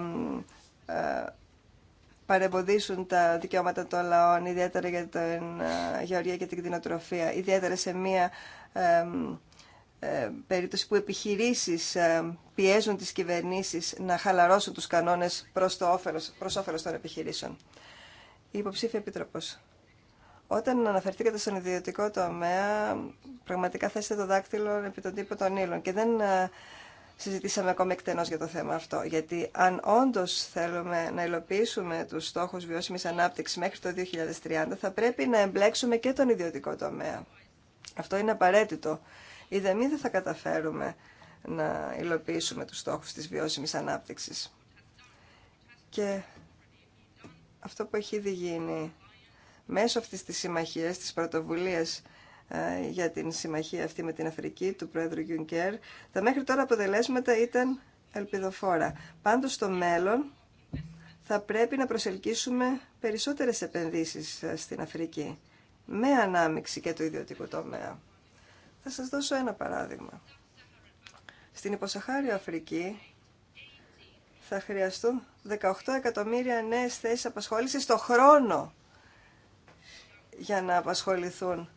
παρεμποδίσουν τα δικαιώματα των λαών, ιδιαίτερα για την ε, γεωργία και την κτηνοτροφία, ιδιαίτερα σε μια ε, περίπτωση που επιχειρήσεις ε, πιέζουν τις κυβερνήσεις να χαλαρώσουν τους κανόνες προς, το όφελος, προς όφελος των επιχειρήσεων. Η υποψήφια Επίτροπος. Όταν αναφερθήκατε στον ιδιωτικό τομέα, πραγματικά θέσετε το δάκτυλο επί τον τύπο των ήλων και δεν συζητήσαμε ακόμη εκτενώς για το θέμα αυτό. Γιατί αν όντως θέλουμε να υλοποιήσουμε τους στόχους βιώσιμης ανάπτυξης μέχρι το 2030, θα πρέπει να εμπλέξουμε και τον ιδιωτικό τομέα. Αυτό είναι απαραίτητο. Η δεν θα καταφέρουμε να υλοποιήσουμε τους στόχους της βιώσιμης ανάπτυξης. Και αυτό που έχει ήδη γίνει μέσω αυτής της συμμαχίας, της πρωτοβουλίας ε, για την συμμαχία αυτή με την Αφρική του Πρόεδρου Γιουνκέρ. Τα μέχρι τώρα αποτελέσματα ήταν ελπιδοφόρα. Πάντως στο μέλλον θα πρέπει να προσελκύσουμε περισσότερες επενδύσεις ε, στην Αφρική με ανάμειξη και του ιδιωτικού τομέα. Θα σας δώσω ένα παράδειγμα. Στην υποσαχάριο Αφρική θα χρειαστούν 18 εκατομμύρια νέες θέσεις απασχόλησης το χρόνο για να απασχοληθούν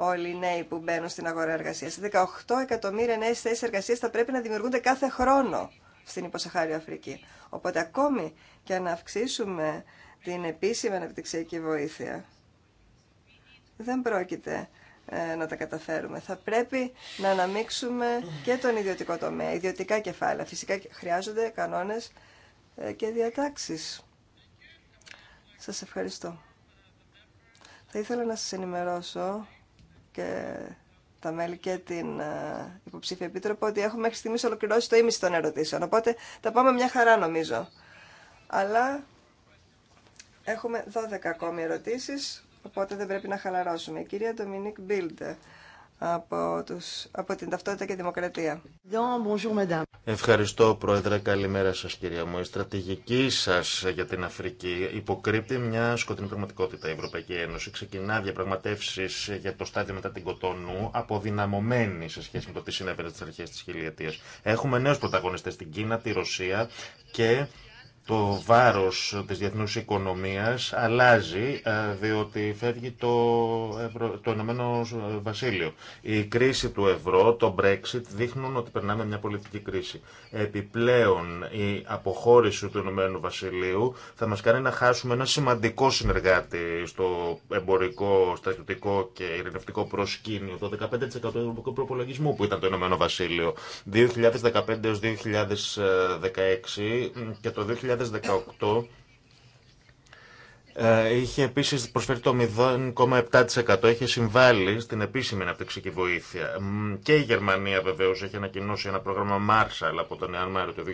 όλοι οι νέοι που μπαίνουν στην αγορά εργασία. 18 εκατομμύρια νέε θέσει εργασία θα πρέπει να δημιουργούνται κάθε χρόνο στην υποσαχάρια Αφρική. Οπότε ακόμη και να αυξήσουμε την επίσημη αναπτυξιακή βοήθεια, δεν πρόκειται ε, να τα καταφέρουμε. Θα πρέπει να αναμίξουμε και τον ιδιωτικό τομέα, ιδιωτικά κεφάλαια. Φυσικά χρειάζονται κανόνες ε, και διατάξεις. Σας ευχαριστώ. Θα ήθελα να σας ενημερώσω και τα μέλη και την ε, υποψήφια επίτροπο ότι έχουμε μέχρι στιγμής ολοκληρώσει το ίμιση των ερωτήσεων. Οπότε τα πάμε μια χαρά νομίζω. Αλλά έχουμε 12 ακόμη ερωτήσεις, οπότε δεν πρέπει να χαλαρώσουμε. Η κυρία Ντομινίκ Μπίλντε από, τους, από την ταυτότητα και δημοκρατία. Ευχαριστώ Πρόεδρε, καλημέρα σας κυρία μου. Η στρατηγική σας για την Αφρική υποκρύπτει μια σκοτεινή πραγματικότητα. Η Ευρωπαϊκή Ένωση ξεκινά διαπραγματεύσεις για το στάδιο μετά την Κοτόνου αποδυναμωμένη σε σχέση με το τι συνέβαινε στις αρχές της χιλιετίας. Έχουμε νέους πρωταγωνιστές στην Κίνα, τη Ρωσία και το βάρος της διεθνούς οικονομίας αλλάζει ε, διότι φεύγει το, Ευρω... το Ηνωμένο Βασίλειο. Η κρίση του ευρώ, το Brexit δείχνουν ότι περνάμε μια πολιτική κρίση. Επιπλέον η αποχώρηση του Ηνωμένου Βασιλείου θα μας κάνει να χάσουμε ένα σημαντικό συνεργάτη στο εμπορικό, στρατιωτικό και ειρηνευτικό προσκήνιο, το 15% του ευρωπαϊκού προπολογισμού που ήταν το Ηνωμένο Βασίλειο 2015 έως 2016 ε, και το 2018 ε, είχε επίση προσφέρει το 0,7%. Είχε συμβάλει στην επίσημη αναπτυξική βοήθεια. Και η Γερμανία βεβαίω έχει ανακοινώσει ένα πρόγραμμα Marshall από τον Ιανουάριο του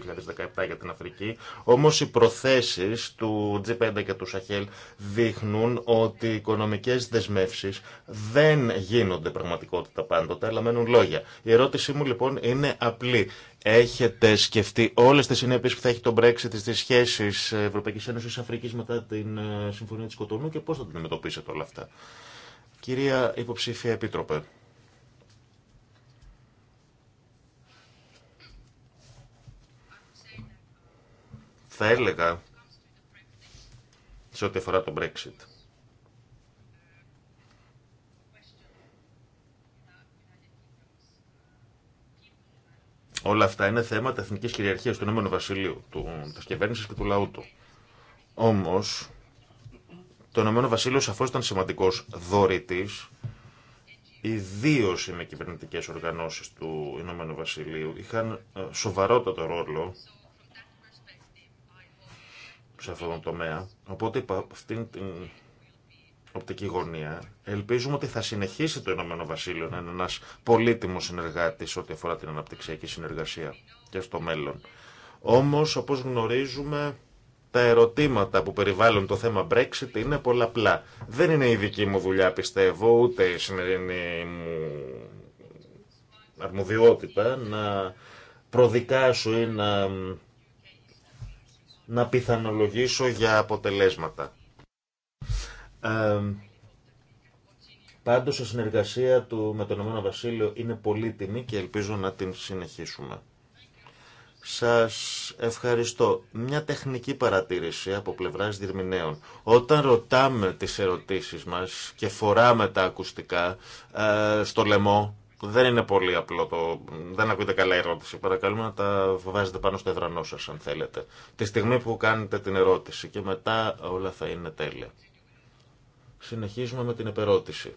2017 για την Αφρική. Όμω οι προθέσει του G5 και του Σαχέλ δείχνουν ότι οι οικονομικέ δεσμεύσει δεν γίνονται πραγματικότητα πάντοτε, αλλά μένουν λόγια. Η ερώτησή μου λοιπόν είναι απλή. Έχετε σκεφτεί όλε τι συνέπειε που θα έχει το Brexit στι σχέσει Ευρωπαϊκή Ένωση Αφρική μετά την ε, Συμφωνία τη Κοτονού και πώ θα την αντιμετωπίσετε όλα αυτά. Κυρία Υποψήφια Επίτροπε. Θα έλεγα σε ό,τι αφορά το Brexit. Όλα αυτά είναι θέματα εθνική κυριαρχία του Ηνωμένου Βασιλείου, τη κυβέρνηση και του λαού του. Όμω, το Ηνωμένο Βασίλειο σαφώ ήταν σημαντικό δωρητή, ιδίω οι με κυβερνητικέ οργανώσει του Ηνωμένου Βασιλείου είχαν ε, σοβαρότατο ρόλο σε αυτόν τον τομέα. Οπότε, από αυτήν την οπτική γωνία, ελπίζουμε ότι θα συνεχίσει το Ηνωμένο Βασίλειο να είναι ένα πολύτιμο συνεργάτη ό,τι αφορά την αναπτυξιακή συνεργασία και στο μέλλον. Όμω, όπω γνωρίζουμε, τα ερωτήματα που περιβάλλουν το θέμα Brexit είναι πολλαπλά. Δεν είναι η δική μου δουλειά, πιστεύω, ούτε η σημερινή μου αρμοδιότητα να προδικάσω ή να, να πιθανολογήσω για αποτελέσματα. Πάντω η συνεργασία του με τον Ηνωμένο Βασίλειο είναι πολύτιμη και ελπίζω να την συνεχίσουμε. Σας ευχαριστώ. Μια τεχνική παρατήρηση από πλευράς διερμηνέων. Όταν ρωτάμε τις ερωτήσεις μας και φοράμε τα ακουστικά ε, στο λαιμό, δεν είναι πολύ απλό το. Δεν ακούτε καλά η ερώτηση. Παρακαλούμε να τα βάζετε πάνω στο εδρανό σα, αν θέλετε. Τη στιγμή που κάνετε την ερώτηση και μετά όλα θα είναι τέλεια. Συνεχίζουμε με την επερώτηση.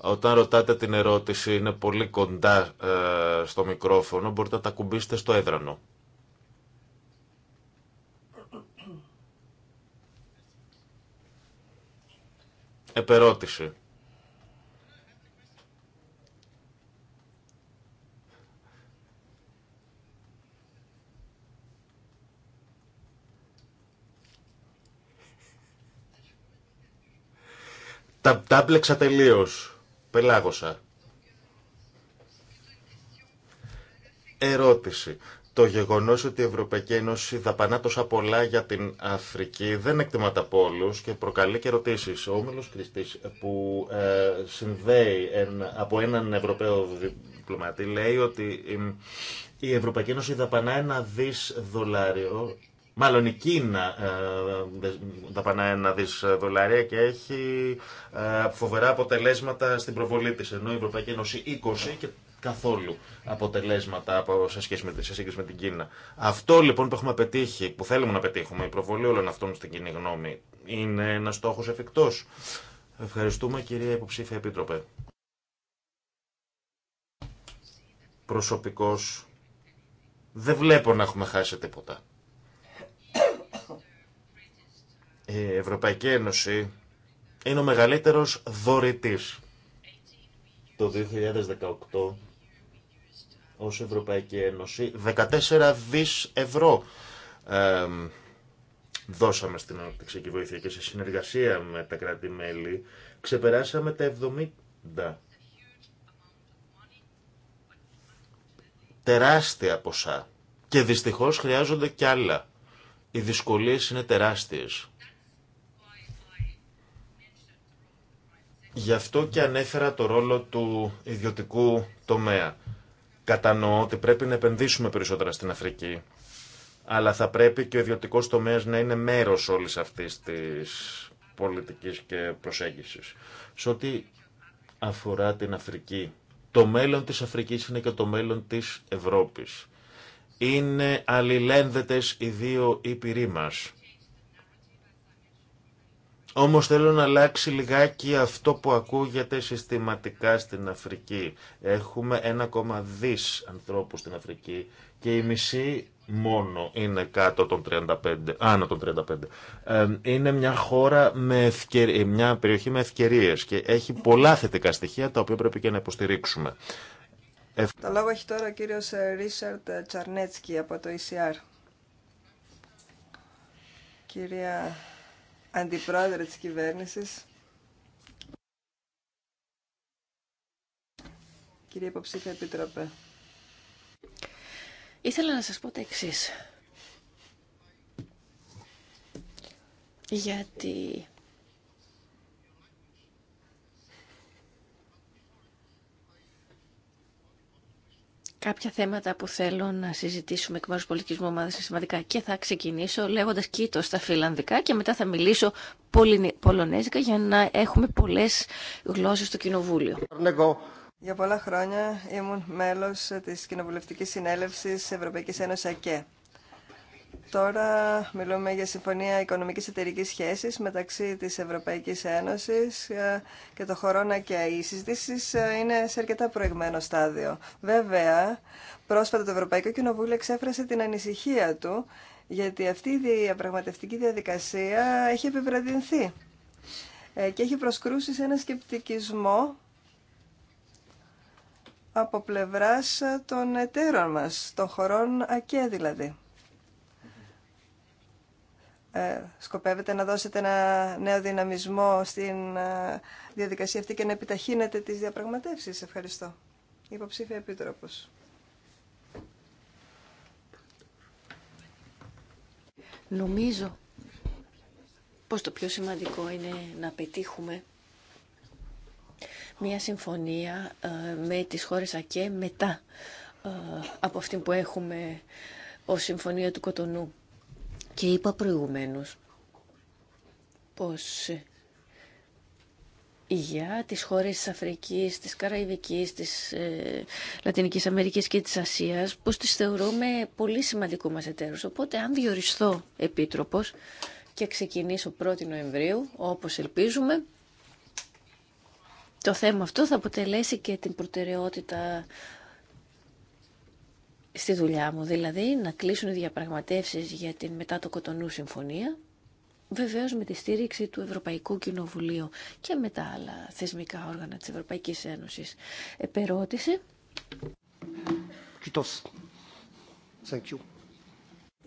Όταν ρωτάτε την ερώτηση, είναι πολύ κοντά ε, στο μικρόφωνο, μπορείτε να τα κουμπίσετε στο έδρανο. Επερώτηση. Τα, μπλεξα τελείω. Πελάγωσα. Ερώτηση. Το γεγονό ότι η Ευρωπαϊκή Ένωση δαπανά τόσα πολλά για την Αφρική δεν εκτιμάται από όλου και προκαλεί και ερωτήσει. Ο Όμιλο Κριστή που ε, συνδέει από έναν Ευρωπαίο διπλωματή λέει ότι ε, η Ευρωπαϊκή Ένωση δαπανά ένα δι δολάριο Μάλλον η Κίνα ε, δαπανά ένα δις δολάρια και έχει ε, φοβερά αποτελέσματα στην προβολή της, ενώ η Ευρωπαϊκή Ένωση 20 και καθόλου αποτελέσματα από, σε, σχέση με, σε σύγκριση με την Κίνα. Αυτό λοιπόν που έχουμε πετύχει, που θέλουμε να πετύχουμε, η προβολή όλων αυτών στην κοινή γνώμη, είναι ένας στόχος εφικτός. Ευχαριστούμε κυρία Υποψήφια Επίτροπε. Προσωπικός δεν βλέπω να έχουμε χάσει τίποτα. Η Ευρωπαϊκή Ένωση είναι ο μεγαλύτερος δωρητής. Το 2018 ως Ευρωπαϊκή Ένωση 14 δις ευρώ δώσαμε στην και βοήθεια και σε συνεργασία με τα κράτη-μέλη ξεπεράσαμε τα 70 τεράστια ποσά και δυστυχώς χρειάζονται κι άλλα. Οι δυσκολίες είναι τεράστιες. Γι' αυτό και ανέφερα το ρόλο του ιδιωτικού τομέα. Κατανοώ ότι πρέπει να επενδύσουμε περισσότερα στην Αφρική, αλλά θα πρέπει και ο ιδιωτικός τομέας να είναι μέρος όλης αυτής της πολιτικής και προσέγγισης. Σε ό,τι αφορά την Αφρική, το μέλλον της Αφρικής είναι και το μέλλον της Ευρώπης. Είναι αλληλένδετες οι δύο ήπειροί μας όμως θέλω να αλλάξει λιγάκι αυτό που ακούγεται συστηματικά στην Αφρική. Έχουμε 1,2 δις ανθρώπους στην Αφρική και η μισή μόνο είναι κάτω των 35, άνω των 35. είναι μια χώρα με ευκαιρίες, μια περιοχή με ευκαιρίες και έχει πολλά θετικά στοιχεία τα οποία πρέπει και να υποστηρίξουμε. Τα λόγο έχει τώρα ο κύριος ε, Ρίσαρτ Τσαρνέτσκι από το ECR. Κυρία αντιπρόεδρε της κυβέρνησης. Κύριε Υποψήφια Επιτροπέ. Ήθελα να σας πω τα εξής. Γιατί Κάποια θέματα που θέλω να συζητήσουμε εκ μέρου πολιτισμού ομάδα είναι σημαντικά και θα ξεκινήσω λέγοντα κοίτο στα φιλανδικά και μετά θα μιλήσω πολωνέζικα για να έχουμε πολλέ γλώσσε στο κοινοβούλιο. Για πολλά χρόνια ήμουν μέλο τη Κοινοβουλευτική Συνέλευση Ευρωπαϊκή Ένωση ΑΚΕ. Τώρα μιλούμε για Συμφωνία Οικονομικής εταιρική Σχέσης μεταξύ της Ευρωπαϊκής Ένωσης ε, και των χωρών ε, και οι συζητήσει ε, είναι σε αρκετά προηγμένο στάδιο. Βέβαια, πρόσφατα το Ευρωπαϊκό Κοινοβούλιο εξέφρασε την ανησυχία του γιατί αυτή η διαπραγματευτική διαδικασία έχει επιβραδυνθεί και έχει προσκρούσει σε ένα σκεπτικισμό από πλευράς των εταίρων μας, των χωρών ΑΚΕ δηλαδή. Ε, σκοπεύετε να δώσετε ένα νέο δυναμισμό στην ε, διαδικασία αυτή και να επιταχύνετε τις διαπραγματεύσεις. Ευχαριστώ. Υποψήφια Επίτροπος. Νομίζω πως το πιο σημαντικό είναι να πετύχουμε μια συμφωνία ε, με τις χώρες ΑΚΕ μετά από αυτή που έχουμε ως Συμφωνία του Κοτονού. Και είπα προηγουμένως πως για τις χώρες της Αφρικής, της Καραϊβικής, της ε, Λατινικής Αμερικής και της Ασίας, πως τις θεωρούμε πολύ σημαντικού μας εταίρους. Οπότε αν διοριστώ επίτροπος και ξεκινήσω 1η Νοεμβρίου, όπως ελπίζουμε, το θέμα αυτό θα αποτελέσει και την προτεραιότητα στη δουλειά μου, δηλαδή να κλείσουν οι διαπραγματεύσεις για την μετά το Κοτονού Συμφωνία, βεβαίως με τη στήριξη του Ευρωπαϊκού Κοινοβουλίου και με τα άλλα θεσμικά όργανα της Ευρωπαϊκής Ένωσης. Επερώτηση.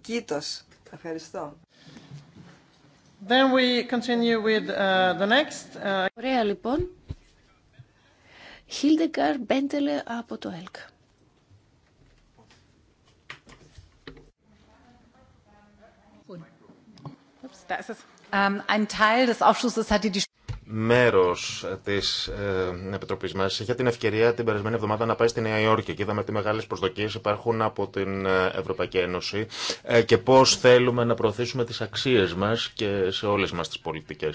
Κοίτο. Ευχαριστώ. Then we continue with uh, the next. Uh, Ωραία λοιπόν. Χίλτεγκαρ Μπέντελε από το ΕΛΚ. Ähm, μέρο τη ε, Επιτροπή μα είχε την ευκαιρία την περασμένη εβδομάδα να πάει στη Νέα Υόρκη και είδαμε τι μεγάλε προσδοκίε υπάρχουν από την ε, Ευρωπαϊκή Ένωση ε, και πώ θέλουμε να προωθήσουμε τι αξίε μα και σε όλε μα τι πολιτικέ.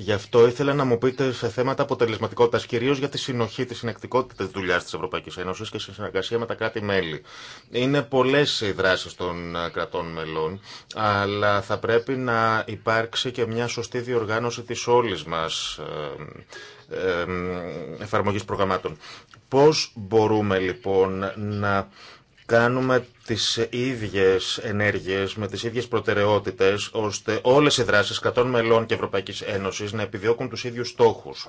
Γι' αυτό ήθελα να μου πείτε σε θέματα αποτελεσματικότητα, κυρίω για τη συνοχή, τη συνεκτικότητα τη δουλειά τη Ευρωπαϊκή Ένωση και στη συνεργασία με τα κράτη-μέλη. Είναι πολλέ οι δράσει των ε, κρατών μελών, αλλά θα πρέπει να υπάρξει και μια σωστή διοργάνωση τη όλη μα ε, ε, εφαρμογής προγραμμάτων. Πώ μπορούμε λοιπόν να κάνουμε τις ίδιες ενέργειες με τις ίδιες προτεραιότητες ώστε όλες οι δράσεις κατών μελών και Ευρωπαϊκής Ένωσης να επιδιώκουν τους ίδιους στόχους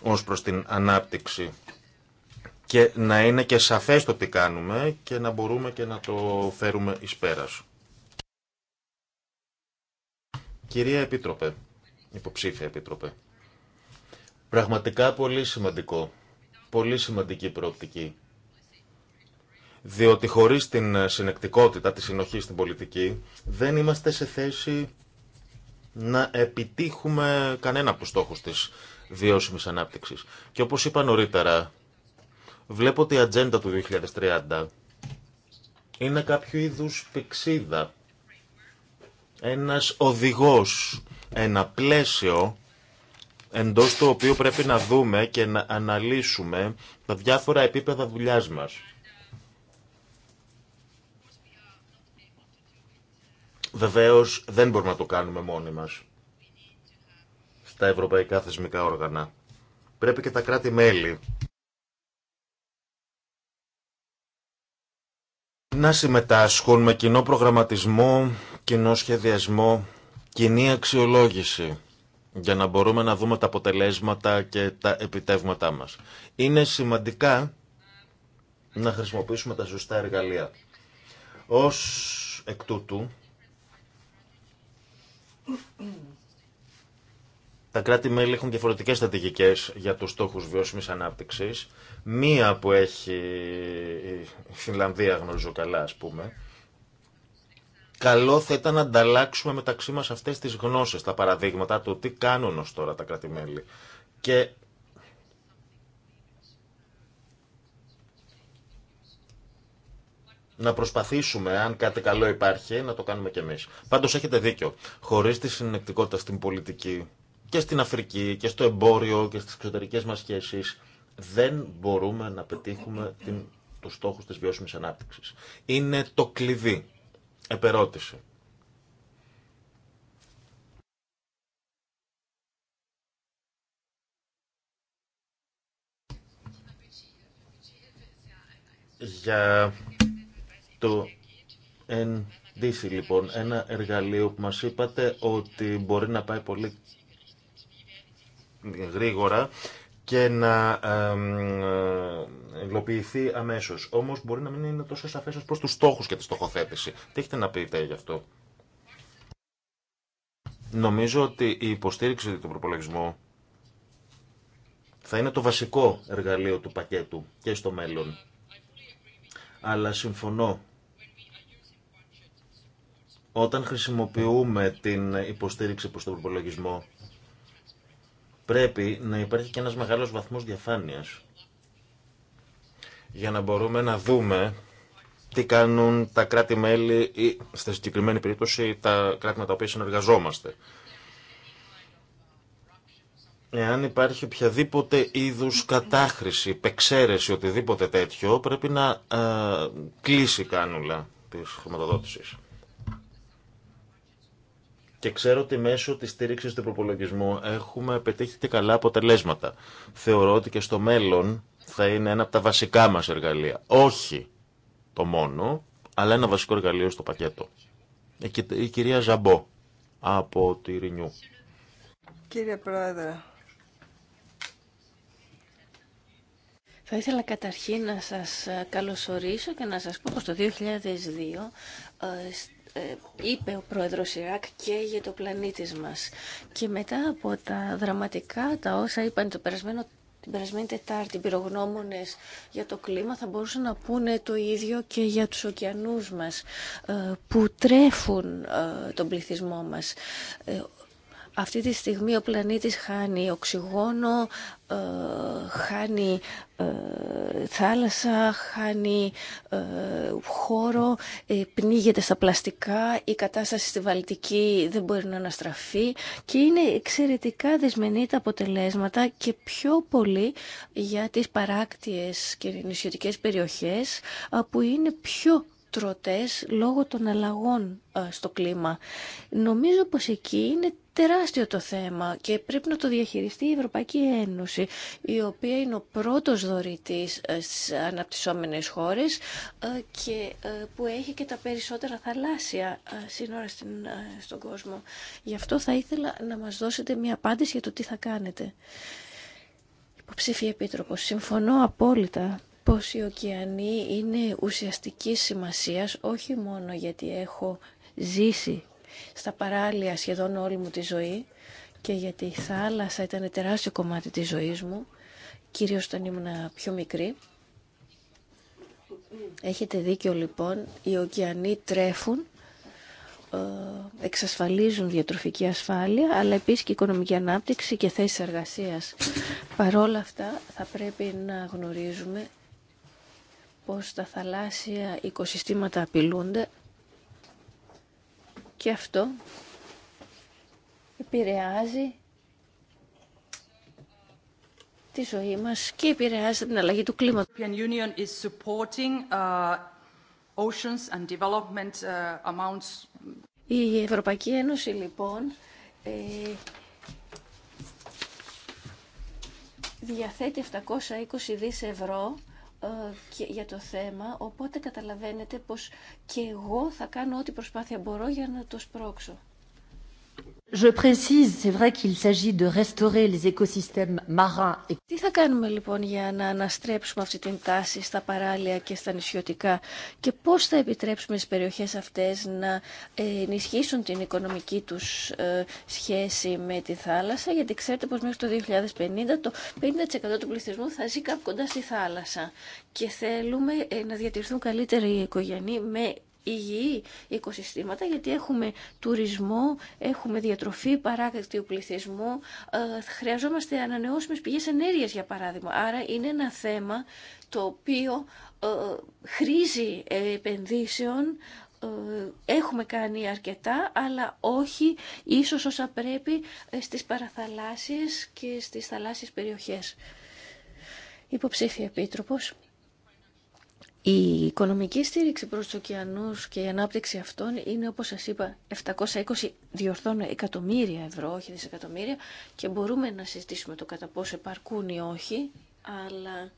ως προς την ανάπτυξη και να είναι και σαφές το τι κάνουμε και να μπορούμε και να το φέρουμε εις πέρας. Κυρία Επίτροπε, υποψήφια Επίτροπε, πραγματικά πολύ σημαντικό, πολύ σημαντική προοπτική διότι χωρίς την ε, συνεκτικότητα, τη συνοχή στην πολιτική, δεν είμαστε σε θέση να επιτύχουμε κανένα από τους στόχους της βιώσιμης ανάπτυξης. Και όπως είπα νωρίτερα, βλέπω ότι η ατζέντα του 2030 είναι κάποιο είδους πηξίδα. Ένας οδηγός, ένα πλαίσιο εντός το οποίο πρέπει να δούμε και να αναλύσουμε τα διάφορα επίπεδα δουλειάς μας. Βεβαίως δεν μπορούμε να το κάνουμε μόνοι μας στα ευρωπαϊκά θεσμικά όργανα. Πρέπει και τα κράτη-μέλη να συμμετάσχουν με κοινό προγραμματισμό, κοινό σχεδιασμό, κοινή αξιολόγηση για να μπορούμε να δούμε τα αποτελέσματα και τα επιτεύγματά μας. Είναι σημαντικά να χρησιμοποιήσουμε τα σωστά εργαλεία. Ως εκ τούτου, τα κράτη-μέλη έχουν διαφορετικές στρατηγικές για τους στόχους βιώσιμης ανάπτυξης. Μία που έχει η Φινλανδία, γνωρίζω καλά ας πούμε. Καλό θα ήταν να ανταλλάξουμε μεταξύ μας αυτές τις γνώσεις, τα παραδείγματα του τι κάνουν ως τώρα τα κράτη-μέλη. Και να προσπαθήσουμε, αν κάτι καλό υπάρχει, να το κάνουμε κι εμεί. Πάντω έχετε δίκιο. Χωρί τη συνεκτικότητα στην πολιτική και στην Αφρική και στο εμπόριο και στι εξωτερικέ μα σχέσει, δεν μπορούμε να πετύχουμε την, τους στόχους της βιώσιμης ανάπτυξης. Είναι το κλειδί. Επερώτηση. Για το NDC λοιπόν, ένα εργαλείο που μας είπατε ότι μπορεί να πάει πολύ γρήγορα και να ε, υλοποιηθεί αμέσως. Όμως μπορεί να μην είναι τόσο σαφές προς τους στόχους και τη στοχοθέτηση. Τι έχετε να πείτε γι' αυτό. Νομίζω ότι η υποστήριξη του προπολογισμού θα είναι το βασικό εργαλείο του πακέτου και στο μέλλον. Αλλά συμφωνώ όταν χρησιμοποιούμε την υποστήριξη προς τον προπολογισμό, πρέπει να υπάρχει και ένας μεγάλος βαθμός διαφάνειας για να μπορούμε να δούμε τι κάνουν τα κράτη-μέλη ή, στη συγκεκριμένη περίπτωση, τα κράτη με τα οποία συνεργαζόμαστε. Εάν υπάρχει οποιαδήποτε είδους κατάχρηση, υπεξαίρεση, οτιδήποτε τέτοιο, πρέπει να ε, κλείσει κλείσει κάνουλα της χρηματοδότησης. Και ξέρω ότι μέσω τη στήριξη του προπολογισμού έχουμε πετύχει και καλά αποτελέσματα. Θεωρώ ότι και στο μέλλον θα είναι ένα από τα βασικά μα εργαλεία. Όχι το μόνο, αλλά ένα βασικό εργαλείο στο πακέτο. Η κυρία Ζαμπό από τη Ρινιού. Κύριε Πρόεδρε. Θα ήθελα καταρχήν να σας καλωσορίσω και να σας πω πως το 2002 ε, είπε ο πρόεδρος Ιράκ και για το πλανήτη μας. Και μετά από τα δραματικά, τα όσα είπαν το περασμένο την περασμένη Τετάρτη, πυρογνώμονε για το κλίμα θα μπορούσαν να πούνε το ίδιο και για τους ωκεανούς μας ε, που τρέφουν ε, τον πληθυσμό μας. Αυτή τη στιγμή ο πλανήτης χάνει οξυγόνο, ε, χάνει ε, θάλασσα, χάνει ε, χώρο, πνίγεται στα πλαστικά, η κατάσταση στη Βαλτική δεν μπορεί να αναστραφεί και είναι εξαιρετικά δεσμενή τα αποτελέσματα και πιο πολύ για τις παράκτιες και νησιωτικές περιοχές που είναι πιο τρωτές λόγω των αλλαγών στο κλίμα. Νομίζω πως εκεί είναι τεράστιο το θέμα και πρέπει να το διαχειριστεί η Ευρωπαϊκή Ένωση, η οποία είναι ο πρώτος δωρητής ε, στις αναπτυσσόμενες χώρες ε, και ε, που έχει και τα περισσότερα θαλάσσια σύνορα στον κόσμο. Γι' αυτό θα ήθελα να μας δώσετε μια απάντηση για το τι θα κάνετε. Υποψήφιε Επίτροπος, συμφωνώ απόλυτα πως οι ωκεανοί είναι ουσιαστική σημασίας όχι μόνο γιατί έχω ζήσει στα παράλια σχεδόν όλη μου τη ζωή και γιατί η θάλασσα ήταν τεράστιο κομμάτι της ζωής μου, κυρίως όταν ήμουν πιο μικρή. Έχετε δίκιο λοιπόν, οι ωκεανοί τρέφουν, ε, εξασφαλίζουν διατροφική ασφάλεια, αλλά επίσης και οικονομική ανάπτυξη και θέσεις εργασίας. Παρόλα αυτά θα πρέπει να γνωρίζουμε πως τα θαλάσσια οικοσυστήματα απειλούνται και αυτό επηρεάζει τη ζωή μας και επηρεάζει την αλλαγή του κλίματος. Uh, uh, Η Ευρωπαϊκή Ένωση λοιπόν ε, διαθέτει 720 δις ευρώ ε, για το θέμα, οπότε καταλαβαίνετε πως και εγώ θα κάνω ό,τι προσπάθεια μπορώ για να το σπρώξω. Je précise, c'est vrai Τι θα κάνουμε λοιπόν για να αναστρέψουμε αυτή την τάση στα παράλια και στα νησιωτικά και πώς θα επιτρέψουμε στις περιοχές αυτές να ε, ενισχύσουν την οικονομική τους ε, σχέση με τη θάλασσα γιατί ξέρετε πως μέχρι το 2050 το 50% του πληθυσμού θα ζει κάπου κοντά στη θάλασσα και θέλουμε ε, να διατηρηθούν καλύτεροι οι οικογενείς με υγιή οικοσυστήματα γιατί έχουμε τουρισμό, έχουμε διατροφή, παράκτιο πληθυσμού ε, χρειαζόμαστε ανανεώσιμες πηγές ενέργειας για παράδειγμα. Άρα είναι ένα θέμα το οποίο ε, χρήζει επενδύσεων, ε, έχουμε κάνει αρκετά, αλλά όχι ίσως όσα πρέπει στις παραθαλάσσιες και στις θαλάσσιες περιοχές. Υποψήφια Επίτροπος. Η οικονομική στήριξη προς τους ωκεανούς και η ανάπτυξη αυτών είναι, όπως σας είπα, 720 διορθώνω εκατομμύρια ευρώ, όχι δισεκατομμύρια, και μπορούμε να συζητήσουμε το κατά πόσο επαρκούν ή όχι, αλλά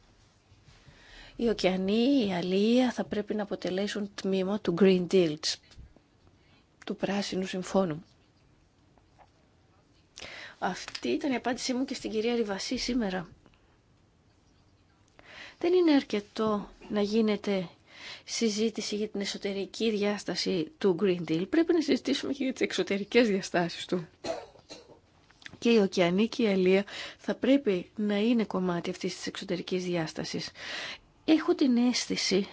οι ωκεανοί, η αλληλεία θα πρέπει να αποτελέσουν τμήμα του Green Deal, του Πράσινου Συμφώνου. Αυτή ήταν η απάντησή μου και στην κυρία Ριβασί σήμερα. Δεν είναι αρκετό να γίνεται συζήτηση για την εσωτερική διάσταση του Green Deal. Πρέπει να συζητήσουμε και για τις εξωτερικές διαστάσεις του. Και η ωκεανή και αλία θα πρέπει να είναι κομμάτι αυτής της εξωτερικής διάστασης. Έχω την αίσθηση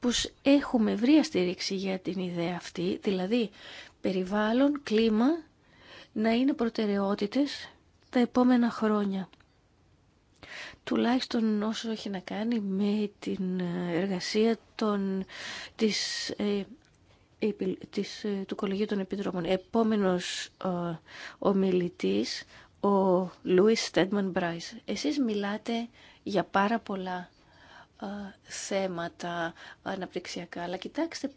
πως έχουμε βρει στήριξη για την ιδέα αυτή, δηλαδή περιβάλλον, κλίμα, να είναι προτεραιότητες τα επόμενα χρόνια τουλάχιστον όσο έχει να κάνει με την ε, εργασία των, της, ε, ε, του Κολεγίου των Επιτρόπων. Επόμενος ο ομιλητής, ο Λούις Στέντμαν Μπράις. Εσείς μιλάτε για πάρα πολλά θέματα αναπτυξιακά, αλλά κοιτάξτε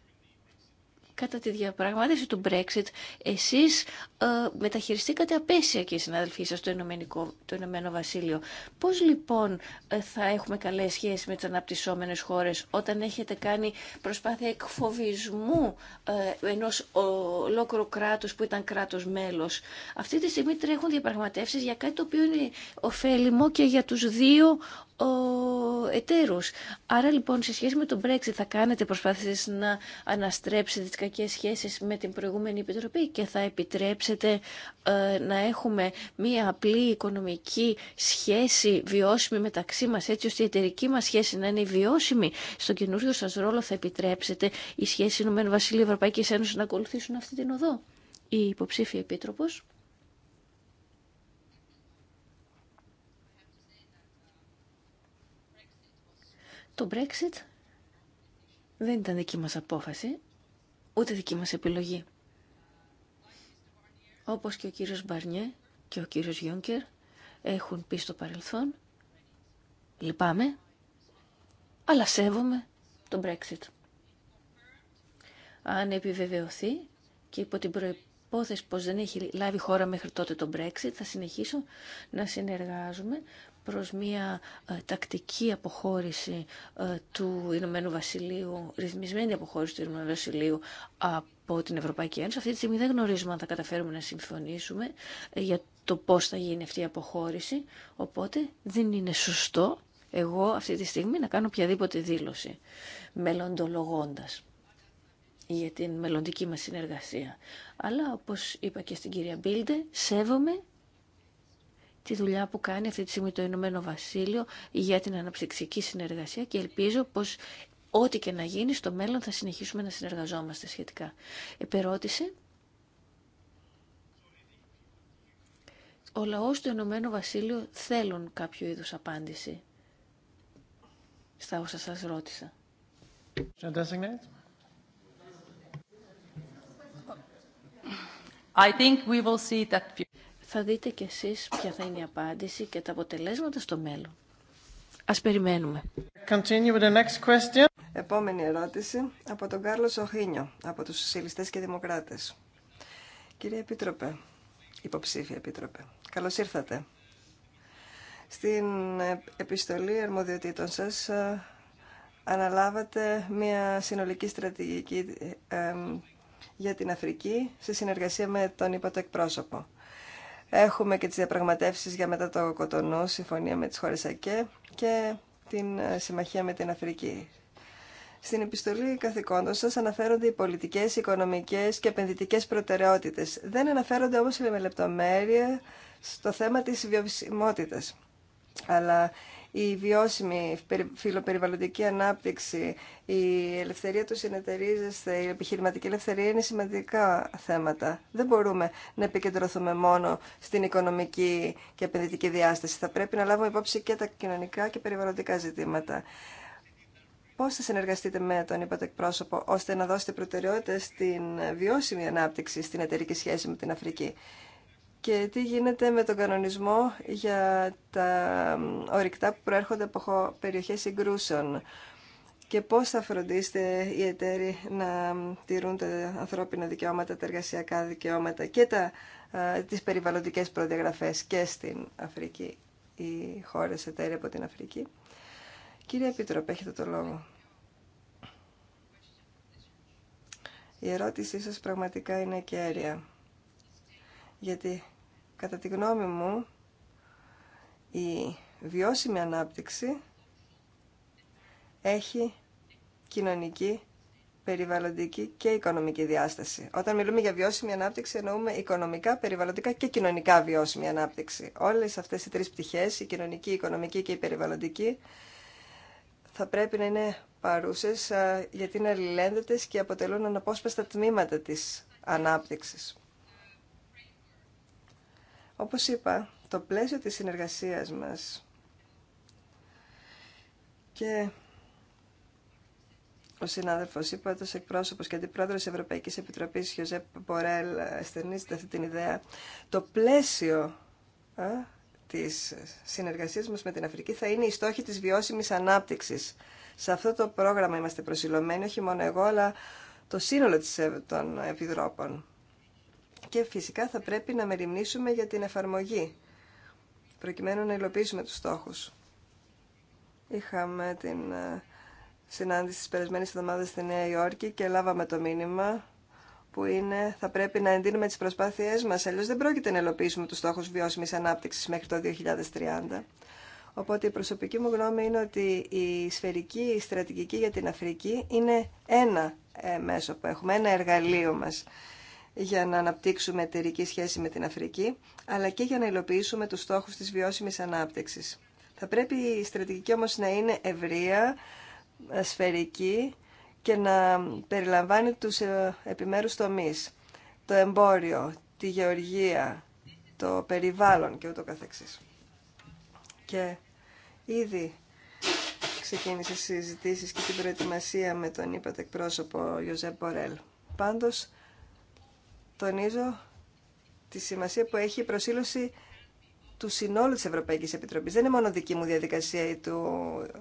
κατά τη διαπραγμάτευση του Brexit εσείς ε, μεταχειριστήκατε απέσια και οι συναδελφοί σας το, Ενωμενικό, το Ενωμένο Βασίλειο. Πώς λοιπόν ε, θα έχουμε καλές σχέσεις με τις αναπτυσσόμενες χώρες όταν έχετε κάνει προσπάθεια εκφοβισμού ε, ενός ολόκληρου κράτους που ήταν κράτος μέλος. Αυτή τη στιγμή τρέχουν διαπραγματεύσεις για κάτι το οποίο είναι ωφέλιμο και για τους δύο ο εταίρους. Άρα λοιπόν σε σχέση με τον Brexit θα κάνετε προσπάθειες να αναστρέψετε τις κακές σχέσεις με την προηγούμενη επιτροπή και θα επιτρέψετε ε, να έχουμε μία απλή οικονομική σχέση βιώσιμη μεταξύ μας έτσι ώστε η εταιρική μας σχέση να είναι βιώσιμη. Στο καινούριο σας ρόλο θα επιτρέψετε η σχέση Ηνωμένου Βασιλείου Ευρωπαϊκής να ακολουθήσουν αυτή την οδό. Η υποψήφια επίτροπος. Το Brexit δεν ήταν δική μας απόφαση, ούτε δική μας επιλογή. Όπως και ο κύριος Μπαρνιέ και ο κύριος Γιόνκερ έχουν πει στο παρελθόν, λυπάμαι, αλλά σέβομαι το Brexit. Αν επιβεβαιωθεί και υπό την προϋπόθεση πως δεν έχει λάβει χώρα μέχρι τότε το Brexit, θα συνεχίσω να συνεργάζομαι προς μια ε, τακτική αποχώρηση ε, του Ηνωμένου Βασιλείου, ρυθμισμένη αποχώρηση του Ηνωμένου Βασιλείου από την Ευρωπαϊκή Ένωση. Αυτή τη στιγμή δεν γνωρίζουμε αν θα καταφέρουμε να συμφωνήσουμε ε, για το πώς θα γίνει αυτή η αποχώρηση, οπότε δεν είναι σωστό εγώ αυτή τη στιγμή να κάνω οποιαδήποτε δήλωση μελλοντολογώντας για την μελλοντική μας συνεργασία. Αλλά όπως είπα και στην κυρία Μπίλντε, σέβομαι τη δουλειά που κάνει αυτή τη στιγμή το Ηνωμένο Βασίλειο για την αναψυξική συνεργασία και ελπίζω πως ό,τι και να γίνει στο μέλλον θα συνεχίσουμε να συνεργαζόμαστε σχετικά. Επερώτηση. Ο λαός του Ηνωμένου Βασίλειου θέλουν κάποιο είδους απάντηση στα όσα σας ρώτησα. I think we will see that θα δείτε κι εσείς ποια θα είναι η απάντηση και τα αποτελέσματα στο μέλλον. Ας περιμένουμε. Continue with the next question. Επόμενη ερώτηση από τον Κάρλο Σοχίνιο, από τους Σοσιαλιστές και Δημοκράτες. Κύριε Επίτροπε, υποψήφια Επίτροπε, καλώς ήρθατε. Στην επιστολή αρμοδιοτήτων σας ε, αναλάβατε μια συνολική στρατηγική ε, ε, για την Αφρική σε συνεργασία με τον υπατό εκπρόσωπο. Έχουμε και τις διαπραγματεύσεις για μετά το Κοτονού, συμφωνία με τις χώρες ΑΚΕ και την ε, συμμαχία με την Αφρική. Στην επιστολή καθηκόντων σας αναφέρονται οι πολιτικές, οικονομικές και επενδυτικές προτεραιότητες. Δεν αναφέρονται όμως με λεπτομέρεια στο θέμα της βιωσιμότητας. Αλλά η βιώσιμη φιλοπεριβαλλοντική ανάπτυξη, η ελευθερία του συνεταιρίζεσθε, η επιχειρηματική ελευθερία είναι σημαντικά θέματα. Δεν μπορούμε να επικεντρωθούμε μόνο στην οικονομική και επενδυτική διάσταση. Θα πρέπει να λάβουμε υπόψη και τα κοινωνικά και περιβαλλοντικά ζητήματα. Πώς θα συνεργαστείτε με τον είπατε εκπρόσωπο, ώστε να δώσετε προτεραιότητα στην βιώσιμη ανάπτυξη στην εταιρική σχέση με την Αφρική και τι γίνεται με τον κανονισμό για τα ορυκτά που προέρχονται από περιοχές συγκρούσεων και πώς θα φροντίσετε οι εταίροι να τηρούν τα ανθρώπινα δικαιώματα, τα εργασιακά δικαιώματα και τα, α, τις περιβαλλοντικές προδιαγραφές και στην Αφρική, οι χώρες εταίροι από την Αφρική. Κύριε Επίτροπε, έχετε το λόγο. Η ερώτησή σας πραγματικά είναι κέρια, γιατί Κατά τη γνώμη μου, η βιώσιμη ανάπτυξη έχει κοινωνική, περιβαλλοντική και οικονομική διάσταση. Όταν μιλούμε για βιώσιμη ανάπτυξη εννοούμε οικονομικά, περιβαλλοντικά και κοινωνικά βιώσιμη ανάπτυξη. Όλες αυτές οι τρεις πτυχές, η κοινωνική, η οικονομική και η περιβαλλοντική, θα πρέπει να είναι παρούσες γιατί είναι αλληλένδετες και αποτελούν αναπόσπαστα τμήματα της ανάπτυξης. Όπως είπα, το πλαίσιο της συνεργασίας μας και ο συνάδελφο το εκπρόσωπο και αντιπρόεδρο τη Ευρωπαϊκή Επιτροπή, Ιωζέπ Μπορέλ, στενίζεται αυτή την ιδέα. Το πλαίσιο α, της συνεργασίας μας με την Αφρική θα είναι η στόχη της βιώσιμης ανάπτυξης. Σε αυτό το πρόγραμμα είμαστε προσιλωμένοι, όχι μόνο εγώ, αλλά το σύνολο ε, των επιδρόπων και φυσικά θα πρέπει να μεριμνήσουμε για την εφαρμογή προκειμένου να υλοποιήσουμε τους στόχους. Είχαμε την ε, συνάντηση της περασμένης εβδομάδας στη Νέα Υόρκη και λάβαμε το μήνυμα που είναι θα πρέπει να εντείνουμε τις προσπάθειές μας, αλλιώς δεν πρόκειται να υλοποιήσουμε τους στόχους βιώσιμης ανάπτυξης μέχρι το 2030. Οπότε η προσωπική μου γνώμη είναι ότι η σφαιρική η στρατηγική για την Αφρική είναι ένα ε, μέσο που έχουμε, ένα εργαλείο μας για να αναπτύξουμε εταιρική σχέση με την Αφρική, αλλά και για να υλοποιήσουμε τους στόχους της βιώσιμης ανάπτυξης. Θα πρέπει η στρατηγική όμως να είναι ευρεία, ε, σφαιρική και να περιλαμβάνει τους ε, επιμέρους τομείς. Το εμπόριο, τη γεωργία, το περιβάλλον και ούτω καθεξής. Και ήδη ξεκίνησε συζητήσεις και την προετοιμασία με τον είπατε εκπρόσωπο Ιωζέ Μπορέλ. Πάντως, τονίζω τη σημασία που έχει η προσήλωση του συνόλου της Ευρωπαϊκής Επιτροπής. Δεν είναι μόνο δική μου διαδικασία ή του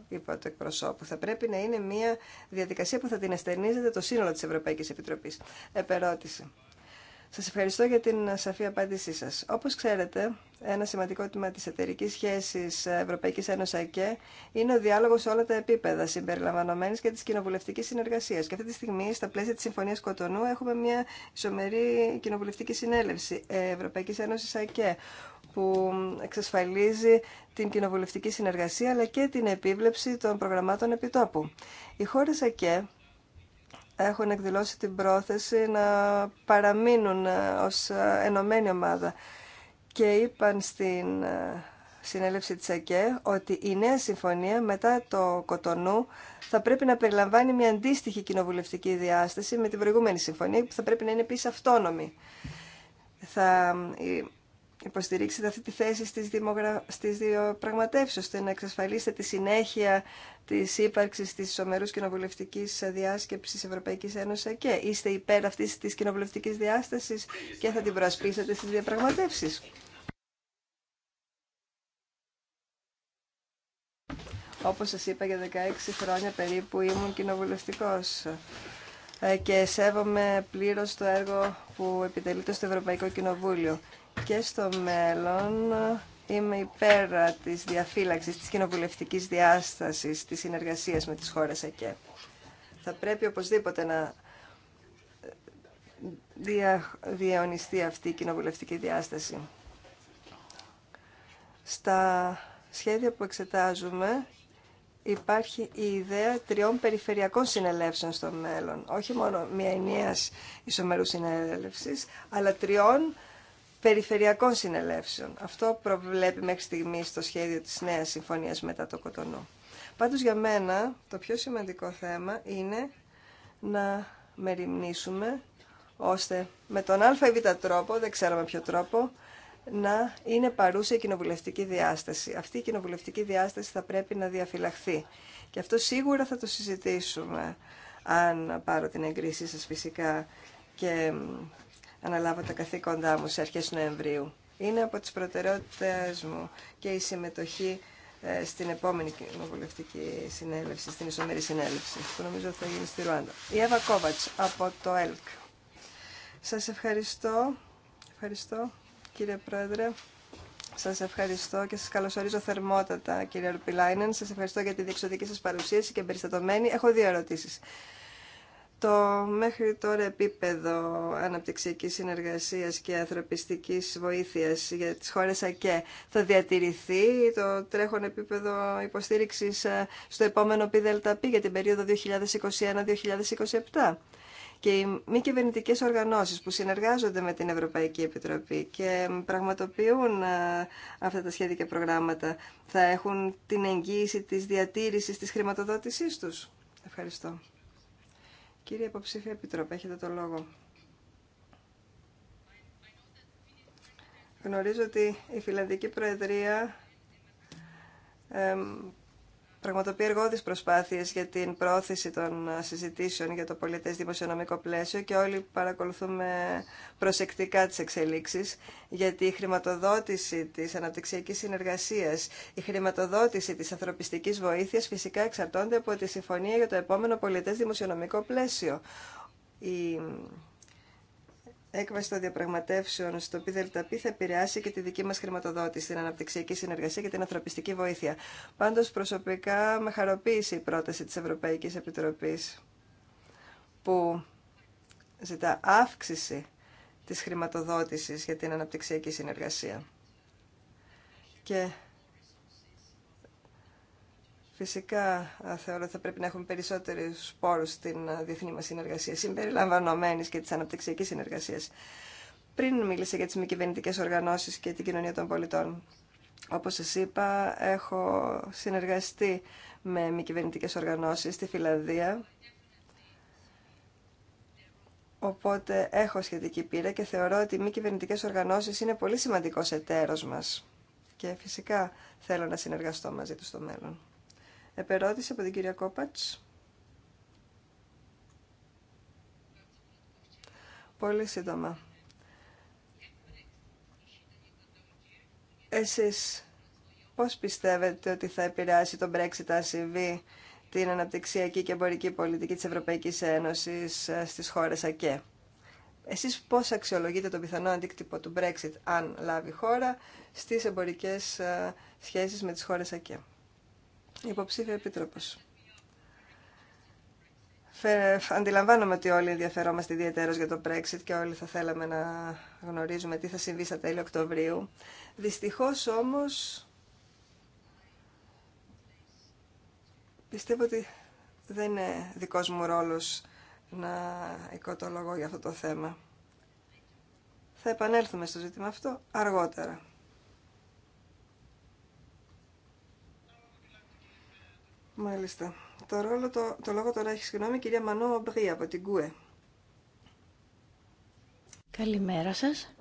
είπα του εκπροσώπου. Θα πρέπει να είναι μια διαδικασία που θα την ασθενίζεται το σύνολο της Ευρωπαϊκής Επιτροπής. Επερώτηση. Σας ευχαριστώ για την σαφή απάντησή σας. Όπως ξέρετε, ένα σημαντικό τμήμα της εταιρικής σχέσης Ευρωπαϊκής Ένωσης ΑΚΕ είναι ο διάλογος σε όλα τα επίπεδα, συμπεριλαμβανόμενη και της κοινοβουλευτικής συνεργασίας. Και αυτή τη στιγμή, στα πλαίσια της Συμφωνίας Κοτονού, έχουμε μια ισομερή κοινοβουλευτική συνέλευση ε, Ευρωπαϊκής Ένωσης ΑΚΕ, που εξασφαλίζει την κοινοβουλευτική συνεργασία αλλά και την επίβλεψη των προγραμμάτων επιτόπου. Οι χώρες ΑΚΕ έχουν εκδηλώσει την πρόθεση να παραμείνουν ε, ως ε, ενωμένη ομάδα. Και είπαν στην ε, συνέλευση της ΑΚΕ ότι η νέα συμφωνία μετά το Κοτονού θα πρέπει να περιλαμβάνει μια αντίστοιχη κοινοβουλευτική διάσταση με την προηγούμενη συμφωνία που θα πρέπει να είναι επίσης αυτόνομη. Θα υποστηρίξετε αυτή τη θέση στις, δημογρα... στις ώστε να εξασφαλίσετε τη συνέχεια της ύπαρξης της ομερούς Κοινοβουλευτικής Διάσκεψης Ευρωπαϊκής Ένωσης και είστε υπέρ αυτής της κοινοβουλευτικής διάστασης και θα την προασπίσετε στις διαπραγματεύσεις. Όπως σας είπα για 16 χρόνια περίπου ήμουν κοινοβουλευτικός ε, και σέβομαι πλήρως το έργο που επιτελείται στο Ευρωπαϊκό Κοινοβούλιο και στο μέλλον είμαι υπέρ της διαφύλαξης της κοινοβουλευτική διάστασης της συνεργασίας με τις χώρες ΑΚΕ. Θα πρέπει οπωσδήποτε να δια, αυτή η κοινοβουλευτική διάσταση. Στα σχέδια που εξετάζουμε υπάρχει η ιδέα τριών περιφερειακών συνελεύσεων στο μέλλον. Όχι μόνο μια ενιαίας ισομερού συνέλευσης, αλλά τριών περιφερειακών συνελεύσεων. Αυτό προβλέπει μέχρι στιγμή στο σχέδιο της νέας συμφωνίας μετά το Κοτονού. Πάντως για μένα το πιο σημαντικό θέμα είναι να μεριμνήσουμε ώστε με τον α ή β τρόπο, δεν ξέρω με ποιο τρόπο, να είναι παρούσα η κοινοβουλευτική διάσταση. Αυτή η κοινοβουλευτική διάσταση θα πρέπει να διαφυλαχθεί. Και αυτό σίγουρα θα το συζητήσουμε, αν πάρω την εγκρίσή σας φυσικά και αναλάβω τα καθήκοντά μου σε αρχές Νοεμβρίου. Είναι από τις προτεραιότητες μου και η συμμετοχή ε, στην επόμενη κοινοβουλευτική συνέλευση, στην ισομερή συνέλευση, που νομίζω θα γίνει στη Ρουάντα. Η Εύα Κόβατς από το ΕΛΚ. Σας ευχαριστώ, ευχαριστώ κύριε Πρόεδρε. Σας ευχαριστώ και σας καλωσορίζω θερμότατα κύριε Ρουπιλάινεν. Σας ευχαριστώ για τη διεξοδική σας παρουσίαση και εμπεριστατωμένη. Έχω δύο ερωτήσεις το μέχρι τώρα επίπεδο αναπτυξιακής συνεργασίας και ανθρωπιστικής βοήθειας για τις χώρες ΑΚΕ θα διατηρηθεί το τρέχον επίπεδο υποστήριξης ε, στο επόμενο ΠΔΕΛΤΑΠ για την περίοδο 2021-2027. Και οι μη κυβερνητικέ οργανώσεις που συνεργάζονται με την Ευρωπαϊκή Επιτροπή και πραγματοποιούν ε, αυτά τα σχέδια και προγράμματα θα έχουν την εγγύηση της διατήρησης της χρηματοδότησής τους. Ευχαριστώ. Κύριε Υποψήφια Επιτροπέ, έχετε το λόγο. Γνωρίζω ότι η Φιλανδική Προεδρία πραγματοποιεί εργόδης προσπάθειες για την πρόθεση των ε, συζητήσεων για το πολιτές δημοσιονομικό πλαίσιο και όλοι παρακολουθούμε προσεκτικά τις εξελίξεις γιατί η χρηματοδότηση της αναπτυξιακής συνεργασίας, η χρηματοδότηση της ανθρωπιστικής βοήθειας φυσικά εξαρτώνται από τη συμφωνία για το επόμενο πολιτές δημοσιονομικό πλαίσιο. Η έκβαση των διαπραγματεύσεων στο ΠΔΠ θα επηρεάσει και τη δική μα χρηματοδότηση, την αναπτυξιακή συνεργασία και την ανθρωπιστική βοήθεια. Πάντω, προσωπικά με χαροποίησε η πρόταση τη Ευρωπαϊκή Επιτροπή που ζητά αύξηση της χρηματοδότησης για την αναπτυξιακή συνεργασία. Και Φυσικά θεωρώ ότι θα πρέπει να έχουμε περισσότερους πόρους στην διεθνή μας συνεργασία, συμπεριλαμβανομένης και της αναπτυξιακής συνεργασίας. Πριν μίλησα για τις μη κυβερνητικέ οργανώσεις και την κοινωνία των πολιτών. Όπως σας είπα, έχω συνεργαστεί με μη κυβερνητικέ οργανώσεις στη Φιλανδία, οπότε έχω σχετική πείρα και θεωρώ ότι οι μη κυβερνητικέ οργανώσεις είναι πολύ σημαντικός εταίρος μας και φυσικά θέλω να συνεργαστώ μαζί του στο μέλλον. Επερώτηση από την κυρία Κόπατς. Πολύ σύντομα. Εσείς πώς πιστεύετε ότι θα επηρεάσει το Brexit αν συμβεί την αναπτυξιακή και εμπορική πολιτική της Ευρωπαϊκής Ένωσης ε, στις χώρες ΑΚΕ. Εσείς πώς αξιολογείτε το πιθανό αντίκτυπο του Brexit αν λάβει χώρα στις εμπορικές ε, σχέσεις με τις χώρες ΑΚΕ. Υποψήφιο επίτροπος. Αντιλαμβάνομαι ότι όλοι ενδιαφερόμαστε ιδιαίτερως για το Brexit και όλοι θα θέλαμε να γνωρίζουμε τι θα συμβεί στα τέλη Οκτωβρίου. Δυστυχώς όμως πιστεύω ότι δεν είναι δικός μου ρόλος να οικοτολογώ για αυτό το θέμα. Θα επανέλθουμε στο ζήτημα αυτό αργότερα. Μάλιστα. Το, ρόλο, το, το λόγο τώρα έχει συγγνώμη κυρία Μανώ Ομπρή από την ΚΟΕ. Καλημέρα σας.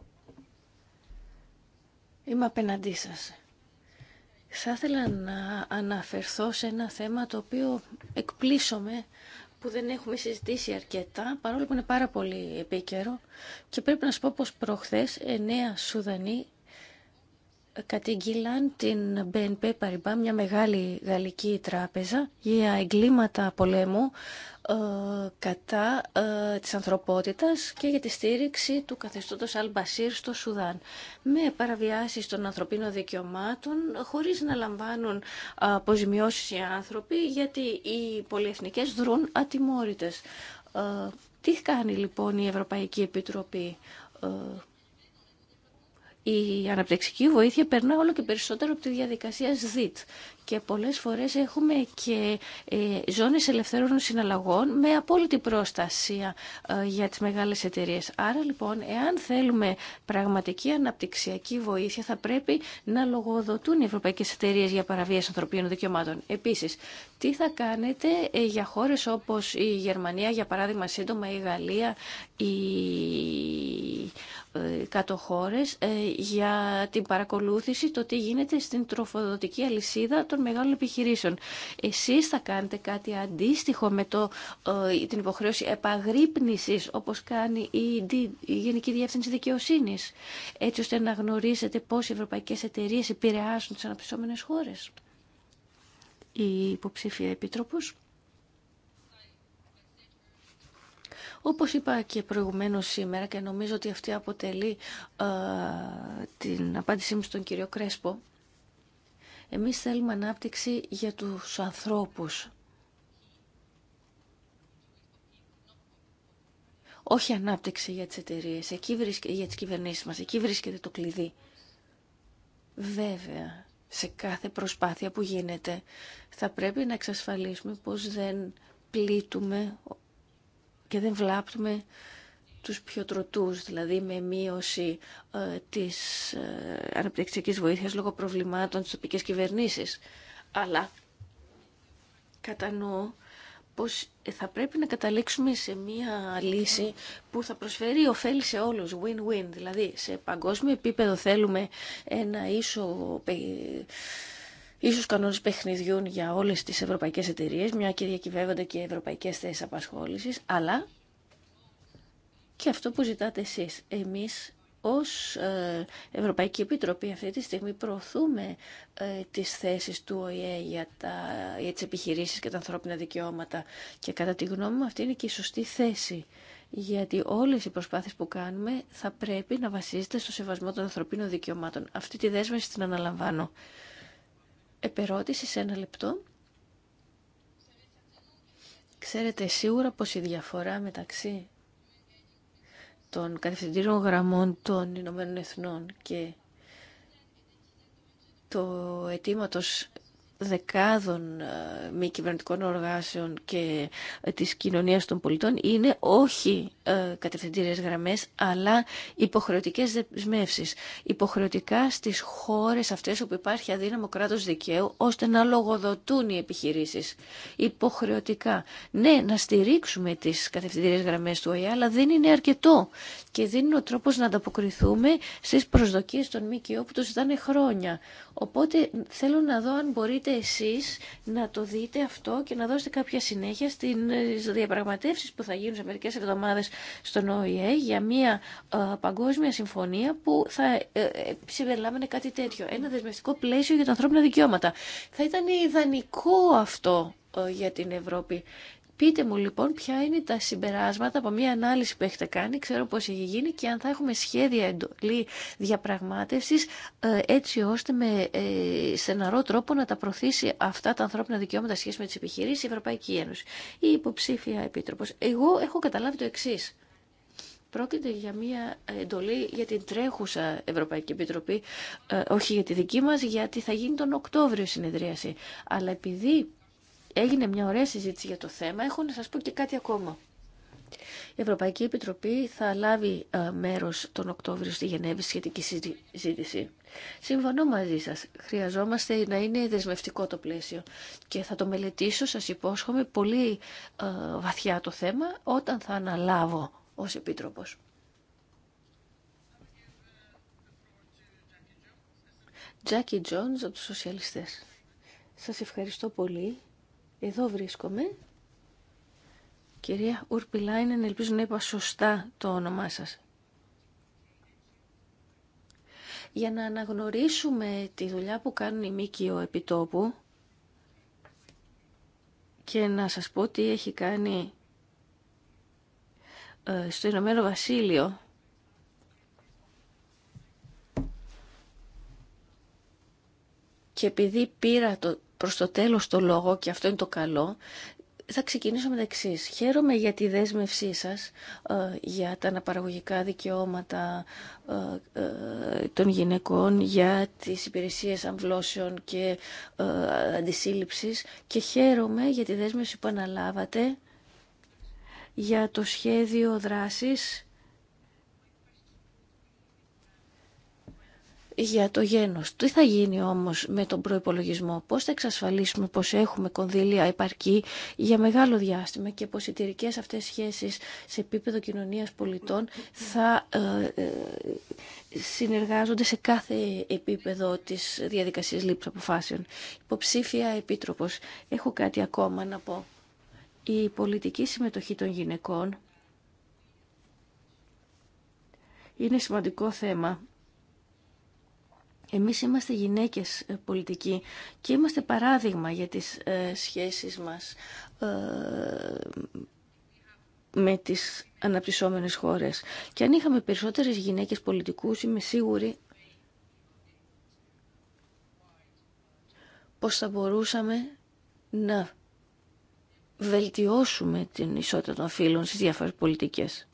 Είμαι απέναντί σας. Θα ήθελα να αναφερθώ σε ένα θέμα το οποίο εκπλήσωμε που δεν έχουμε συζητήσει αρκετά, παρόλο που είναι πάρα πολύ επίκαιρο. Και πρέπει να σας πω πως προχθές εννέα Σουδανοί κατήγγειλαν την BNP Paribas, μια μεγάλη γαλλική τράπεζα, για εγκλήματα πολέμου ε, κατά ε, της ανθρωπότητας και για τη στήριξη του καθεστώτος Αλμπασίρ στο Σουδάν. Με παραβιάσεις των ανθρωπίνων δικαιωμάτων, χωρίς να λαμβάνουν αποζημιώσεις οι άνθρωποι, γιατί οι πολυεθνικές δρούν ατιμόρυτες. Ε, τι κάνει λοιπόν η Ευρωπαϊκή Επιτροπή ε, η αναπτυξική βοήθεια περνά όλο και περισσότερο από τη διαδικασία ΣΔΙΤ και πολλές φορές έχουμε και ε, ζώνες ελευθερών συναλλαγών με απόλυτη πρόστασία ε, για τις μεγάλες εταιρείες. Άρα λοιπόν, εάν θέλουμε πραγματική αναπτυξιακή βοήθεια, θα πρέπει να λογοδοτούν οι ευρωπαϊκές εταιρείες για παραβίαση ανθρωπίνων δικαιωμάτων. Επίσης, τι θα κάνετε ε, για χώρες όπως η Γερμανία, για παράδειγμα σύντομα η Γαλλία, η κάτω χώρες ε, για την παρακολούθηση το τι γίνεται στην τροφοδοτική αλυσίδα των μεγάλων επιχειρήσεων. Εσείς θα κάνετε κάτι αντίστοιχο με το, ε, την υποχρέωση επαγρύπνησης όπως κάνει η, Γενική Διεύθυνση Δικαιοσύνης έτσι ώστε να γνωρίζετε πώς οι ευρωπαϊκές εταιρείες επηρεάζουν τις αναπτυσσόμενες χώρες. Η υποψήφια Επίτροπους. Όπως είπα και προηγουμένως σήμερα και νομίζω ότι αυτή αποτελεί ε, την απάντησή μου στον κύριο Κρέσπο, εμείς θέλουμε ανάπτυξη για τους ανθρώπους. Όχι ανάπτυξη για τις εταιρείε, για τις κυβερνήσεις μας. Εκεί βρίσκεται το κλειδί. Βέβαια, σε κάθε προσπάθεια που γίνεται θα πρέπει να εξασφαλίσουμε πως δεν πλήττουμε και δεν βλάπτουμε τους πιο τροτούς, δηλαδή με μείωση ε, της ε, αναπτυξιακής βοήθειας λόγω προβλημάτων της τοπικής κυβερνήσεις. Αλλά κατανοώ πως ε, θα πρέπει να καταλήξουμε σε μία λύση που θα προσφέρει ωφέλη σε όλους, win-win. Δηλαδή, σε παγκόσμιο επίπεδο θέλουμε ένα ίσο ε, ίσως κανόνες παιχνιδιούν για όλες τις ευρωπαϊκές εταιρείες, μια και διακυβεύονται και οι ευρωπαϊκές θέσει απασχόλησης, αλλά και αυτό που ζητάτε εσείς. Εμείς ως ε, Ευρωπαϊκή Επιτροπή αυτή τη στιγμή προωθούμε ε, τις θέσεις του ΟΗΕ για, τα, για τις επιχειρήσεις και τα ανθρώπινα δικαιώματα και κατά τη γνώμη μου αυτή είναι και η σωστή θέση γιατί όλε οι προσπάθειε που κάνουμε θα πρέπει να βασίζεται στο σεβασμό των ανθρωπίνων δικαιωμάτων. Αυτή τη δέσμευση την αναλαμβάνω επερώτηση σε ένα λεπτό. Ξέρετε σίγουρα πως η διαφορά μεταξύ των κατευθυντήριων γραμμών των Ηνωμένων Εθνών και το αιτήματο δεκάδων ε, μη κυβερνητικών οργάσεων και ε, της κοινωνίας των πολιτών είναι όχι ε, κατευθυντήριες γραμμές αλλά υποχρεωτικές δεσμεύσεις. Υποχρεωτικά στις χώρες αυτές όπου υπάρχει αδύναμο κράτος δικαίου ώστε να λογοδοτούν οι επιχειρήσεις. Υποχρεωτικά. Ναι, να στηρίξουμε τις κατευθυντήριες γραμμές του ΟΕΑ αλλά δεν είναι αρκετό και δεν είναι ο τρόπος να ανταποκριθούμε στις προσδοκίες των ΜΚΟ που τους ζητάνε χρόνια. Οπότε θέλω να δω αν μπορείτε εσείς να το δείτε αυτό και να δώσετε κάποια συνέχεια ε, στις διαπραγματεύσεις που θα γίνουν σε μερικές εβδομάδες στον ΟΗΕ για μια ε, παγκόσμια συμφωνία που θα ε, συμπεριλάμβανε κάτι τέτοιο. Ένα δεσμευτικό πλαίσιο για τα ανθρώπινα δικαιώματα. Θα ήταν ιδανικό αυτό για την Ευρώπη. Πείτε μου λοιπόν ποια είναι τα συμπεράσματα από μια ανάλυση που έχετε κάνει, ξέρω πώς έχει γίνει και αν θα έχουμε σχέδια εντολή διαπραγμάτευσης ε, έτσι ώστε με ε, στεναρό τρόπο να τα προωθήσει αυτά τα ανθρώπινα δικαιώματα σχέση με τις επιχειρήσεις η Ευρωπαϊκή Ένωση. Η υποψήφια επίτροπος. Εγώ έχω καταλάβει το εξή. Πρόκειται για μια εντολή για την τρέχουσα Ευρωπαϊκή Επιτροπή, ε, όχι για τη δική μας, γιατί θα γίνει τον Οκτώβριο συνεδρίαση. Αλλά επειδή Έγινε μια ωραία συζήτηση για το θέμα. Έχω να σας πω και κάτι ακόμα. Η Ευρωπαϊκή Επιτροπή θα λάβει ε, μέρος τον Οκτώβριο στη Γενέβη σχετική συζήτηση. Συμφωνώ μαζί σας. Χρειαζόμαστε να είναι δεσμευτικό το πλαίσιο και θα το μελετήσω, σας υπόσχομαι, πολύ ε, βαθιά το θέμα όταν θα αναλάβω ως Επίτροπος. Τζάκι Jones από τους Σοσιαλιστές. Σας ευχαριστώ πολύ. Εδώ βρίσκομαι. Κυρία Ουρπιλάινεν, ελπίζω να είπα σωστά το όνομά σας. Για να αναγνωρίσουμε τη δουλειά που κάνουν οι ΜΚΟ επιτόπου και να σας πω τι έχει κάνει ε, στο Ηνωμένο Βασίλειο και επειδή πήρα το προς το τέλος το λόγο και αυτό είναι το καλό. Θα ξεκινήσω με τα εξή. Χαίρομαι για τη δέσμευσή σας ε, για τα αναπαραγωγικά δικαιώματα ε, ε, των γυναικών, για τις υπηρεσίες αμβλώσεων και αντισύλληψης και χαίρομαι για τη δέσμευση που αναλάβατε για το σχέδιο δράσης για το γένος. Τι θα γίνει όμως με τον προϋπολογισμό, πώς θα εξασφαλίσουμε πως έχουμε κονδύλια επαρκή για μεγάλο διάστημα και πως οι τηρικές αυτές σχέσεις σε επίπεδο κοινωνίας πολιτών θα ε, ε, συνεργάζονται σε κάθε επίπεδο της διαδικασίας λήψης αποφάσεων. Υποψήφια Επίτροπος, έχω κάτι ακόμα να πω. Η πολιτική συμμετοχή των γυναικών είναι σημαντικό θέμα εμείς είμαστε γυναίκες ε, πολιτικοί και είμαστε παράδειγμα για τις ε, σχέσεις μας ε, με τις αναπτυσσόμενες χώρες. Και αν είχαμε περισσότερες γυναίκες πολιτικούς είμαι σίγουρη πως θα μπορούσαμε να βελτιώσουμε την ισότητα των φύλων στις διάφορες πολιτικές.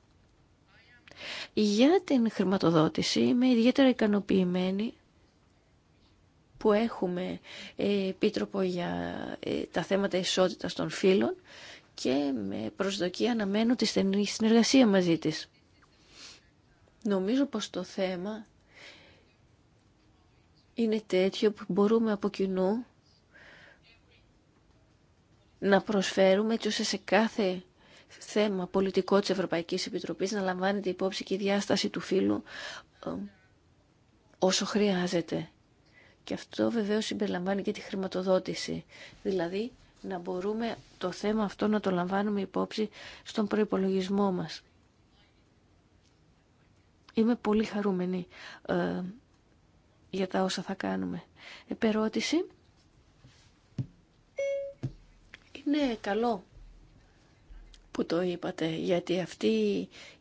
Για την χρηματοδότηση είμαι ιδιαίτερα ικανοποιημένη που έχουμε ε, επίτροπο για ε, τα θέματα ισότητας των φύλων και με προσδοκία αναμένω τη στενή συνεργασία μαζί της. Νομίζω πως το θέμα είναι τέτοιο που μπορούμε από κοινού να προσφέρουμε έτσι ώστε σε κάθε θέμα πολιτικό της Ευρωπαϊκής Επιτροπής να λαμβάνεται υπόψη και η διάσταση του φύλου ε, όσο χρειάζεται. Και αυτό βεβαίως συμπεριλαμβάνει και τη χρηματοδότηση. Δηλαδή να μπορούμε το θέμα αυτό να το λαμβάνουμε υπόψη στον προϋπολογισμό μας. Είμαι πολύ χαρούμενη ε, για τα όσα θα κάνουμε. Επερώτηση. Είναι καλό που το είπατε, γιατί αυτή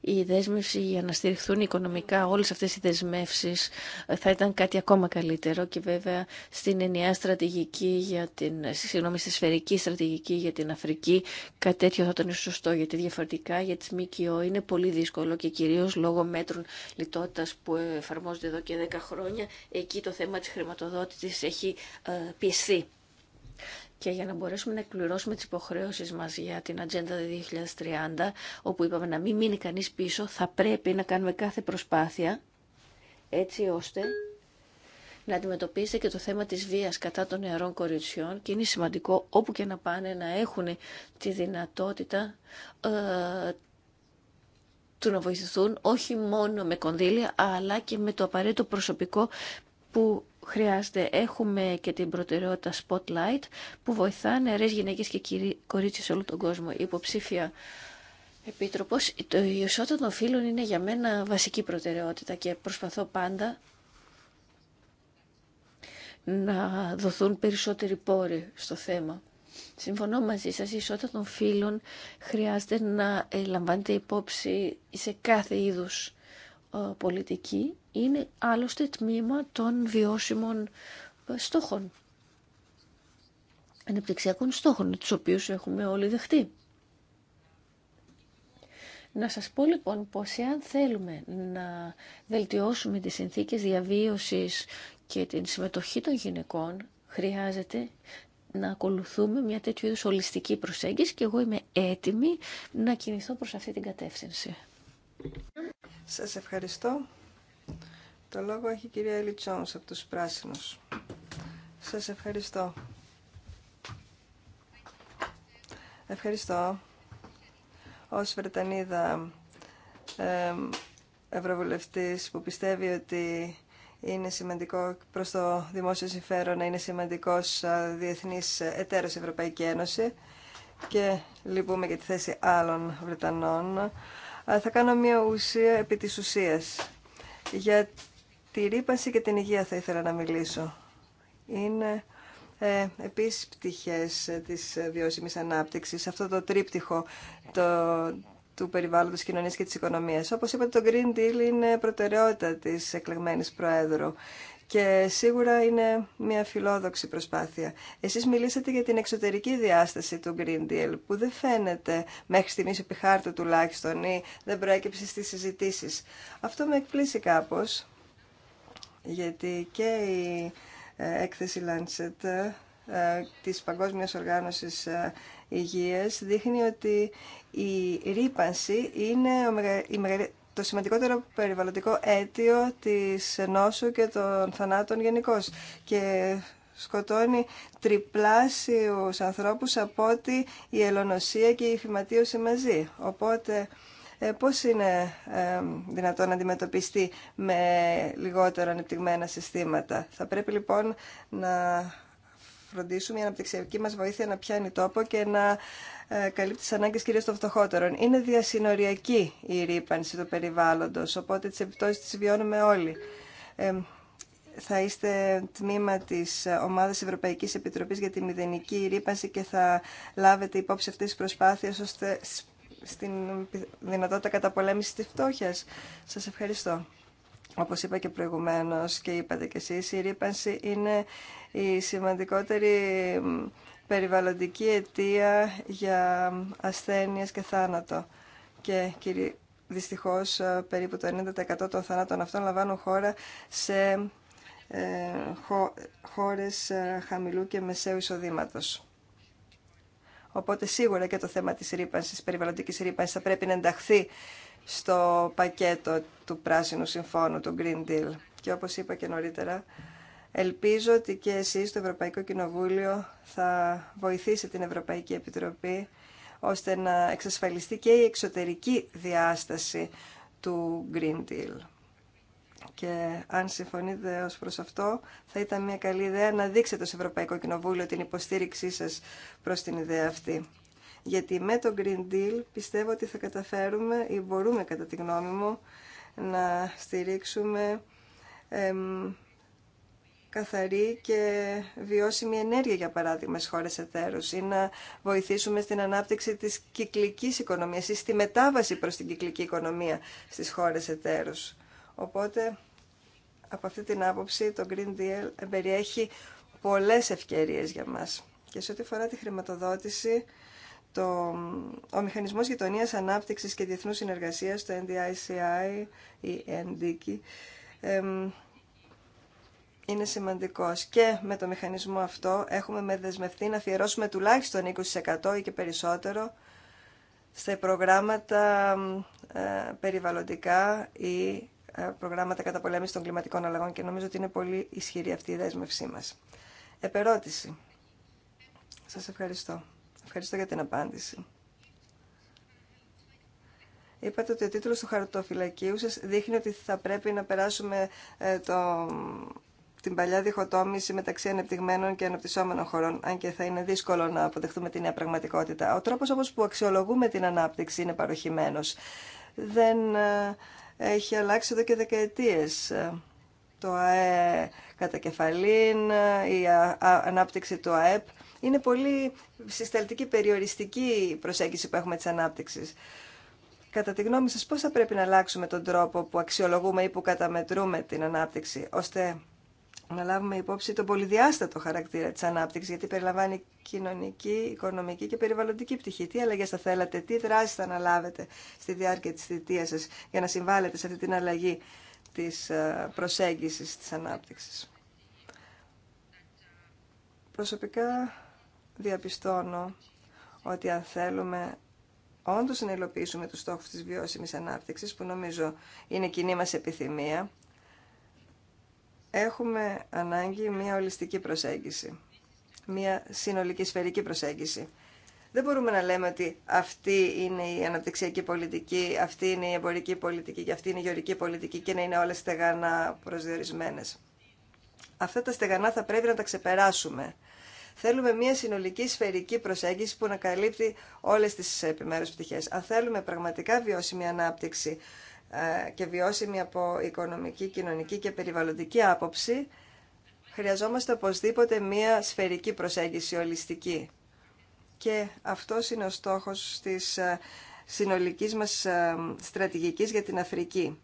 η δέσμευση για να στηριχθούν οικονομικά όλες αυτές οι δεσμεύσεις ε, θα ήταν κάτι ακόμα καλύτερο και βέβαια στην ενιαία στρατηγική για την, συγγνώμη, στη σφαιρική στρατηγική για την Αφρική κάτι τέτοιο θα ήταν σωστό, γιατί διαφορετικά για τις ΜΚΟ είναι πολύ δύσκολο και κυρίως λόγω μέτρων λιτότητας που εφαρμόζονται εδώ και 10 χρόνια εκεί το θέμα της χρηματοδότησης έχει ε, πιεστεί και για να μπορέσουμε να εκπληρώσουμε τις υποχρέωσεις μας για την Ατζέντα 2030, όπου είπαμε να μην μείνει κανείς πίσω, θα πρέπει να κάνουμε κάθε προσπάθεια, έτσι ώστε να αντιμετωπίσετε και το θέμα της βίας κατά των νεαρών κοριτσιών και είναι σημαντικό όπου και να πάνε να έχουν τη δυνατότητα ε, του να βοηθηθούν όχι μόνο με κονδύλια αλλά και με το απαραίτητο προσωπικό που χρειάζεται. Έχουμε και την προτεραιότητα Spotlight που βοηθά νεαρές γυναίκες και κορίτσια σε όλο τον κόσμο. Η υποψήφια Επίτροπος, το ισότητα των φίλων είναι για μένα βασική προτεραιότητα και προσπαθώ πάντα να δοθούν περισσότεροι πόροι στο θέμα. Συμφωνώ μαζί σας, η ισότητα των φίλων χρειάζεται να ε, λαμβάνετε υπόψη σε κάθε είδους ε, πολιτική είναι άλλωστε τμήμα των βιώσιμων ε, στόχων. Ανεπτυξιακών στόχων, τους οποίους έχουμε όλοι δεχτεί. Να σας πω λοιπόν πως εάν θέλουμε να βελτιώσουμε τις συνθήκες διαβίωσης και την συμμετοχή των γυναικών, χρειάζεται να ακολουθούμε μια τέτοιου είδους ολιστική προσέγγιση και εγώ είμαι έτοιμη να κινηθώ προς αυτή την κατεύθυνση. Σας ευχαριστώ. Το λόγο έχει η κυρία Έλλη από τους Πράσινους. Σας ευχαριστώ. Ευχαριστώ. Ως Βρετανίδα ε, Ευρωβουλευτής που πιστεύει ότι είναι σημαντικό προς το δημόσιο συμφέρον να είναι σημαντικός διεθνής εταίρος Ευρωπαϊκή Ένωση και λυπούμε για τη θέση άλλων Βρετανών θα κάνω μια ουσία επί της ουσίας. Για τη ρήπανση και την υγεία θα ήθελα να μιλήσω. Είναι ε, επίσης πτυχές ε, της βιώσιμης ανάπτυξης, αυτό το τρίπτυχο το, του περιβάλλοντος κοινωνίας και της οικονομίας. Όπως είπατε, το Green Deal είναι προτεραιότητα της εκλεγμένης Προέδρου και σίγουρα είναι μια φιλόδοξη προσπάθεια. Εσείς μιλήσατε για την εξωτερική διάσταση του Green Deal που δεν φαίνεται μέχρι στιγμής επί χάρτου τουλάχιστον ή δεν προέκυψε στις συζητήσεις. Αυτό με εκπλήσει κάπως γιατί και η ε, έκθεση Lancet ε, της Παγκόσμιας Οργάνωσης ε, Υγείας δείχνει ότι η ρήπανση είναι το σημαντικότερο περιβαλλοντικό αίτιο της νόσου και των θανάτων γενικώ. Και σκοτώνει τριπλάσιους ανθρώπους από ότι η ελονοσία και η φυματίωση μαζί. Οπότε ε, πώς είναι ε, δυνατόν να αντιμετωπιστεί με λιγότερο ανεπτυγμένα συστήματα. Θα πρέπει λοιπόν να φροντίσουμε η αναπτυξιακή μας βοήθεια να πιάνει τόπο και να ε, καλύπτει τι ανάγκε κυρίως των φτωχότερων. Είναι διασυνοριακή η ρήπανση του περιβάλλοντος, οπότε τι επιπτώσει τι βιώνουμε όλοι. Ε, θα είστε τμήμα τη ομάδας Ευρωπαϊκής Επιτροπής για τη μηδενική ρήπανση και θα λάβετε υπόψη αυτή τη προσπάθεια ώστε στην δυνατότητα καταπολέμησης της φτώχειας. Σας ευχαριστώ. Όπως είπα και προηγουμένως και είπατε και εσείς, η ρήπανση είναι η σημαντικότερη περιβαλλοντική αιτία για ασθένειες και θάνατο. Και κύριε, δυστυχώς ε, περίπου το 90% των θανάτων αυτών λαμβάνουν χώρα σε ε, χώρες ε, χαμηλού και μεσαίου εισοδήματος. Οπότε σίγουρα και το θέμα της ρήπανσης, περιβαλλοντικής ρήπανσης θα πρέπει να ενταχθεί στο πακέτο του Πράσινου Συμφώνου, του Green Deal. Και όπως είπα και νωρίτερα, ελπίζω ότι και εσείς το Ευρωπαϊκό Κοινοβούλιο θα βοηθήσει την Ευρωπαϊκή Επιτροπή ώστε να εξασφαλιστεί και η εξωτερική διάσταση του Green Deal. Και αν συμφωνείτε ως προς αυτό, θα ήταν μια καλή ιδέα να δείξετε στο Ευρωπαϊκό Κοινοβούλιο την υποστήριξή σας προς την ιδέα αυτή γιατί με το Green Deal πιστεύω ότι θα καταφέρουμε ή μπορούμε κατά τη γνώμη μου να στηρίξουμε καθαρή και βιώσιμη ενέργεια για παράδειγμα στις χώρες εταίρους ή να βοηθήσουμε στην ανάπτυξη της κυκλικής οικονομίας ή στη μετάβαση προς την κυκλική οικονομία στις χώρες εταίρους. Οπότε από αυτή την άποψη το Green Deal περιέχει πολλές ευκαιρίες για μας. Και σε ό,τι αφορά τη χρηματοδότηση, το, ο Μηχανισμός Γειτονίας Ανάπτυξης και Διεθνούς Συνεργασίας, το NDICI ή NDICI, είναι σημαντικός. Και με το μηχανισμό αυτό έχουμε με δεσμευτεί να αφιερώσουμε τουλάχιστον 20% ή και περισσότερο στα προγράμματα ε, περιβαλλοντικά ή ε, προγράμματα καταπολέμησης των κλιματικών αλλαγών και νομίζω ότι είναι πολύ ισχυρή αυτή η και περισσοτερο στα προγραμματα περιβαλλοντικα η ε προγραμματα καταπολεμησης των κλιματικων αλλαγων και νομιζω οτι ειναι πολυ ισχυρη αυτη η δεσμευση μας. Επερώτηση. Σας ευχαριστώ. Ευχαριστώ για την απάντηση. Είπατε ότι ο τίτλος του χαρτοφυλακίου σας δείχνει ότι θα πρέπει να περάσουμε ε, το, την παλιά διχοτόμηση μεταξύ ανεπτυγμένων και αναπτυσσόμενων χωρών, αν και θα είναι δύσκολο να αποδεχτούμε την νέα πραγματικότητα. Ο τρόπο όμω που αξιολογούμε την ανάπτυξη είναι παροχημένο Δεν ε, έχει αλλάξει εδώ και δεκαετίε. Ε, το ΑΕ κατά κεφαλήν, η ανάπτυξη του ΑΕΠ. Είναι πολύ συσταλτική, περιοριστική η προσέγγιση που έχουμε τη ανάπτυξη. Κατά τη γνώμη σα πώ θα πρέπει να αλλάξουμε τον τρόπο που αξιολογούμε ή που καταμετρούμε την ανάπτυξη, ώστε να λάβουμε υπόψη τον πολυδιάστατο χαρακτήρα τη ανάπτυξη, γιατί περιλαμβάνει κοινωνική, οικονομική και περιβαλλοντική πτυχή. Τι αλλαγέ θα θέλατε, τι δράσει θα αναλάβετε στη διάρκεια τη θητεία σα για να συμβάλλετε σε αυτή την αλλαγή τη ε, προσέγγιση τη ανάπτυξη. Προσωπικά διαπιστώνω ότι αν θέλουμε όντω να υλοποιήσουμε τους στόχους της βιώσιμης ανάπτυξης, που νομίζω είναι κοινή μας επιθυμία, έχουμε ανάγκη μια ολιστική προσέγγιση, μια συνολική σφαιρική προσέγγιση. Δεν μπορούμε να λέμε ότι αυτή είναι η αναπτυξιακή πολιτική, αυτή είναι η εμπορική πολιτική και αυτή είναι η γεωρική πολιτική και να είναι όλες στεγανά προσδιορισμένες. Αυτά τα στεγανά θα πρέπει να τα ξεπεράσουμε. Θέλουμε μια συνολική σφαιρική προσέγγιση που να καλύπτει όλες τις επιμέρους πτυχές. Αν θέλουμε πραγματικά βιώσιμη ανάπτυξη ε, και βιώσιμη από οικονομική, κοινωνική και περιβαλλοντική άποψη, χρειαζόμαστε οπωσδήποτε μια σφαιρική προσέγγιση ολιστική. Και αυτό είναι ο στόχος της ε, συνολικής μας ε, στρατηγικής για την Αφρική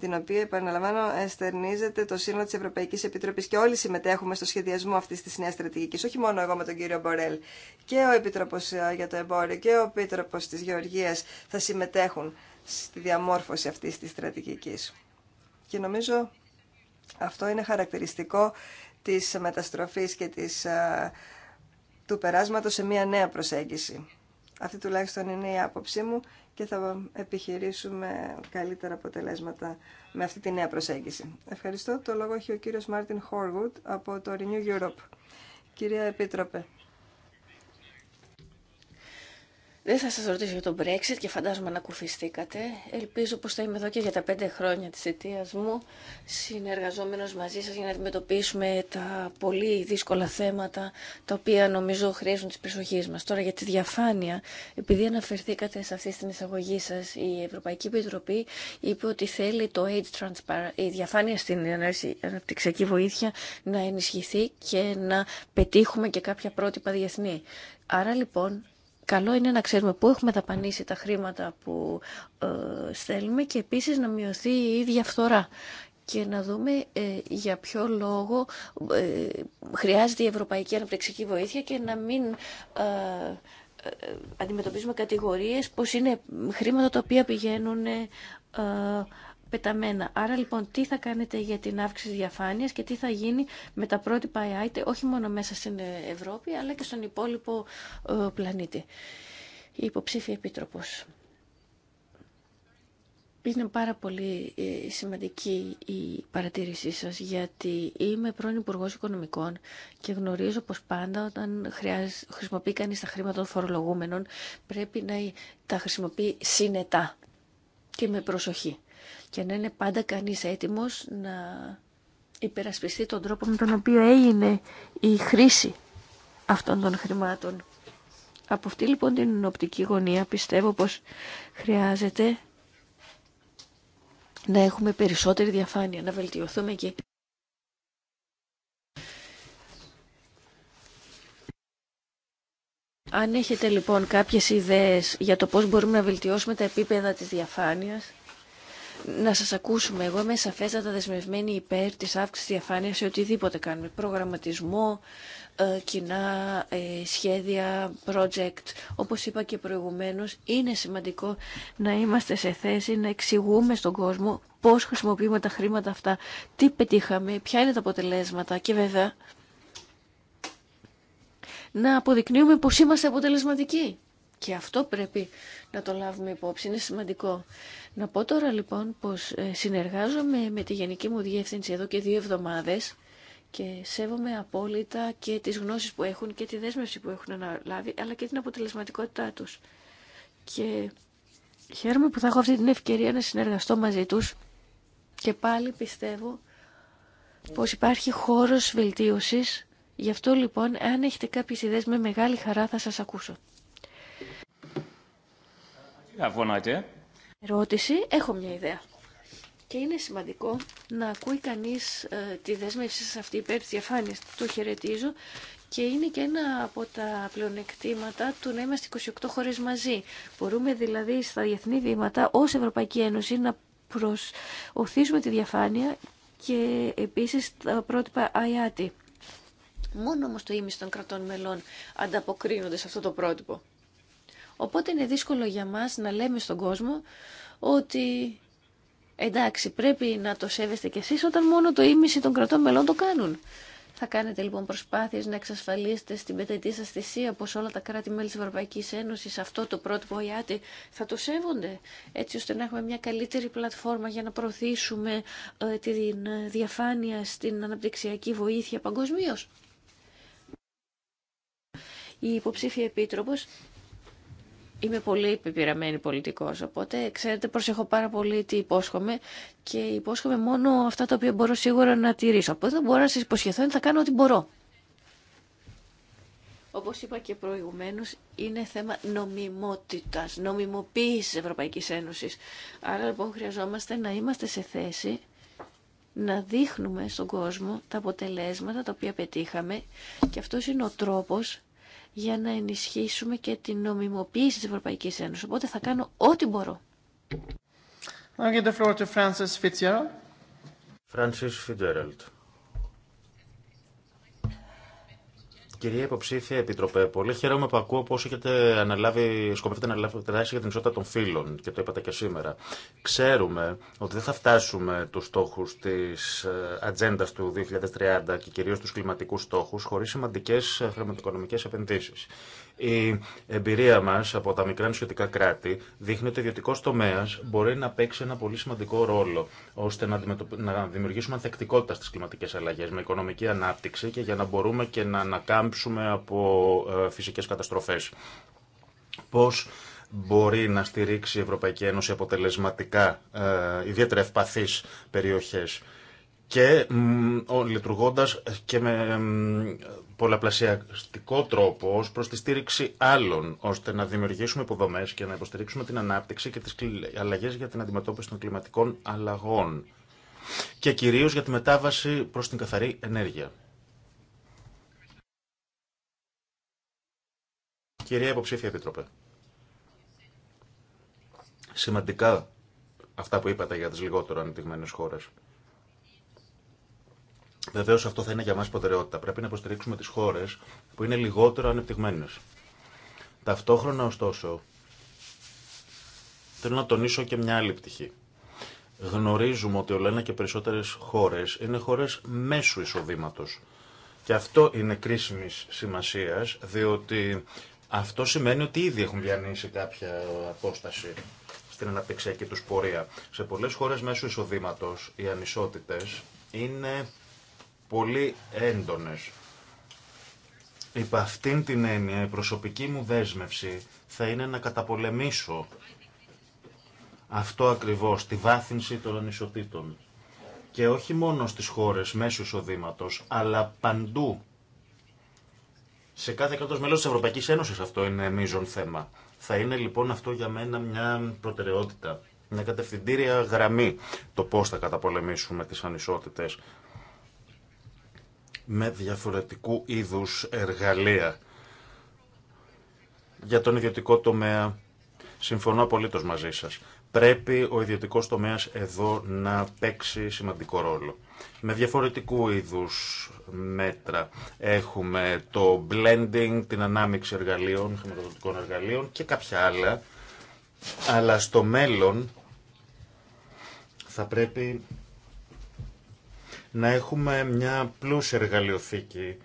την οποία, επαναλαμβάνω, εστερνίζεται το Σύνολο τη Ευρωπαϊκή Επιτροπή. Και όλοι συμμετέχουμε στο σχεδιασμό αυτή τη νέα στρατηγική. Όχι μόνο εγώ με τον κύριο Μπορέλ. Και ο Επίτροπο ε, για το Εμπόριο και ο Επίτροπο τη Γεωργία θα συμμετέχουν στη διαμόρφωση αυτή τη στρατηγική. Και νομίζω αυτό είναι χαρακτηριστικό τη μεταστροφή και της, ε, του περάσματο σε μια νέα προσέγγιση. Αυτή τουλάχιστον είναι η άποψή μου και θα επιχειρήσουμε καλύτερα αποτελέσματα με αυτή τη νέα προσέγγιση. Ευχαριστώ. Το λόγο έχει ο κύριος Μάρτιν Χόργουτ από το Renew Europe. Κυρία Επίτροπε, Δεν θα σας ρωτήσω για τον Brexit και φαντάζομαι να κουφιστήκατε. Ελπίζω πως θα είμαι εδώ και για τα πέντε χρόνια της αιτία μου, συνεργαζόμενος μαζί σας για να αντιμετωπίσουμε τα πολύ δύσκολα θέματα, τα οποία νομίζω χρειάζουν τις προσοχής μας. Τώρα για τη διαφάνεια, επειδή αναφερθήκατε σε αυτή την εισαγωγή σας, η Ευρωπαϊκή Επιτροπή είπε ότι θέλει το age transparent, η διαφάνεια στην αναπτυξιακή βοήθεια να ενισχυθεί και να πετύχουμε και κάποια πρότυπα διεθνή. Άρα λοιπόν καλό είναι να ξέρουμε πού έχουμε δαπανίσει τα χρήματα που ε, στέλνουμε και επίσης να μειωθεί η ίδια φθορά και να δούμε ε, για ποιο λόγο ε, χρειάζεται η ευρωπαϊκή αναπτυξική βοήθεια και να μην αντιμετωπίζουμε κατηγορίες πως είναι χρήματα τα οποία πηγαίνουν πεταμένα. Άρα λοιπόν τι θα κάνετε για την αύξηση διαφάνειας και τι θα γίνει με τα πρότυπα ΕΑΙΤΕ όχι μόνο μέσα στην ε, Ευρώπη αλλά και στον υπόλοιπο ε, πλανήτη. Η υποψήφια επίτροπος. Είναι πάρα πολύ ε, σημαντική η παρατήρησή σας γιατί είμαι πρώην υπουργό Οικονομικών και γνωρίζω πως πάντα όταν χρησιμοποιεί κανείς τα χρήματα των φορολογούμενων πρέπει να τα χρησιμοποιεί συνετά και με προσοχή και να είναι πάντα κανείς έτοιμος να υπερασπιστεί τον τρόπο με τον οποίο έγινε η χρήση αυτών των χρημάτων. Από αυτή λοιπόν την οπτική γωνία πιστεύω πως χρειάζεται να έχουμε περισσότερη διαφάνεια, να βελτιωθούμε εκεί. Αν έχετε λοιπόν κάποιες ιδέες για το πώς μπορούμε να βελτιώσουμε τα επίπεδα της διαφάνειας, να σας ακούσουμε. Εγώ είμαι σαφέστατα δεσμευμένη υπέρ της αύξησης διαφάνειας σε οτιδήποτε κάνουμε. Προγραμματισμό, ε, κοινά ε, σχέδια, project. Όπως είπα και προηγουμένως, είναι σημαντικό να είμαστε σε θέση να εξηγούμε στον κόσμο πώς χρησιμοποιούμε τα χρήματα αυτά, τι πετύχαμε, ποια είναι τα αποτελέσματα και βέβαια να αποδεικνύουμε πως είμαστε αποτελεσματικοί. Και αυτό πρέπει να το λάβουμε υπόψη, είναι σημαντικό. Να πω τώρα λοιπόν πως ε, συνεργάζομαι με τη Γενική μου Διεύθυνση εδώ και δύο εβδομάδες και σέβομαι απόλυτα και τις γνώσεις που έχουν και τη δέσμευση που έχουν αναλάβει, αλλά και την αποτελεσματικότητά τους. Και χαίρομαι που θα έχω αυτή την ευκαιρία να συνεργαστώ μαζί τους και πάλι πιστεύω πως υπάρχει χώρος βελτίωσης. Γι' αυτό λοιπόν, αν έχετε κάποιες ιδέες, με μεγάλη χαρά θα σας ακούσω. Ερώτηση. Έχω μια ιδέα. Και είναι σημαντικό να ακούει κανείς ε, τη δέσμευση σε αυτή υπέρ της διαφάνειας. Το χαιρετίζω και είναι και ένα από τα πλεονεκτήματα του να είμαστε 28 χώρες μαζί. Μπορούμε δηλαδή στα διεθνή βήματα ως Ευρωπαϊκή Ένωση να προσωθήσουμε τη διαφάνεια και επίσης τα πρότυπα ΑΙΑΤΗ. Μόνο όμως το ίμιση των κρατών μελών ανταποκρίνονται σε αυτό το πρότυπο. Οπότε είναι δύσκολο για μας να λέμε στον κόσμο ότι εντάξει πρέπει να το σέβεστε κι εσείς όταν μόνο το ίμιση των κρατών μελών το κάνουν. Θα κάνετε λοιπόν προσπάθειες να εξασφαλίσετε στην πενταετή σας θυσία πως όλα τα κράτη-μέλη της Ευρωπαϊκής Ένωσης αυτό το πρότυπο ΙΑΤΗ θα το σέβονται έτσι ώστε να έχουμε μια καλύτερη πλατφόρμα για να προωθήσουμε ε, τη ε, διαφάνεια στην αναπτυξιακή βοήθεια παγκοσμίω. Η υποψήφια επίτροπος Είμαι πολύ επιπειραμένη πολιτικός, οπότε ξέρετε προσέχω πάρα πολύ τι υπόσχομαι και υπόσχομαι μόνο αυτά τα οποία μπορώ σίγουρα να τηρήσω. Οπότε δεν μπορώ να σας υποσχεθώ ότι θα κάνω ό,τι μπορώ. Όπως είπα και προηγουμένως, είναι θέμα νομιμότητας, νομιμοποίησης της Ευρωπαϊκής Ένωσης. Άρα λοιπόν χρειαζόμαστε να είμαστε σε θέση να δείχνουμε στον κόσμο τα αποτελέσματα τα οποία πετύχαμε και αυτός είναι ο τρόπος για να ενισχύσουμε και την νομιμοποίηση της Ευρωπαϊκής Ένωσης. Οπότε θα κάνω ό,τι μπορώ. I'll give the Francis Fitzgerald. Francis Fitzgerald. Κυρία Υποψήφια Επιτροπέ, πολύ χαίρομαι που ακούω πώ έχετε αναλάβει, σκοπεύετε να αναλάβετε δράση για την ισότητα των φύλων και το είπατε και σήμερα. Ξέρουμε ότι δεν θα φτάσουμε ε, του στόχου τη ατζέντα του 2030 και κυρίω του κλιματικού στόχου χωρί σημαντικέ χρηματοοικονομικέ επενδύσει. Η εμπειρία μα από τα μικρά νησιωτικά κράτη δείχνει ότι ο ιδιωτικό τομέα μπορεί να παίξει ένα πολύ σημαντικό ρόλο ώστε να, να δημιουργήσουμε ανθεκτικότητα στι κλιματικέ αλλαγέ με οικονομική ανάπτυξη και για να μπορούμε και να ανακάμψουμε από ε, φυσικέ καταστροφέ. Πώ μπορεί να στηρίξει η Ευρωπαϊκή Ένωση αποτελεσματικά ε, ιδιαίτερα ευπαθεί περιοχέ και λειτουργώντα και με πολλαπλασιαστικό τρόπο ω προς τη στήριξη άλλων, ώστε να δημιουργήσουμε υποδομέ και να υποστηρίξουμε την ανάπτυξη και τις αλλαγέ για την αντιμετώπιση των κλιματικών αλλαγών και κυρίω για τη μετάβαση προς την καθαρή ενέργεια. Κυρία Υποψήφια Επίτροπε, σημαντικά αυτά που είπατε για τις λιγότερο ανεπτυγμένες χώρες. Βεβαίω αυτό θα είναι για μα προτεραιότητα. Πρέπει να υποστηρίξουμε τι χώρε που είναι λιγότερο ανεπτυγμένε. Ταυτόχρονα, ωστόσο, θέλω να τονίσω και μια άλλη πτυχή. Γνωρίζουμε ότι ο ένα και περισσότερε χώρε είναι χώρε μέσου εισοδήματο. Και αυτό είναι κρίσιμη σημασία, διότι αυτό σημαίνει ότι ήδη έχουν διανύσει κάποια απόσταση στην αναπτυξιακή του πορεία. Σε πολλέ χώρε μέσου εισοδήματο οι ανισότητε είναι πολύ έντονες. Υπ' αυτήν την έννοια η προσωπική μου δέσμευση θα είναι να καταπολεμήσω αυτό ακριβώς, τη βάθυνση των ανισοτήτων. Και όχι μόνο στις χώρες μέσου εισοδήματο, αλλά παντού. Σε κάθε κράτος μέλος της Ευρωπαϊκής Ένωσης αυτό είναι μείζον θέμα. Θα είναι λοιπόν αυτό για μένα μια προτεραιότητα, μια κατευθυντήρια γραμμή το πώς θα καταπολεμήσουμε τις ανισότητες με διαφορετικού είδους εργαλεία. Για τον ιδιωτικό τομέα, συμφωνώ απολύτως μαζί σας. Πρέπει ο ιδιωτικός τομέας εδώ να παίξει σημαντικό ρόλο. Με διαφορετικού είδους μέτρα έχουμε το blending, την ανάμειξη εργαλείων, χρηματοδοτικών εργαλείων και κάποια άλλα. Αλλά στο μέλλον θα πρέπει να έχουμε μια πλούσια εργαλειοθήκη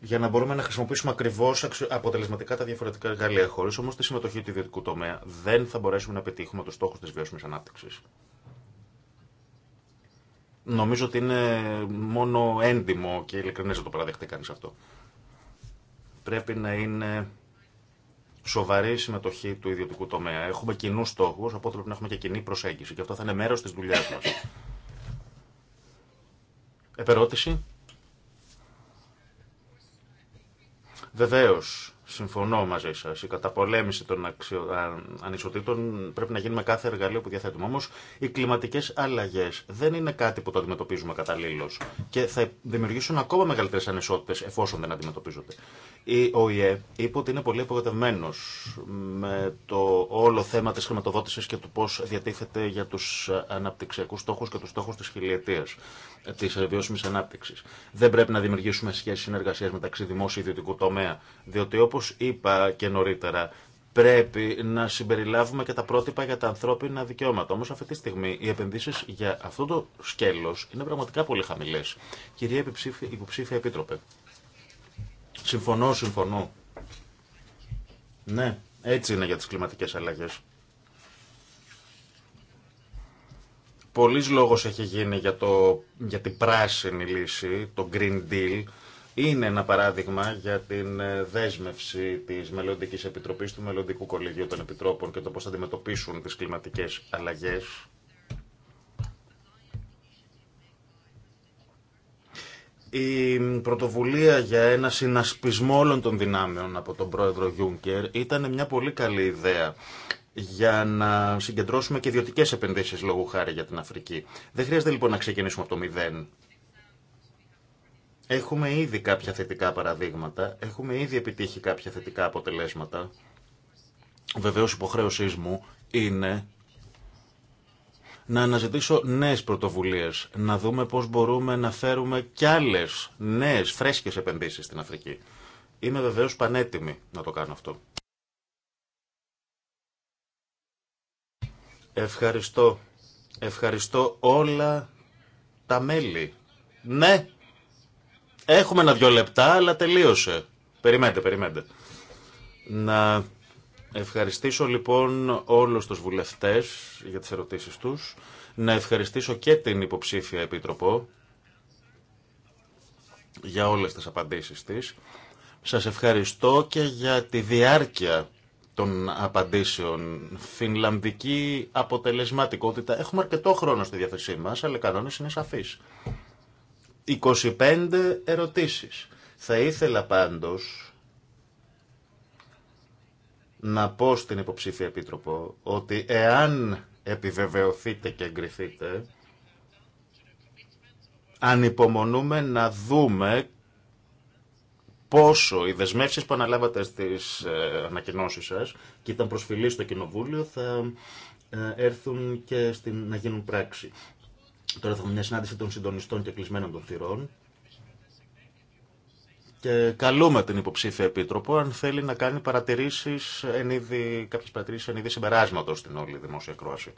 για να μπορούμε να χρησιμοποιήσουμε ακριβώ αποτελεσματικά τα διαφορετικά εργαλεία. Χωρί όμω τη συμμετοχή του ιδιωτικού τομέα, δεν θα μπορέσουμε να πετύχουμε του στόχου τη βιώσιμη ανάπτυξη. Νομίζω ότι είναι μόνο έντιμο και ειλικρινέ να το παραδεχτεί κανεί αυτό. Πρέπει να είναι σοβαρή συμμετοχή του ιδιωτικού τομέα. Έχουμε κοινού στόχου, οπότε πρέπει να έχουμε και κοινή προσέγγιση. Και αυτό θα είναι μέρο τη δουλειά μα. Επερώτηση. Βεβαίως, Συμφωνώ μαζί σα. Η καταπολέμηση των αξιο... ανισοτήτων πρέπει να γίνει με κάθε εργαλείο που διαθέτουμε. Όμω οι κλιματικέ αλλαγέ δεν είναι κάτι που το αντιμετωπίζουμε καταλήλω και θα δημιουργήσουν ακόμα μεγαλύτερε ανισότητε εφόσον δεν αντιμετωπίζονται. Η ΟΗΕ είπε ότι είναι πολύ απογοητευμένο με το όλο θέμα τη χρηματοδότηση και του πώ διατίθεται για του αναπτυξιακού στόχου και του στόχου τη χιλιετία τη βιώσιμη ανάπτυξη. Δεν πρέπει να δημιουργήσουμε σχέσει συνεργασία μεταξύ δημόσιου ιδιωτικού τομέα, διότι όπως είπα και νωρίτερα, πρέπει να συμπεριλάβουμε και τα πρότυπα για τα ανθρώπινα δικαιώματα. Όμως αυτή τη στιγμή οι επενδύσεις για αυτό το σκέλος είναι πραγματικά πολύ χαμηλές. Κυρία Υποψήφια Επίτροπε. Συμφωνώ, συμφωνώ. Ναι, έτσι είναι για τις κλιματικές αλλαγές. Πολύς λόγος έχει γίνει για, το, για την πράσινη λύση, το Green Deal, είναι ένα παράδειγμα για την ε, δέσμευση τη Μελλοντική Επιτροπή, του Μελλοντικού Κολεγίου των Επιτρόπων και το πώ θα αντιμετωπίσουν τι κλιματικέ αλλαγέ. Η πρωτοβουλία για ένα συνασπισμό όλων των δυνάμεων από τον πρόεδρο Γιούνκερ ήταν μια πολύ καλή ιδέα για να συγκεντρώσουμε και ιδιωτικέ επενδύσει λόγου χάρη για την Αφρική. Δεν χρειάζεται λοιπόν να ξεκινήσουμε από το μηδέν. Έχουμε ήδη κάποια θετικά παραδείγματα, έχουμε ήδη επιτύχει κάποια θετικά αποτελέσματα. Βεβαίως υποχρέωσή μου είναι να αναζητήσω νέες πρωτοβουλίες, να δούμε πώς μπορούμε να φέρουμε κι άλλες νέες φρέσκες επενδύσεις στην Αφρική. Είμαι βεβαίως πανέτοιμη να το κάνω αυτό. Ευχαριστώ. Ευχαριστώ όλα τα μέλη. Ναι, Έχουμε ένα δυο λεπτά, αλλά τελείωσε. Περιμένετε, περιμένετε. Να ευχαριστήσω λοιπόν όλους τους βουλευτές για τις ερωτήσεις τους. Να ευχαριστήσω και την υποψήφια Επίτροπο για όλες τις απαντήσεις της. Σας ευχαριστώ και για τη διάρκεια των απαντήσεων. Φινλανδική αποτελεσματικότητα. Έχουμε αρκετό χρόνο στη διάθεσή μας, αλλά κανόνες είναι σαφείς. 25 ερωτήσεις. Θα ήθελα πάντως να πω στην υποψήφια επίτροπο ότι εάν επιβεβαιωθείτε και εγκριθείτε, ανυπομονούμε να δούμε πόσο οι δεσμεύσεις που αναλάβατε στις ε, ανακοινώσεις σας και ήταν προσφυλή στο Κοινοβούλιο θα ε, έρθουν και στην, να γίνουν πράξη. Τώρα θα έχουμε μια συνάντηση των συντονιστών και κλεισμένων των θυρών. Και καλούμε την υποψήφια επίτροπο αν θέλει να κάνει παρατηρήσεις εν είδη, κάποιες παρατηρήσεις εν είδη συμπεράσματος στην όλη δημόσια κρόαση.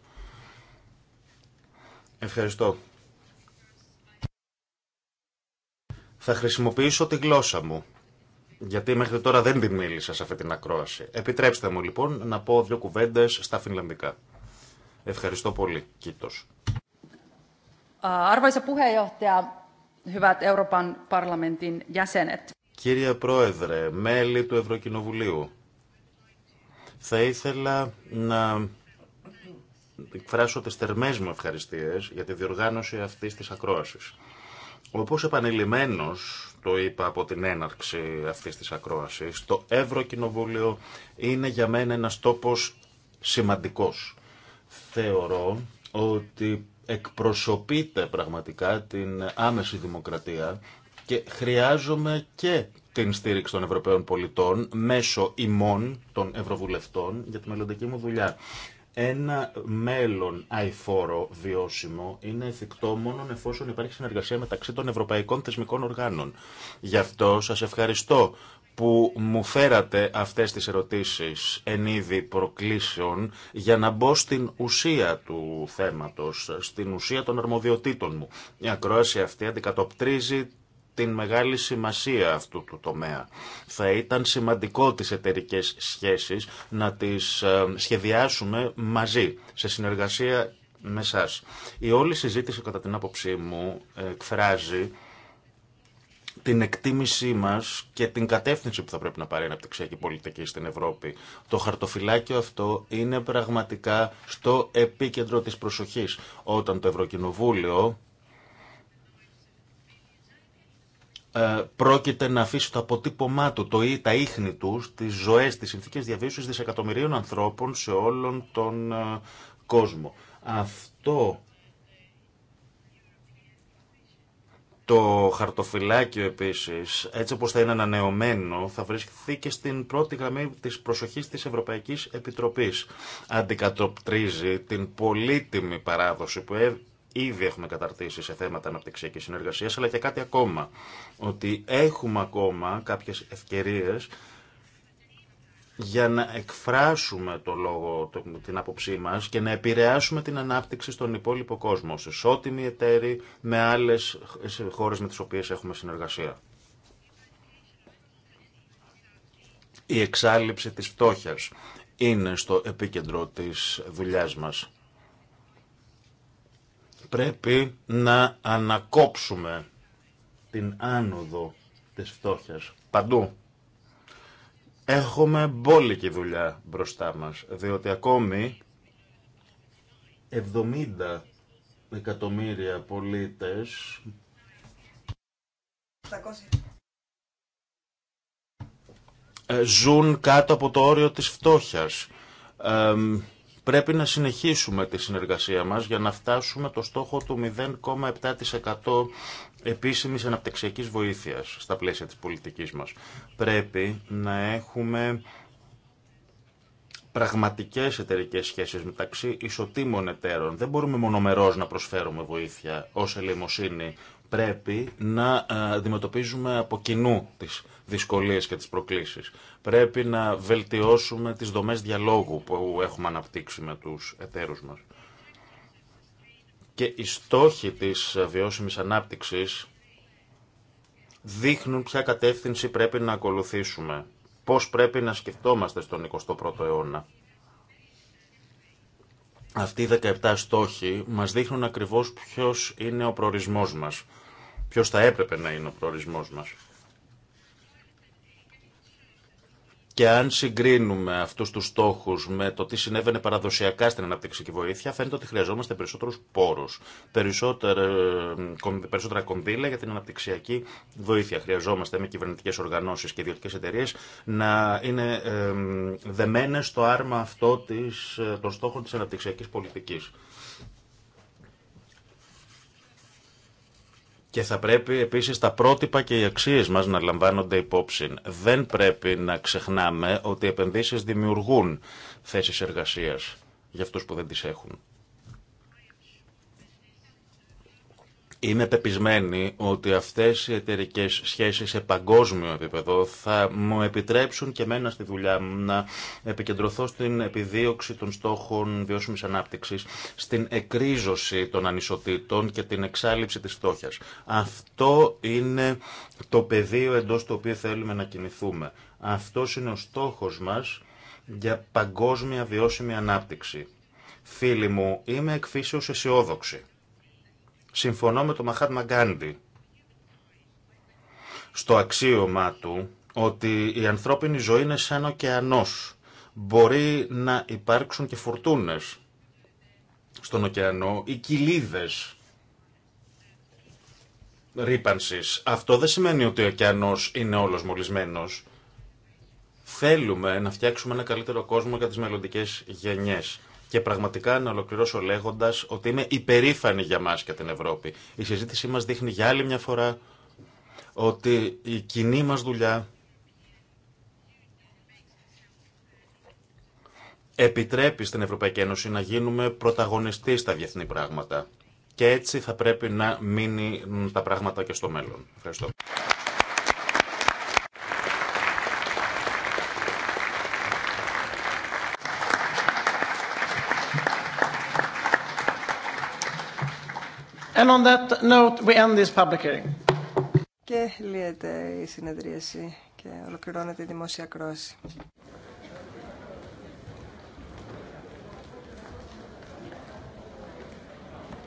Ευχαριστώ. Θα χρησιμοποιήσω τη γλώσσα μου, γιατί μέχρι τώρα δεν την μίλησα σε αυτή την ακρόαση. Επιτρέψτε μου λοιπόν να πω δύο κουβέντες στα φιλανδικά. Ευχαριστώ πολύ. Κίτος. Äh, arvoisa Κύριε Πρόεδρε, μέλη του Ευρωκοινοβουλίου, θα ήθελα να εκφράσω τις θερμές μου ευχαριστίες για τη διοργάνωση αυτής της ακρόασης. Όπως επανειλημμένος το είπα από την έναρξη αυτής της ακρόασης, το Ευρωκοινοβούλιο είναι για μένα ένας τόπος σημαντικός. Θεωρώ ότι Εκπροσωπείται πραγματικά την άμεση δημοκρατία και χρειάζομαι και την στήριξη των Ευρωπαίων πολιτών μέσω ημών των Ευρωβουλευτών για τη μελλοντική μου δουλειά. Ένα μέλλον αηφόρο βιώσιμο είναι εφικτό μόνο εφόσον υπάρχει συνεργασία μεταξύ των ευρωπαϊκών θεσμικών οργάνων. Γι' αυτό σας ευχαριστώ που μου φέρατε αυτές τις ερωτήσεις εν είδη προκλήσεων για να μπω στην ουσία του θέματος, στην ουσία των αρμοδιοτήτων μου. Η ακρόαση αυτή αντικατοπτρίζει την μεγάλη σημασία αυτού του τομέα. Θα ήταν σημαντικό τις εταιρικέ σχέσεις να τις ε, σχεδιάσουμε μαζί, σε συνεργασία με σας. Η όλη συζήτηση κατά την άποψή μου εκφράζει την εκτίμησή μας και την κατεύθυνση που θα πρέπει να πάρει η αναπτυξιακή πολιτική στην Ευρώπη. Το χαρτοφυλάκιο αυτό είναι πραγματικά στο επίκεντρο της προσοχής. Όταν το Ευρωκοινοβούλιο ε, πρόκειται να αφήσει το αποτύπωμά του, το, τα ίχνη του, τι ζωέ, τι συνθήκε διαβίωσης δισεκατομμυρίων ανθρώπων σε όλον τον ε, κόσμο. Αυτό Το χαρτοφυλάκιο επίσης, έτσι όπως θα είναι ανανεωμένο, θα βρίσκει και στην πρώτη γραμμή της προσοχής της Ευρωπαϊκής Επιτροπής. Αντικατοπτρίζει την πολύτιμη παράδοση που ε- ήδη έχουμε καταρτήσει σε θέματα αναπτυξιακής συνεργασία, αλλά και κάτι ακόμα, ότι έχουμε ακόμα κάποιες ευκαιρίε για να εκφράσουμε το λόγο, την άποψή μα και να επηρεάσουμε την ανάπτυξη στον υπόλοιπο κόσμο, σε ισότιμοι εταίροι με άλλες χώρες με τις οποίες έχουμε συνεργασία. Η εξάλληψη της φτώχειας είναι στο επίκεντρο της δουλειάς μας. Πρέπει να ανακόψουμε την άνοδο της φτώχειας παντού Έχουμε μπόλικη δουλειά μπροστά μας, διότι ακόμη 70 εκατομμύρια πολίτες ζουν κάτω από το όριο της φτώχειας. πρέπει να συνεχίσουμε τη συνεργασία μας για να φτάσουμε το στόχο του 0,7% επίσημης αναπτυξιακής βοήθειας στα πλαίσια της πολιτικής μας. Πρέπει να έχουμε πραγματικές εταιρικές σχέσεις μεταξύ ισοτήμων εταίρων. Δεν μπορούμε μονομερώς να προσφέρουμε βοήθεια ως ελεημοσύνη. Πρέπει να ε, αντιμετωπίζουμε από κοινού τις δυσκολίες και τις προκλήσεις. Πρέπει να βελτιώσουμε τις δομές διαλόγου που έχουμε αναπτύξει με τους εταίρους μας και οι στόχοι της βιώσιμης ανάπτυξης δείχνουν ποια κατεύθυνση πρέπει να ακολουθήσουμε, πώς πρέπει να σκεφτόμαστε στον 21ο αιώνα. Αυτοί οι 17 στόχοι μας δείχνουν ακριβώς ποιος είναι ο προορισμός μας, ποιος θα έπρεπε να είναι ο προορισμός μας. Και αν συγκρίνουμε αυτού του στόχου με το τι συνέβαινε παραδοσιακά στην αναπτυξική βοήθεια, φαίνεται ότι χρειαζόμαστε περισσότερου πόρου, περισσότερα κονδύλια για την αναπτυξιακή βοήθεια. Χρειαζόμαστε με κυβερνητικέ οργανώσει και ιδιωτικέ εταιρείε να είναι δεμένε στο άρμα αυτό των στόχων τη αναπτυξιακή πολιτική. Και θα πρέπει επίσης τα πρότυπα και οι αξίες μας να λαμβάνονται υπόψη. Δεν πρέπει να ξεχνάμε ότι οι επενδύσει δημιουργούν θέσεις εργασίας για αυτούς που δεν τις έχουν. Είμαι πεπισμένη ότι αυτές οι εταιρικέ σχέσεις σε παγκόσμιο επίπεδο θα μου επιτρέψουν και μένα στη δουλειά μου να επικεντρωθώ στην επιδίωξη των στόχων βιώσιμης ανάπτυξης, στην εκρίζωση των ανισοτήτων και την εξάλληψη της φτώχειας. Αυτό είναι το πεδίο εντός του οποίου θέλουμε να κινηθούμε. Αυτός είναι ο στόχος μας για παγκόσμια βιώσιμη ανάπτυξη. Φίλοι μου, είμαι εκφύσεως αισιόδοξη συμφωνώ με τον Μαχάτ Μαγκάντι στο αξίωμά του ότι η ανθρώπινη ζωή είναι σαν ωκεανός. Μπορεί να υπάρξουν και φορτούνες στον ωκεανό ή κυλίδες ρήπανσης. Αυτό δεν σημαίνει ότι ο ωκεανός είναι όλος μολυσμένος. Θέλουμε να φτιάξουμε ένα καλύτερο κόσμο για τις μελλοντικέ γενιές. Και πραγματικά να ολοκληρώσω λέγοντα ότι είμαι υπερήφανη για μα και την Ευρώπη. Η συζήτησή μα δείχνει για άλλη μια φορά ότι η κοινή μα δουλειά επιτρέπει στην Ευρωπαϊκή Ένωση να γίνουμε πρωταγωνιστή στα διεθνή πράγματα. Και έτσι θα πρέπει να μείνουν τα πράγματα και στο μέλλον. Ευχαριστώ. And on that note, we end this public hearing. Και λύεται η συνεδρίαση και ολοκληρώνεται η δημόσια κρόση.